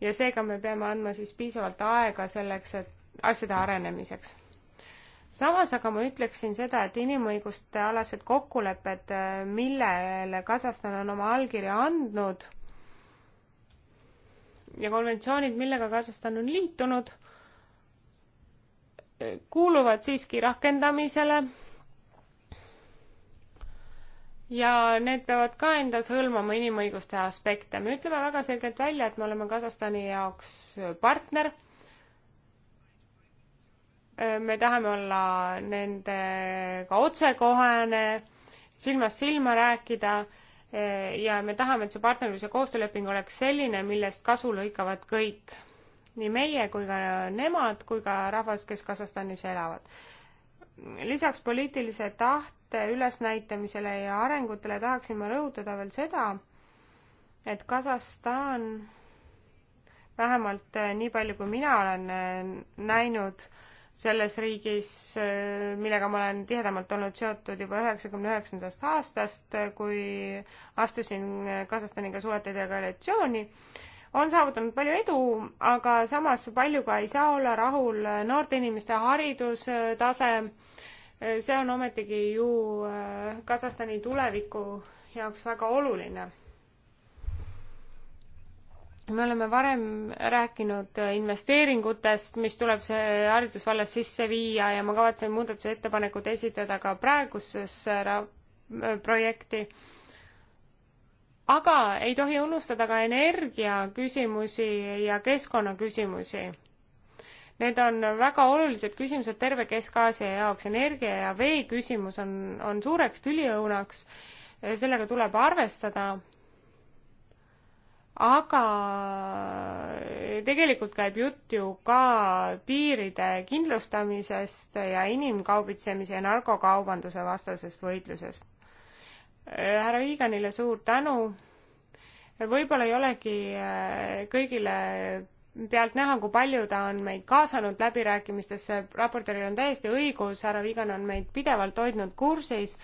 S3: ja seega me peame andma siis piisavalt aega selleks, et asjade arenemiseks samas aga ma ütleksin seda, et inimõiguste alased kokkulepped, äh, millele Kasahstan on oma allkirja andnud ja konventsioonid, millega Kasahstan on liitunud, äh, kuuluvad siiski rakendamisele ja need peavad ka endas hõlmama inimõiguste aspekte. me ütleme väga selgelt välja, et me oleme Kasahstani jaoks partner me tahame olla nendega otsekohene, silmast silma rääkida eh, ja me tahame, et see partnerluse koostööleping oleks selline, millest kasu lõikavad kõik, nii meie kui ka nemad kui ka rahvas, kes Kasahstanis elavad. lisaks poliitilise tahte ülesnäitamisele ja arengutele tahaksin ma rõhutada veel seda, et Kasahstan vähemalt eh, nii palju, kui mina olen eh, näinud, selles riigis, äh, millega ma olen tihedamalt olnud seotud juba üheksakümne üheksandast aastast, äh, kui astusin äh, Kasahstaniga suhete delegatsiooni, on saavutanud palju edu, aga samas paljuga ei saa olla rahul noorte inimeste haridustase, see on ometigi ju Kasahstani tuleviku jaoks väga oluline me oleme varem rääkinud äh, investeeringutest, mis tuleb see haridusvallas sisse viia ja ma kavatsen muudatusettepanekud esitada ka praegusesse äh, äh, projekti. aga ei tohi unustada ka energiaküsimusi ja keskkonnaküsimusi. Need on väga olulised küsimused terve Kesk-Aasia jaoks. energia ja vee küsimus on, on suureks tüliõunaks. sellega tuleb arvestada aga tegelikult käib jutt ju ka piiride kindlustamisest ja inimkaubitsemise ja narkokaubanduse vastasest võitlusest. härra Viiganile suur tänu. võib-olla ei olegi äh, kõigile pealt näha, kui palju ta on meid kaasanud läbirääkimistesse, raportööril on täiesti õigus, härra Viigan on meid pidevalt hoidnud kursis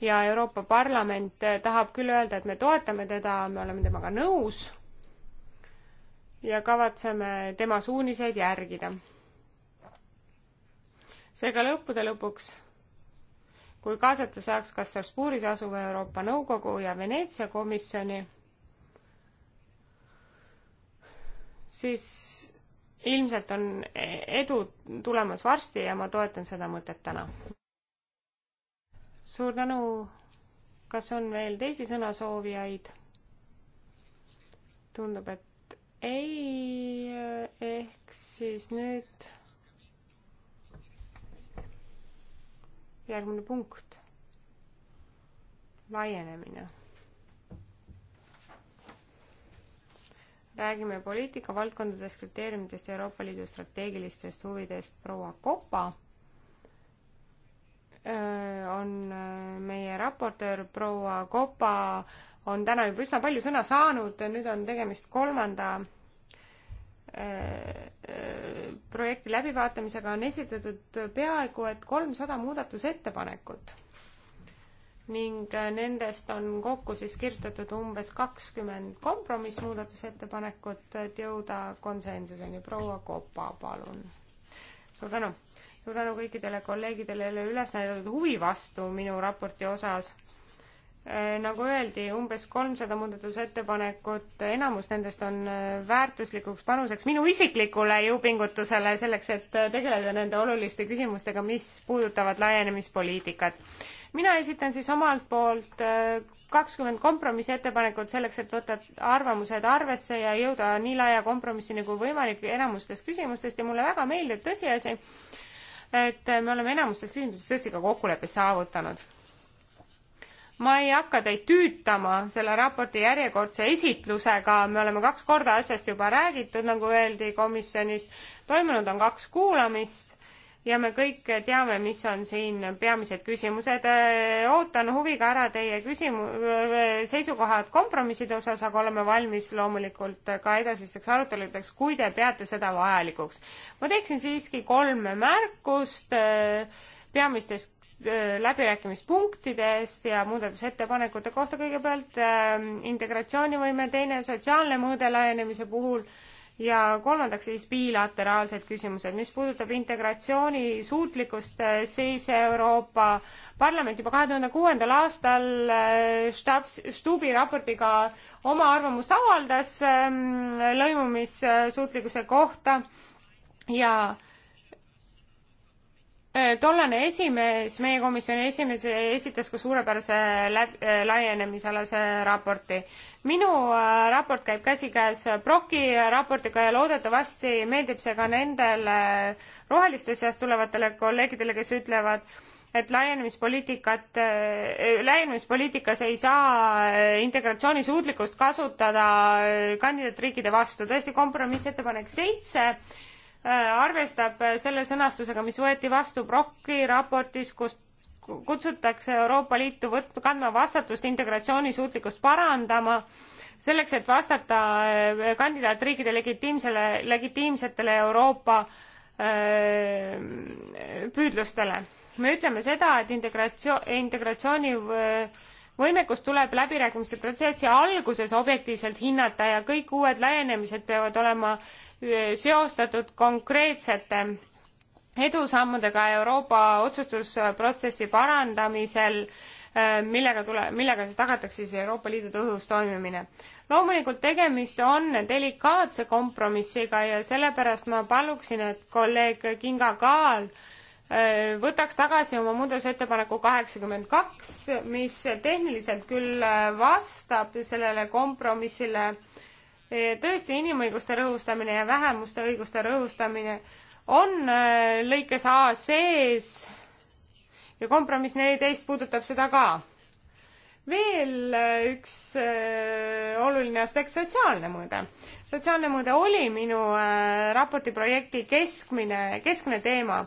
S3: ja Euroopa Parlament eh, tahab küll öelda, et me toetame teda, me oleme temaga nõus ja kavatseme tema suuniseid järgida. seega lõppude lõpuks, kui kaasata saaks ka Strasbourgis asuva Euroopa Nõukogu ja Veneetsia komisjoni, siis ilmselt on edu tulemas varsti ja ma toetan seda mõtet täna suur tänu. kas on veel teisi sõnasoovijaid? tundub, et ei, ehk siis nüüd järgmine punkt, laienemine. räägime poliitikavaldkondadest, kriteeriumidest ja Euroopa Liidu strateegilistest huvidest, proua Kopa on meie raportöör proua Kopa, on täna juba üsna palju sõna saanud, nüüd on tegemist kolmanda projekti läbivaatamisega on esitatud peaaegu et kolmsada muudatusettepanekut ning nendest on kokku siis kirjutatud umbes kakskümmend kompromissmuudatusettepanekut, et jõuda konsensuseni. proua Kopa, palun. suur tänu suur tänu kõikidele kolleegidele üles näidatud huvi vastu minu raporti osas äh, nagu öeldi, umbes kolmsada muudatusettepanekut, enamus nendest on äh, väärtuslikuks panuseks minu isiklikule jõupingutusele selleks, et äh, tegeleda nende oluliste küsimustega, mis puudutavad laienemispoliitikat. mina esitan siis omalt poolt kakskümmend kompromissettepanekut selleks, et võtta arvamused arvesse ja jõuda nii laia kompromissini kui võimalik enamustest küsimustest ja mulle väga meeldib tõsiasi, et me oleme enamustes küsimustes tõesti ka kokkuleppe saavutanud. ma ei hakka teid tüütama selle raporti järjekordse esitlusega, me oleme kaks korda asjast juba räägitud, nagu öeldi komisjonis, toimunud on kaks kuulamist ja me kõik teame, mis on siin peamised küsimused. ootan huviga ära teie küsimu-, seisukohad kompromisside osas, aga oleme valmis loomulikult ka edasisteks aruteludeks, kui te peate seda vajalikuks. ma teeksin siiski kolm märkust äh, peamistest äh, läbirääkimispunktidest ja muudatusettepanekute kohta kõigepealt äh, integratsioonivõime, teine sotsiaalne mõõde laienemise puhul ja kolmandaks siis bilateraalsed küsimused, mis puudutab integratsiooni suutlikkust, äh, siis Euroopa Parlament juba kahe tuhande kuuendal aastal äh, Stabs, Stubi raportiga oma arvamust avaldas ähm, lõimumissuutlikkuse kohta ja Äh, tollane esimees, meie komisjoni esimees esitas ka suurepärase läb-, äh, laienemisalase raporti. minu äh, raport käib käsikäes Broki raportiga ja loodetavasti meeldib see ka nendele roheliste seast tulevatele kolleegidele, kes ütlevad, et laienemispoliitikat, laienemispoliitikas ei saa integratsiooni suutlikkust kasutada kandidaatriikide vastu. tõesti, kompromissettepanek seitse Äh, arvestab äh, selle sõnastusega, mis võeti vastu Brocki raportis, kus kutsutakse Euroopa Liitu võt-, kandma vastutust integratsiooni suutlikkust parandama, selleks, et vastata äh, kandidaatriikide legitiimsele, legitiimsetele Euroopa püüdlustele. me ütleme seda, et integratsioon, integratsiooni võimekust tuleb läbirääkimiste protsessi alguses objektiivselt hinnata ja kõik uued laienemised peavad olema äh, seostatud konkreetsete edusammudega Euroopa otsustusprotsessi parandamisel, äh, millega tule, millega siis tagatakse siis Euroopa Liidu tõhus toimimine. loomulikult tegemist on delikaatse kompromissiga ja sellepärast ma paluksin, et kolleeg Kinga Kaal äh, võtaks tagasi oma muudatusettepaneku kaheksakümmend kaks, mis tehniliselt küll äh, vastab sellele kompromissile Eh, tõesti, inimõiguste rõhustamine ja vähemuste õiguste rõhustamine on eh, lõikes A sees ja kompromiss neliteist puudutab seda ka. veel eh, üks oluline aspekt, sotsiaalne mõõde. sotsiaalne mõõde oli minu raporti projekti keskmine, keskne teema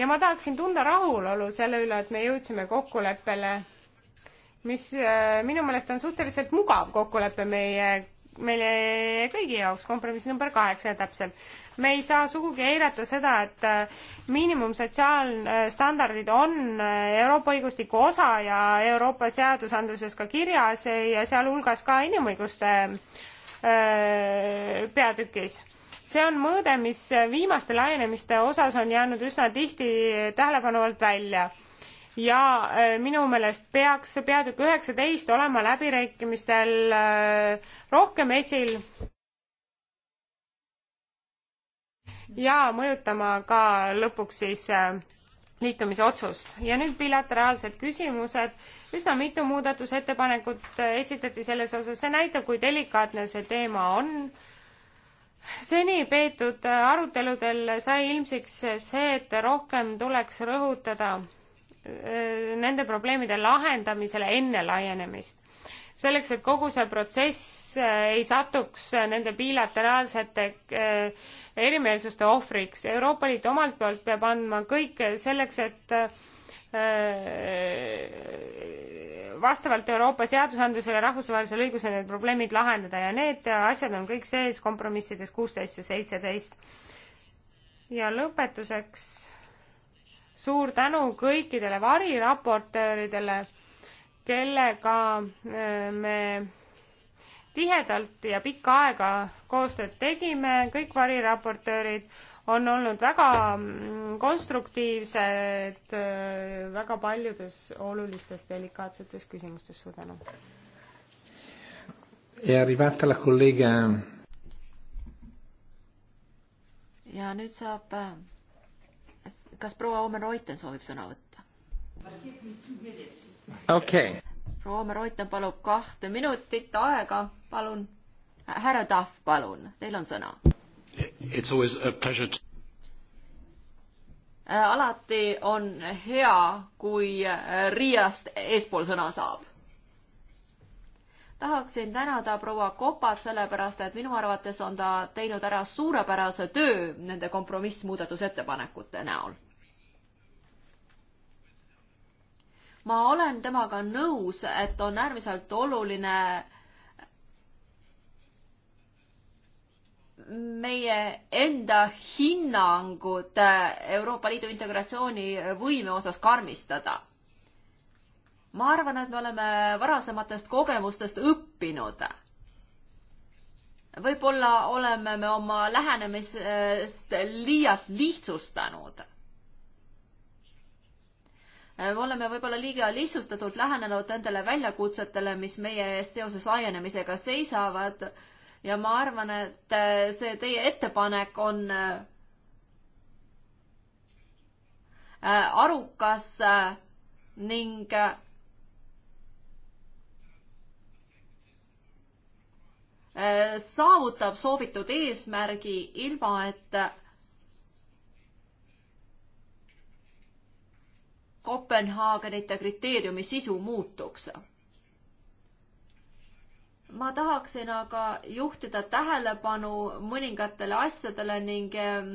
S3: ja ma tahaksin tunda rahulolu selle üle, et me jõudsime kokkuleppele, mis minu meelest on suhteliselt mugav kokkulepe meie meile kõigi jaoks, kompromiss number kaheksa täpselt. me ei saa sugugi eirata seda, et äh, miinimumsotsiaalstandardid on äh, Euroopa õigustiku osa ja Euroopa seadusandluses ka kirjas ja sealhulgas ka inimõiguste äh, peatükis see on mõõde, mis viimaste laienemiste osas on jäänud üsna tihti tähelepanu alt välja ja äh, minu meelest peaks peatükk üheksateist olema läbirääkimistel äh, rohkem esil ja mõjutama ka lõpuks siis äh, liitumisotsust ja nüüd bilateraalsed küsimused. üsna mitu muudatusettepanekut esitati selles osas, see näitab, kui delikaatne see teema on. seni peetud aruteludel sai ilmsiks see, et rohkem tuleks rõhutada nende probleemide lahendamisele enne laienemist. selleks, et kogu see protsess ei satuks nende bilateraalsete erimeelsuste ohvriks. Euroopa Liit omalt poolt peab andma kõik selleks, et vastavalt Euroopa seadusandlusele ja rahvusvahelisele õigusele need probleemid lahendada ja need asjad on kõik sees kompromissides kuusteist ja seitseteist. ja lõpetuseks suur tänu kõikidele variraportööridele, kellega äh, me tihedalt ja pikka aega koostööd tegime, kõik variraportöörid on olnud väga mm, konstruktiivsed äh, väga paljudes olulistes delikaatsetes küsimustes, suur tänu.
S4: ja nüüd saab äh, kas proua Omen Reuten soovib sõna võtta? okei okay.. proua Omen Reuten palub kahte minutit aega, palun. härra Tahv, palun, teil on sõna.
S6: It's always a pleasure to
S4: äh, alati on hea, kui äh, Riiast eespool sõna saab tahaksin tänada proua Kopat, sellepärast et minu arvates on ta teinud ära suurepärase töö nende kompromissmuudatusettepanekute näol. ma olen temaga nõus, et on äärmiselt oluline meie enda hinnangud Euroopa Liidu integratsiooni võime osas karmistada ma arvan, et me oleme varasematest kogemustest õppinud. võib-olla oleme me oma lähenemist liialt lihtsustanud me oleme võib-olla liiga lihtsustatult lähenenud nendele väljakutsetele, mis meie ees seoses laienemisega seisavad. ja ma arvan, et see teie ettepanek on äh, arukas äh, ning äh, Äh, saavutab soovitud eesmärgi ilma, et Kopenhaagenite kriteeriumi sisu muutuks. ma tahaksin aga juhtida tähelepanu mõningatele asjadele ning ähm,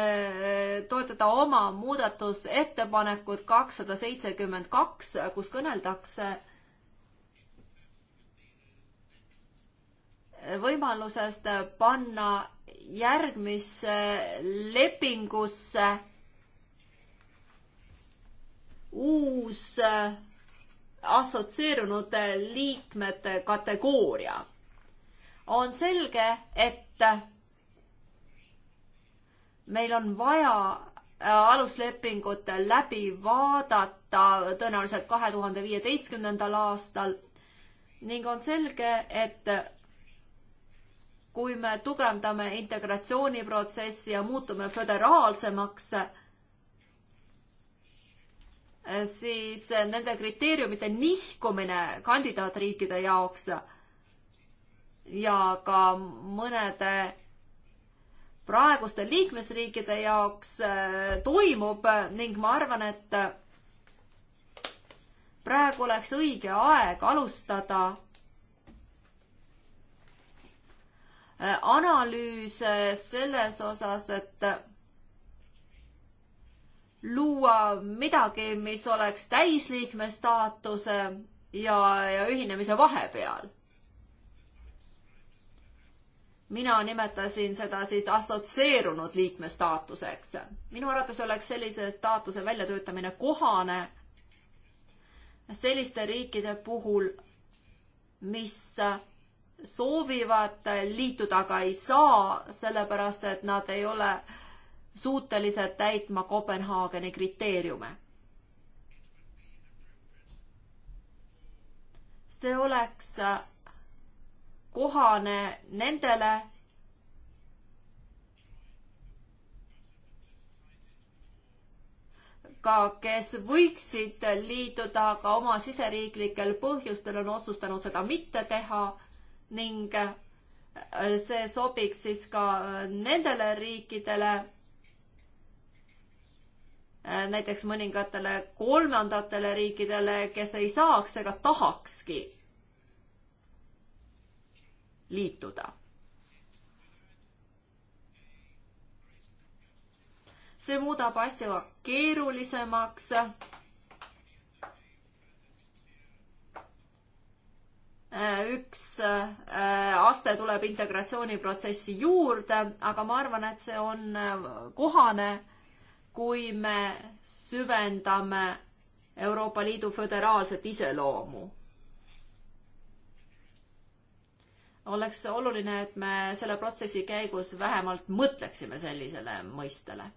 S4: äh, toetada oma muudatusettepanekut kakssada seitsekümmend kaks, kus kõneldakse võimalusest panna järgmisse lepingusse uus assotsieerunud liikmete kategooria. on selge, et meil on vaja aluslepingut läbi vaadata tõenäoliselt kahe tuhande viieteistkümnendal aastal ning on selge, et kui me tugevdame integratsiooniprotsessi ja muutume föderaalsemaks, siis nende kriteeriumite nihkumine kandidaatriikide jaoks ja ka mõnede praeguste liikmesriikide jaoks äh, toimub ning ma arvan, et praegu oleks õige aeg alustada Äh, analüüse äh, selles osas, et luua midagi, mis oleks täisliikme staatuse ja, ja ühinemise vahepeal. mina nimetasin seda siis assotsieerunud liikme staatuseks. minu arvates oleks sellise staatuse väljatöötamine kohane selliste riikide puhul, mis äh, soovivad liituda, aga ei saa, sellepärast et nad ei ole suutelised täitma Kopenhaageni kriteeriume. see oleks kohane nendele, ka, kes võiksid liituda, aga oma siseriiklikel põhjustel on otsustanud seda mitte teha ning äh, see sobiks siis ka äh, nendele riikidele, äh, näiteks mõningatele kolmandatele riikidele, kes ei saaks ega tahakski liituda. see muudab asja keerulisemaks Äh, üks äh, aste tuleb integratsiooniprotsessi juurde, aga ma arvan, et see on äh, kohane, kui me süvendame Euroopa Liidu föderaalset iseloomu. oleks oluline, et me selle protsessi käigus vähemalt mõtleksime sellisele mõistele.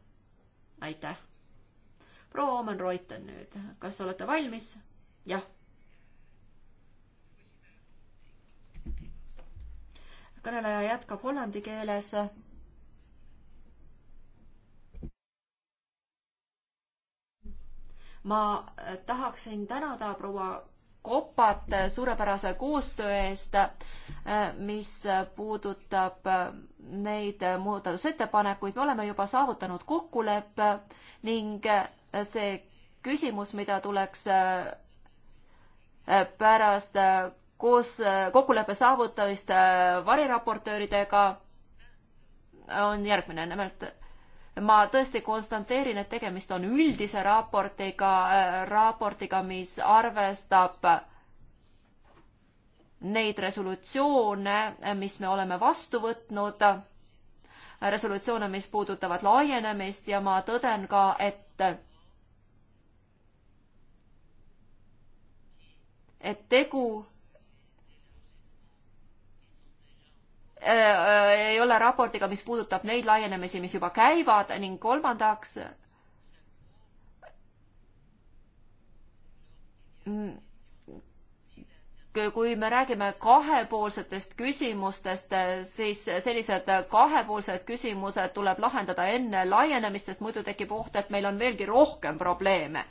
S4: aitäh. proua Omen Reuten nüüd, kas olete valmis? jah kõneleja jätkab hollandi keeles. ma tahaksin tänada proua Kopat suurepärase koostöö eest, mis puudutab neid muudatusettepanekuid. me oleme juba saavutanud kokkuleppe ning see küsimus, mida tuleks pärast koos äh, kokkuleppe saavutamist äh, variraportööridega on järgmine, nimelt ma tõesti konstanteerin, et tegemist on üldise raportiga, äh, raportiga, mis arvestab neid resolutsioone, mis me oleme vastu võtnud, resolutsioone, mis puudutavad laienemist ja ma tõden ka, et et tegu Äh, äh, ei ole raportiga, mis puudutab neid laienemisi, mis juba käivad ning kolmandaks mm, kui me räägime kahepoolsetest küsimustest, siis sellised kahepoolsed küsimused tuleb lahendada enne laienemist, sest muidu tekib oht, et meil on veelgi rohkem probleeme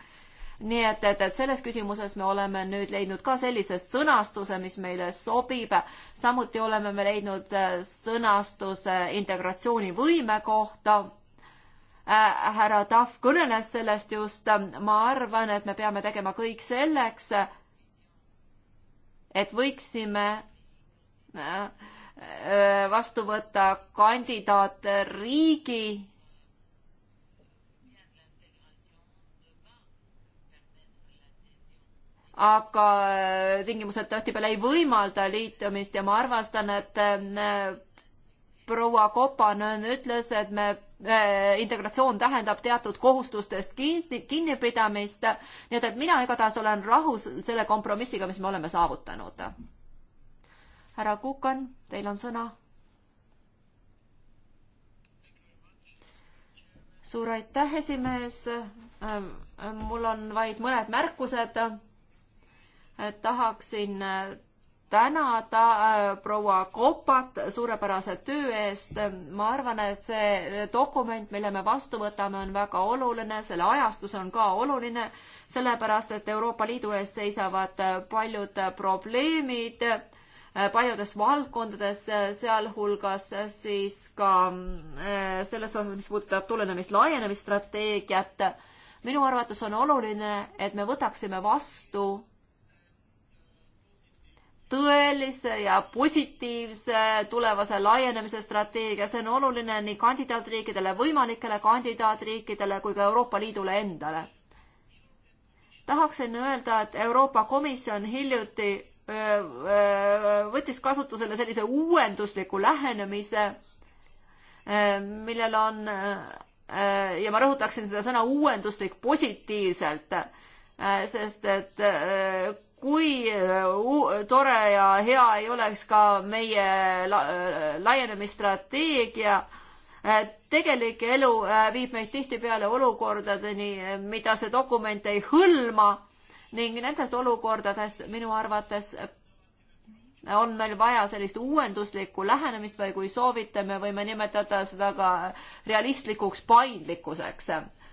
S4: nii et, et, et selles küsimuses me oleme nüüd leidnud ka sellise sõnastuse, mis meile sobib. samuti oleme me leidnud äh, sõnastuse integratsioonivõime kohta äh, härra Tahv kõneles sellest just, ma arvan, et me peame tegema kõik selleks, et võiksime äh, vastu võtta kandidaatriigi aga äh, tingimused tihtipeale ei võimalda liitumist ja ma arvastan, et äh, proua Kopanõn ütles, et me äh, integratsioon tähendab teatud kohustustest kinni, kinnipidamist, nii et, et mina igatahes olen rahus selle kompromissiga, mis me oleme saavutanud. härra Kukan, teil on sõna. suur aitäh, esimees. mul on vaid mõned märkused tahaksin äh, tänada äh, proua Kopat suurepärase töö eest. ma arvan, et see äh, dokument, mille me vastu võtame, on väga oluline, selle ajastus on ka oluline, sellepärast et Euroopa Liidu ees seisavad paljud probleemid paljudes valdkondades, sealhulgas siis ka selles osas, mis puudutab tulenemist-laienemisstrateegiat. minu arvates on oluline, et me võtaksime vastu tõelise ja positiivse tulevase laienemise strateegia, see on oluline nii kandidaatriikidele, võimalikele kandidaatriikidele kui ka Euroopa Liidule endale. tahaksin öelda, et Euroopa Komisjon hiljuti võttis kasutusele sellise uuendusliku lähenemise, millel on ja ma rõhutaksin seda sõna uuenduslik positiivselt, sest et kui äh, tore ja hea ei oleks ka meie la äh, laienemisstrateegia, äh, tegelik elu viib meid tihtipeale olukordadeni, mida see dokument ei hõlma ning nendes olukordades minu arvates on meil vaja sellist uuenduslikku lähenemist või kui soovite, me võime nimetada seda ka realistlikuks paindlikkuseks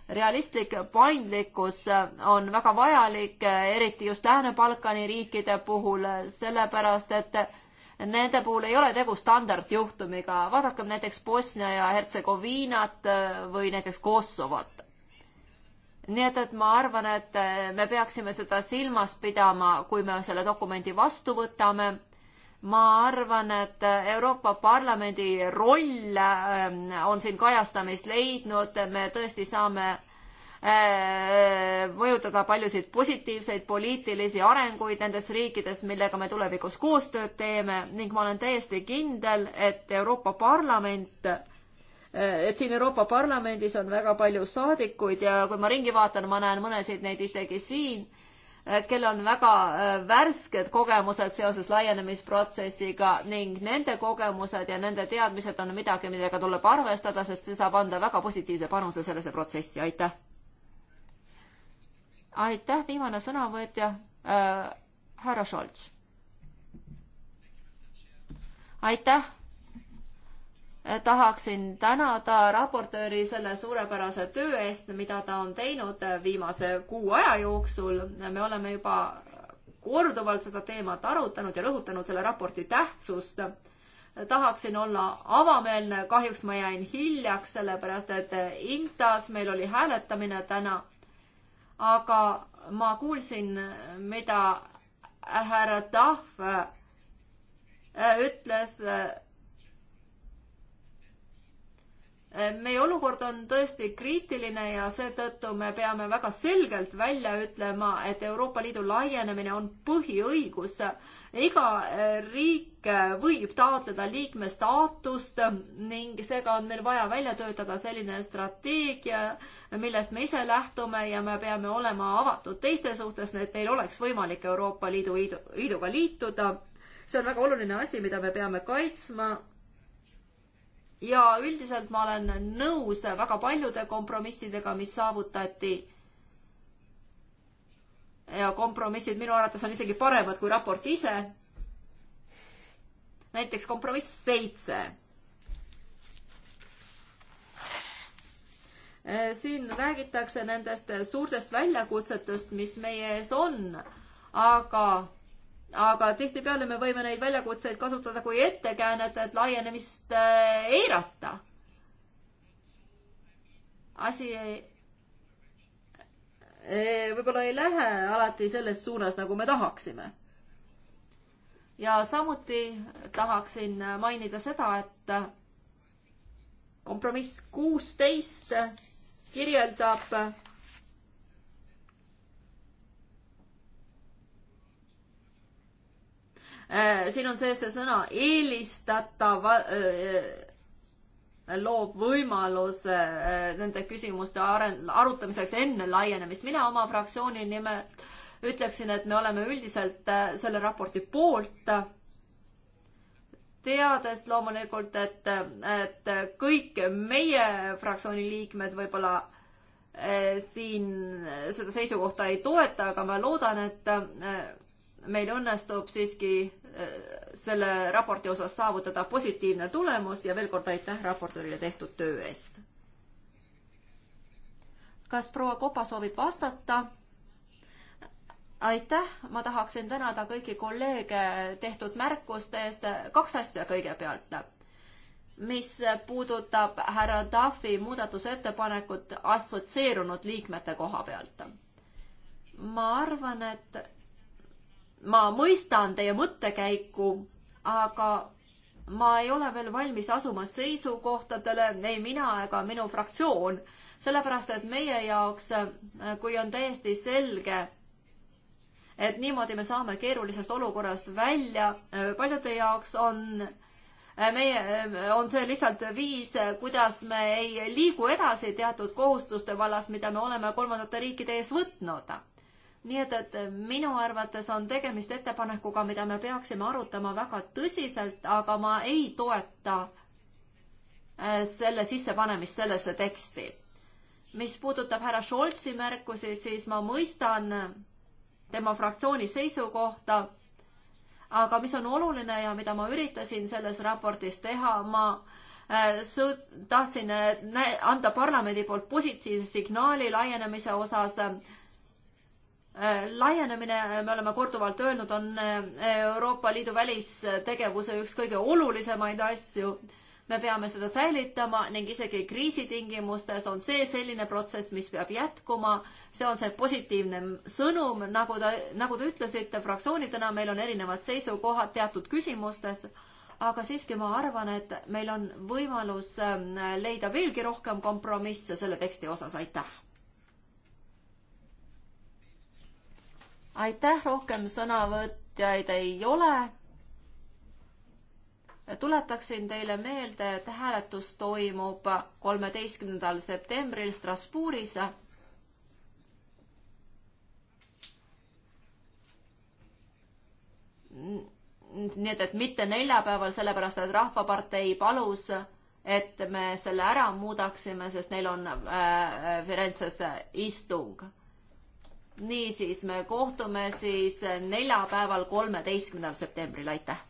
S4: realistlik paindlikkus on väga vajalik, eriti just Lääne-Balkani riikide puhul, sellepärast et nende puhul ei ole tegu standardjuhtumiga. vaadakem näiteks Bosnia ja Hertsegoviinat või näiteks Kosovot nii et, et ma arvan, et me peaksime seda silmas pidama, kui me selle dokumendi vastu võtame ma arvan, et Euroopa Parlamendi roll ähm, on siin kajastamist leidnud, me tõesti saame äh, mõjutada paljusid positiivseid poliitilisi arenguid nendes riikides, millega me tulevikus koostööd teeme ning ma olen täiesti kindel, et Euroopa Parlament äh, et siin Euroopa Parlamendis on väga palju saadikuid ja kui ma ringi vaatan, ma näen mõnesid neid isegi siin Eh, kel on väga eh, värsked kogemused seoses laienemisprotsessiga ning nende kogemused ja nende teadmised on midagi, millega tuleb arvestada, sest see saab anda väga positiivse panuse sellesse protsessi, aitäh! aitäh, viimane sõnavõtja äh,, härra Scholz. aitäh tahaksin tänada raportööri selle suurepärase töö eest, mida ta on teinud viimase kuu aja jooksul. me oleme juba korduvalt seda teemat arutanud ja rõhutanud selle raporti
S3: tähtsust.
S4: tahaksin olla avameelne, kahjuks ma jäin hiljaks, sellepärast et Intas meil oli hääletamine täna. aga ma kuulsin, mida härra Tahv ütles meie olukord on tõesti kriitiline ja seetõttu me peame väga selgelt välja ütlema, et Euroopa Liidu laienemine on põhiõigus. iga eh, riik eh, võib taotleda liikme staatust ning seega on meil vaja välja töötada selline strateegia, millest me ise lähtume ja me peame olema avatud teiste suhtes, et neil oleks võimalik Euroopa Liidu liiduga liituda. see on väga oluline asi, mida me peame kaitsma ja üldiselt ma olen nõus väga paljude kompromissidega, mis saavutati. ja kompromissid minu arvates on isegi paremad kui raport ise. näiteks kompromiss seitse. siin räägitakse nendest suurtest väljakutsetest, mis meie ees on, aga aga tihtipeale me võime neid väljakutseid kasutada kui ettekäänet, et laienemist äh, eirata. asi ei, äh, võib-olla ei lähe alati selles suunas, nagu me tahaksime. ja samuti tahaksin mainida seda, et kompromiss kuusteist kirjeldab Äh, siin on sees see sõna eelistatav, äh, äh, loob võimaluse nende küsimuste aren-, arutamiseks enne laienemist. mina oma fraktsiooni nimel ütleksin, et me oleme üldiselt selle raporti poolt, teades loomulikult, et, et kõik meie fraktsiooni liikmed võib-olla siin seda seisukohta ei toeta, aga ma loodan, et meil õnnestub siiski selle raporti osas saavutada positiivne tulemus ja veel kord aitäh raportöörile tehtud töö eest. kas proua Kopa soovib vastata? aitäh, ma tahaksin tänada kõiki kolleege tehtud märkuste eest, kaks asja kõigepealt. mis puudutab härra Tafi muudatusettepanekut assotsieerunud liikmete koha pealt. ma arvan, et ma mõistan teie mõttekäiku, aga ma ei ole veel valmis asuma seisukohtadele, ei mina ega minu fraktsioon, sellepärast et meie jaoks, äh, kui on täiesti selge, et niimoodi me saame keerulisest olukorrast välja, äh, paljude jaoks on äh, meie, on see lihtsalt viis, kuidas me ei liigu edasi teatud kohustuste vallas, mida me oleme kolmandate riikide ees võtnud nii et, et minu arvates on tegemist ettepanekuga, mida me peaksime arutama väga tõsiselt, aga ma ei toeta äh, selle sissepanemist sellesse teksti. mis puudutab härra Scholzi märkusi, siis ma mõistan tema fraktsiooni seisukohta, aga mis on oluline ja mida ma üritasin selles raportis teha, ma äh, Sõud, tahtsin äh, anda parlamendi poolt positiivse signaali laienemise osas Äh, laienemine, äh, me oleme korduvalt öelnud, on äh, Euroopa Liidu välistegevuse üks kõige olulisemaid asju. me peame seda säilitama ning isegi kriisitingimustes on see selline protsess, mis peab jätkuma. see on see positiivne sõnum, nagu te, nagu te ütlesite, fraktsioonidena meil on erinevad seisukohad teatud küsimustes, aga siiski ma arvan, et meil on võimalus ähm, leida veelgi rohkem kompromisse selle teksti osas, aitäh aitäh, rohkem sõnavõtjaid ei ole. tuletaksin teile meelde, et hääletus toimub kolmeteistkümnendal septembril Strasbourgis. nii et, et mitte neljapäeval, sellepärast et Rahvapartei palus et me selle ära muudaksime, sest neil on äh, Firenzes istung niisiis, me kohtume siis neljapäeval, kolmeteistkümnendal septembril, aitäh!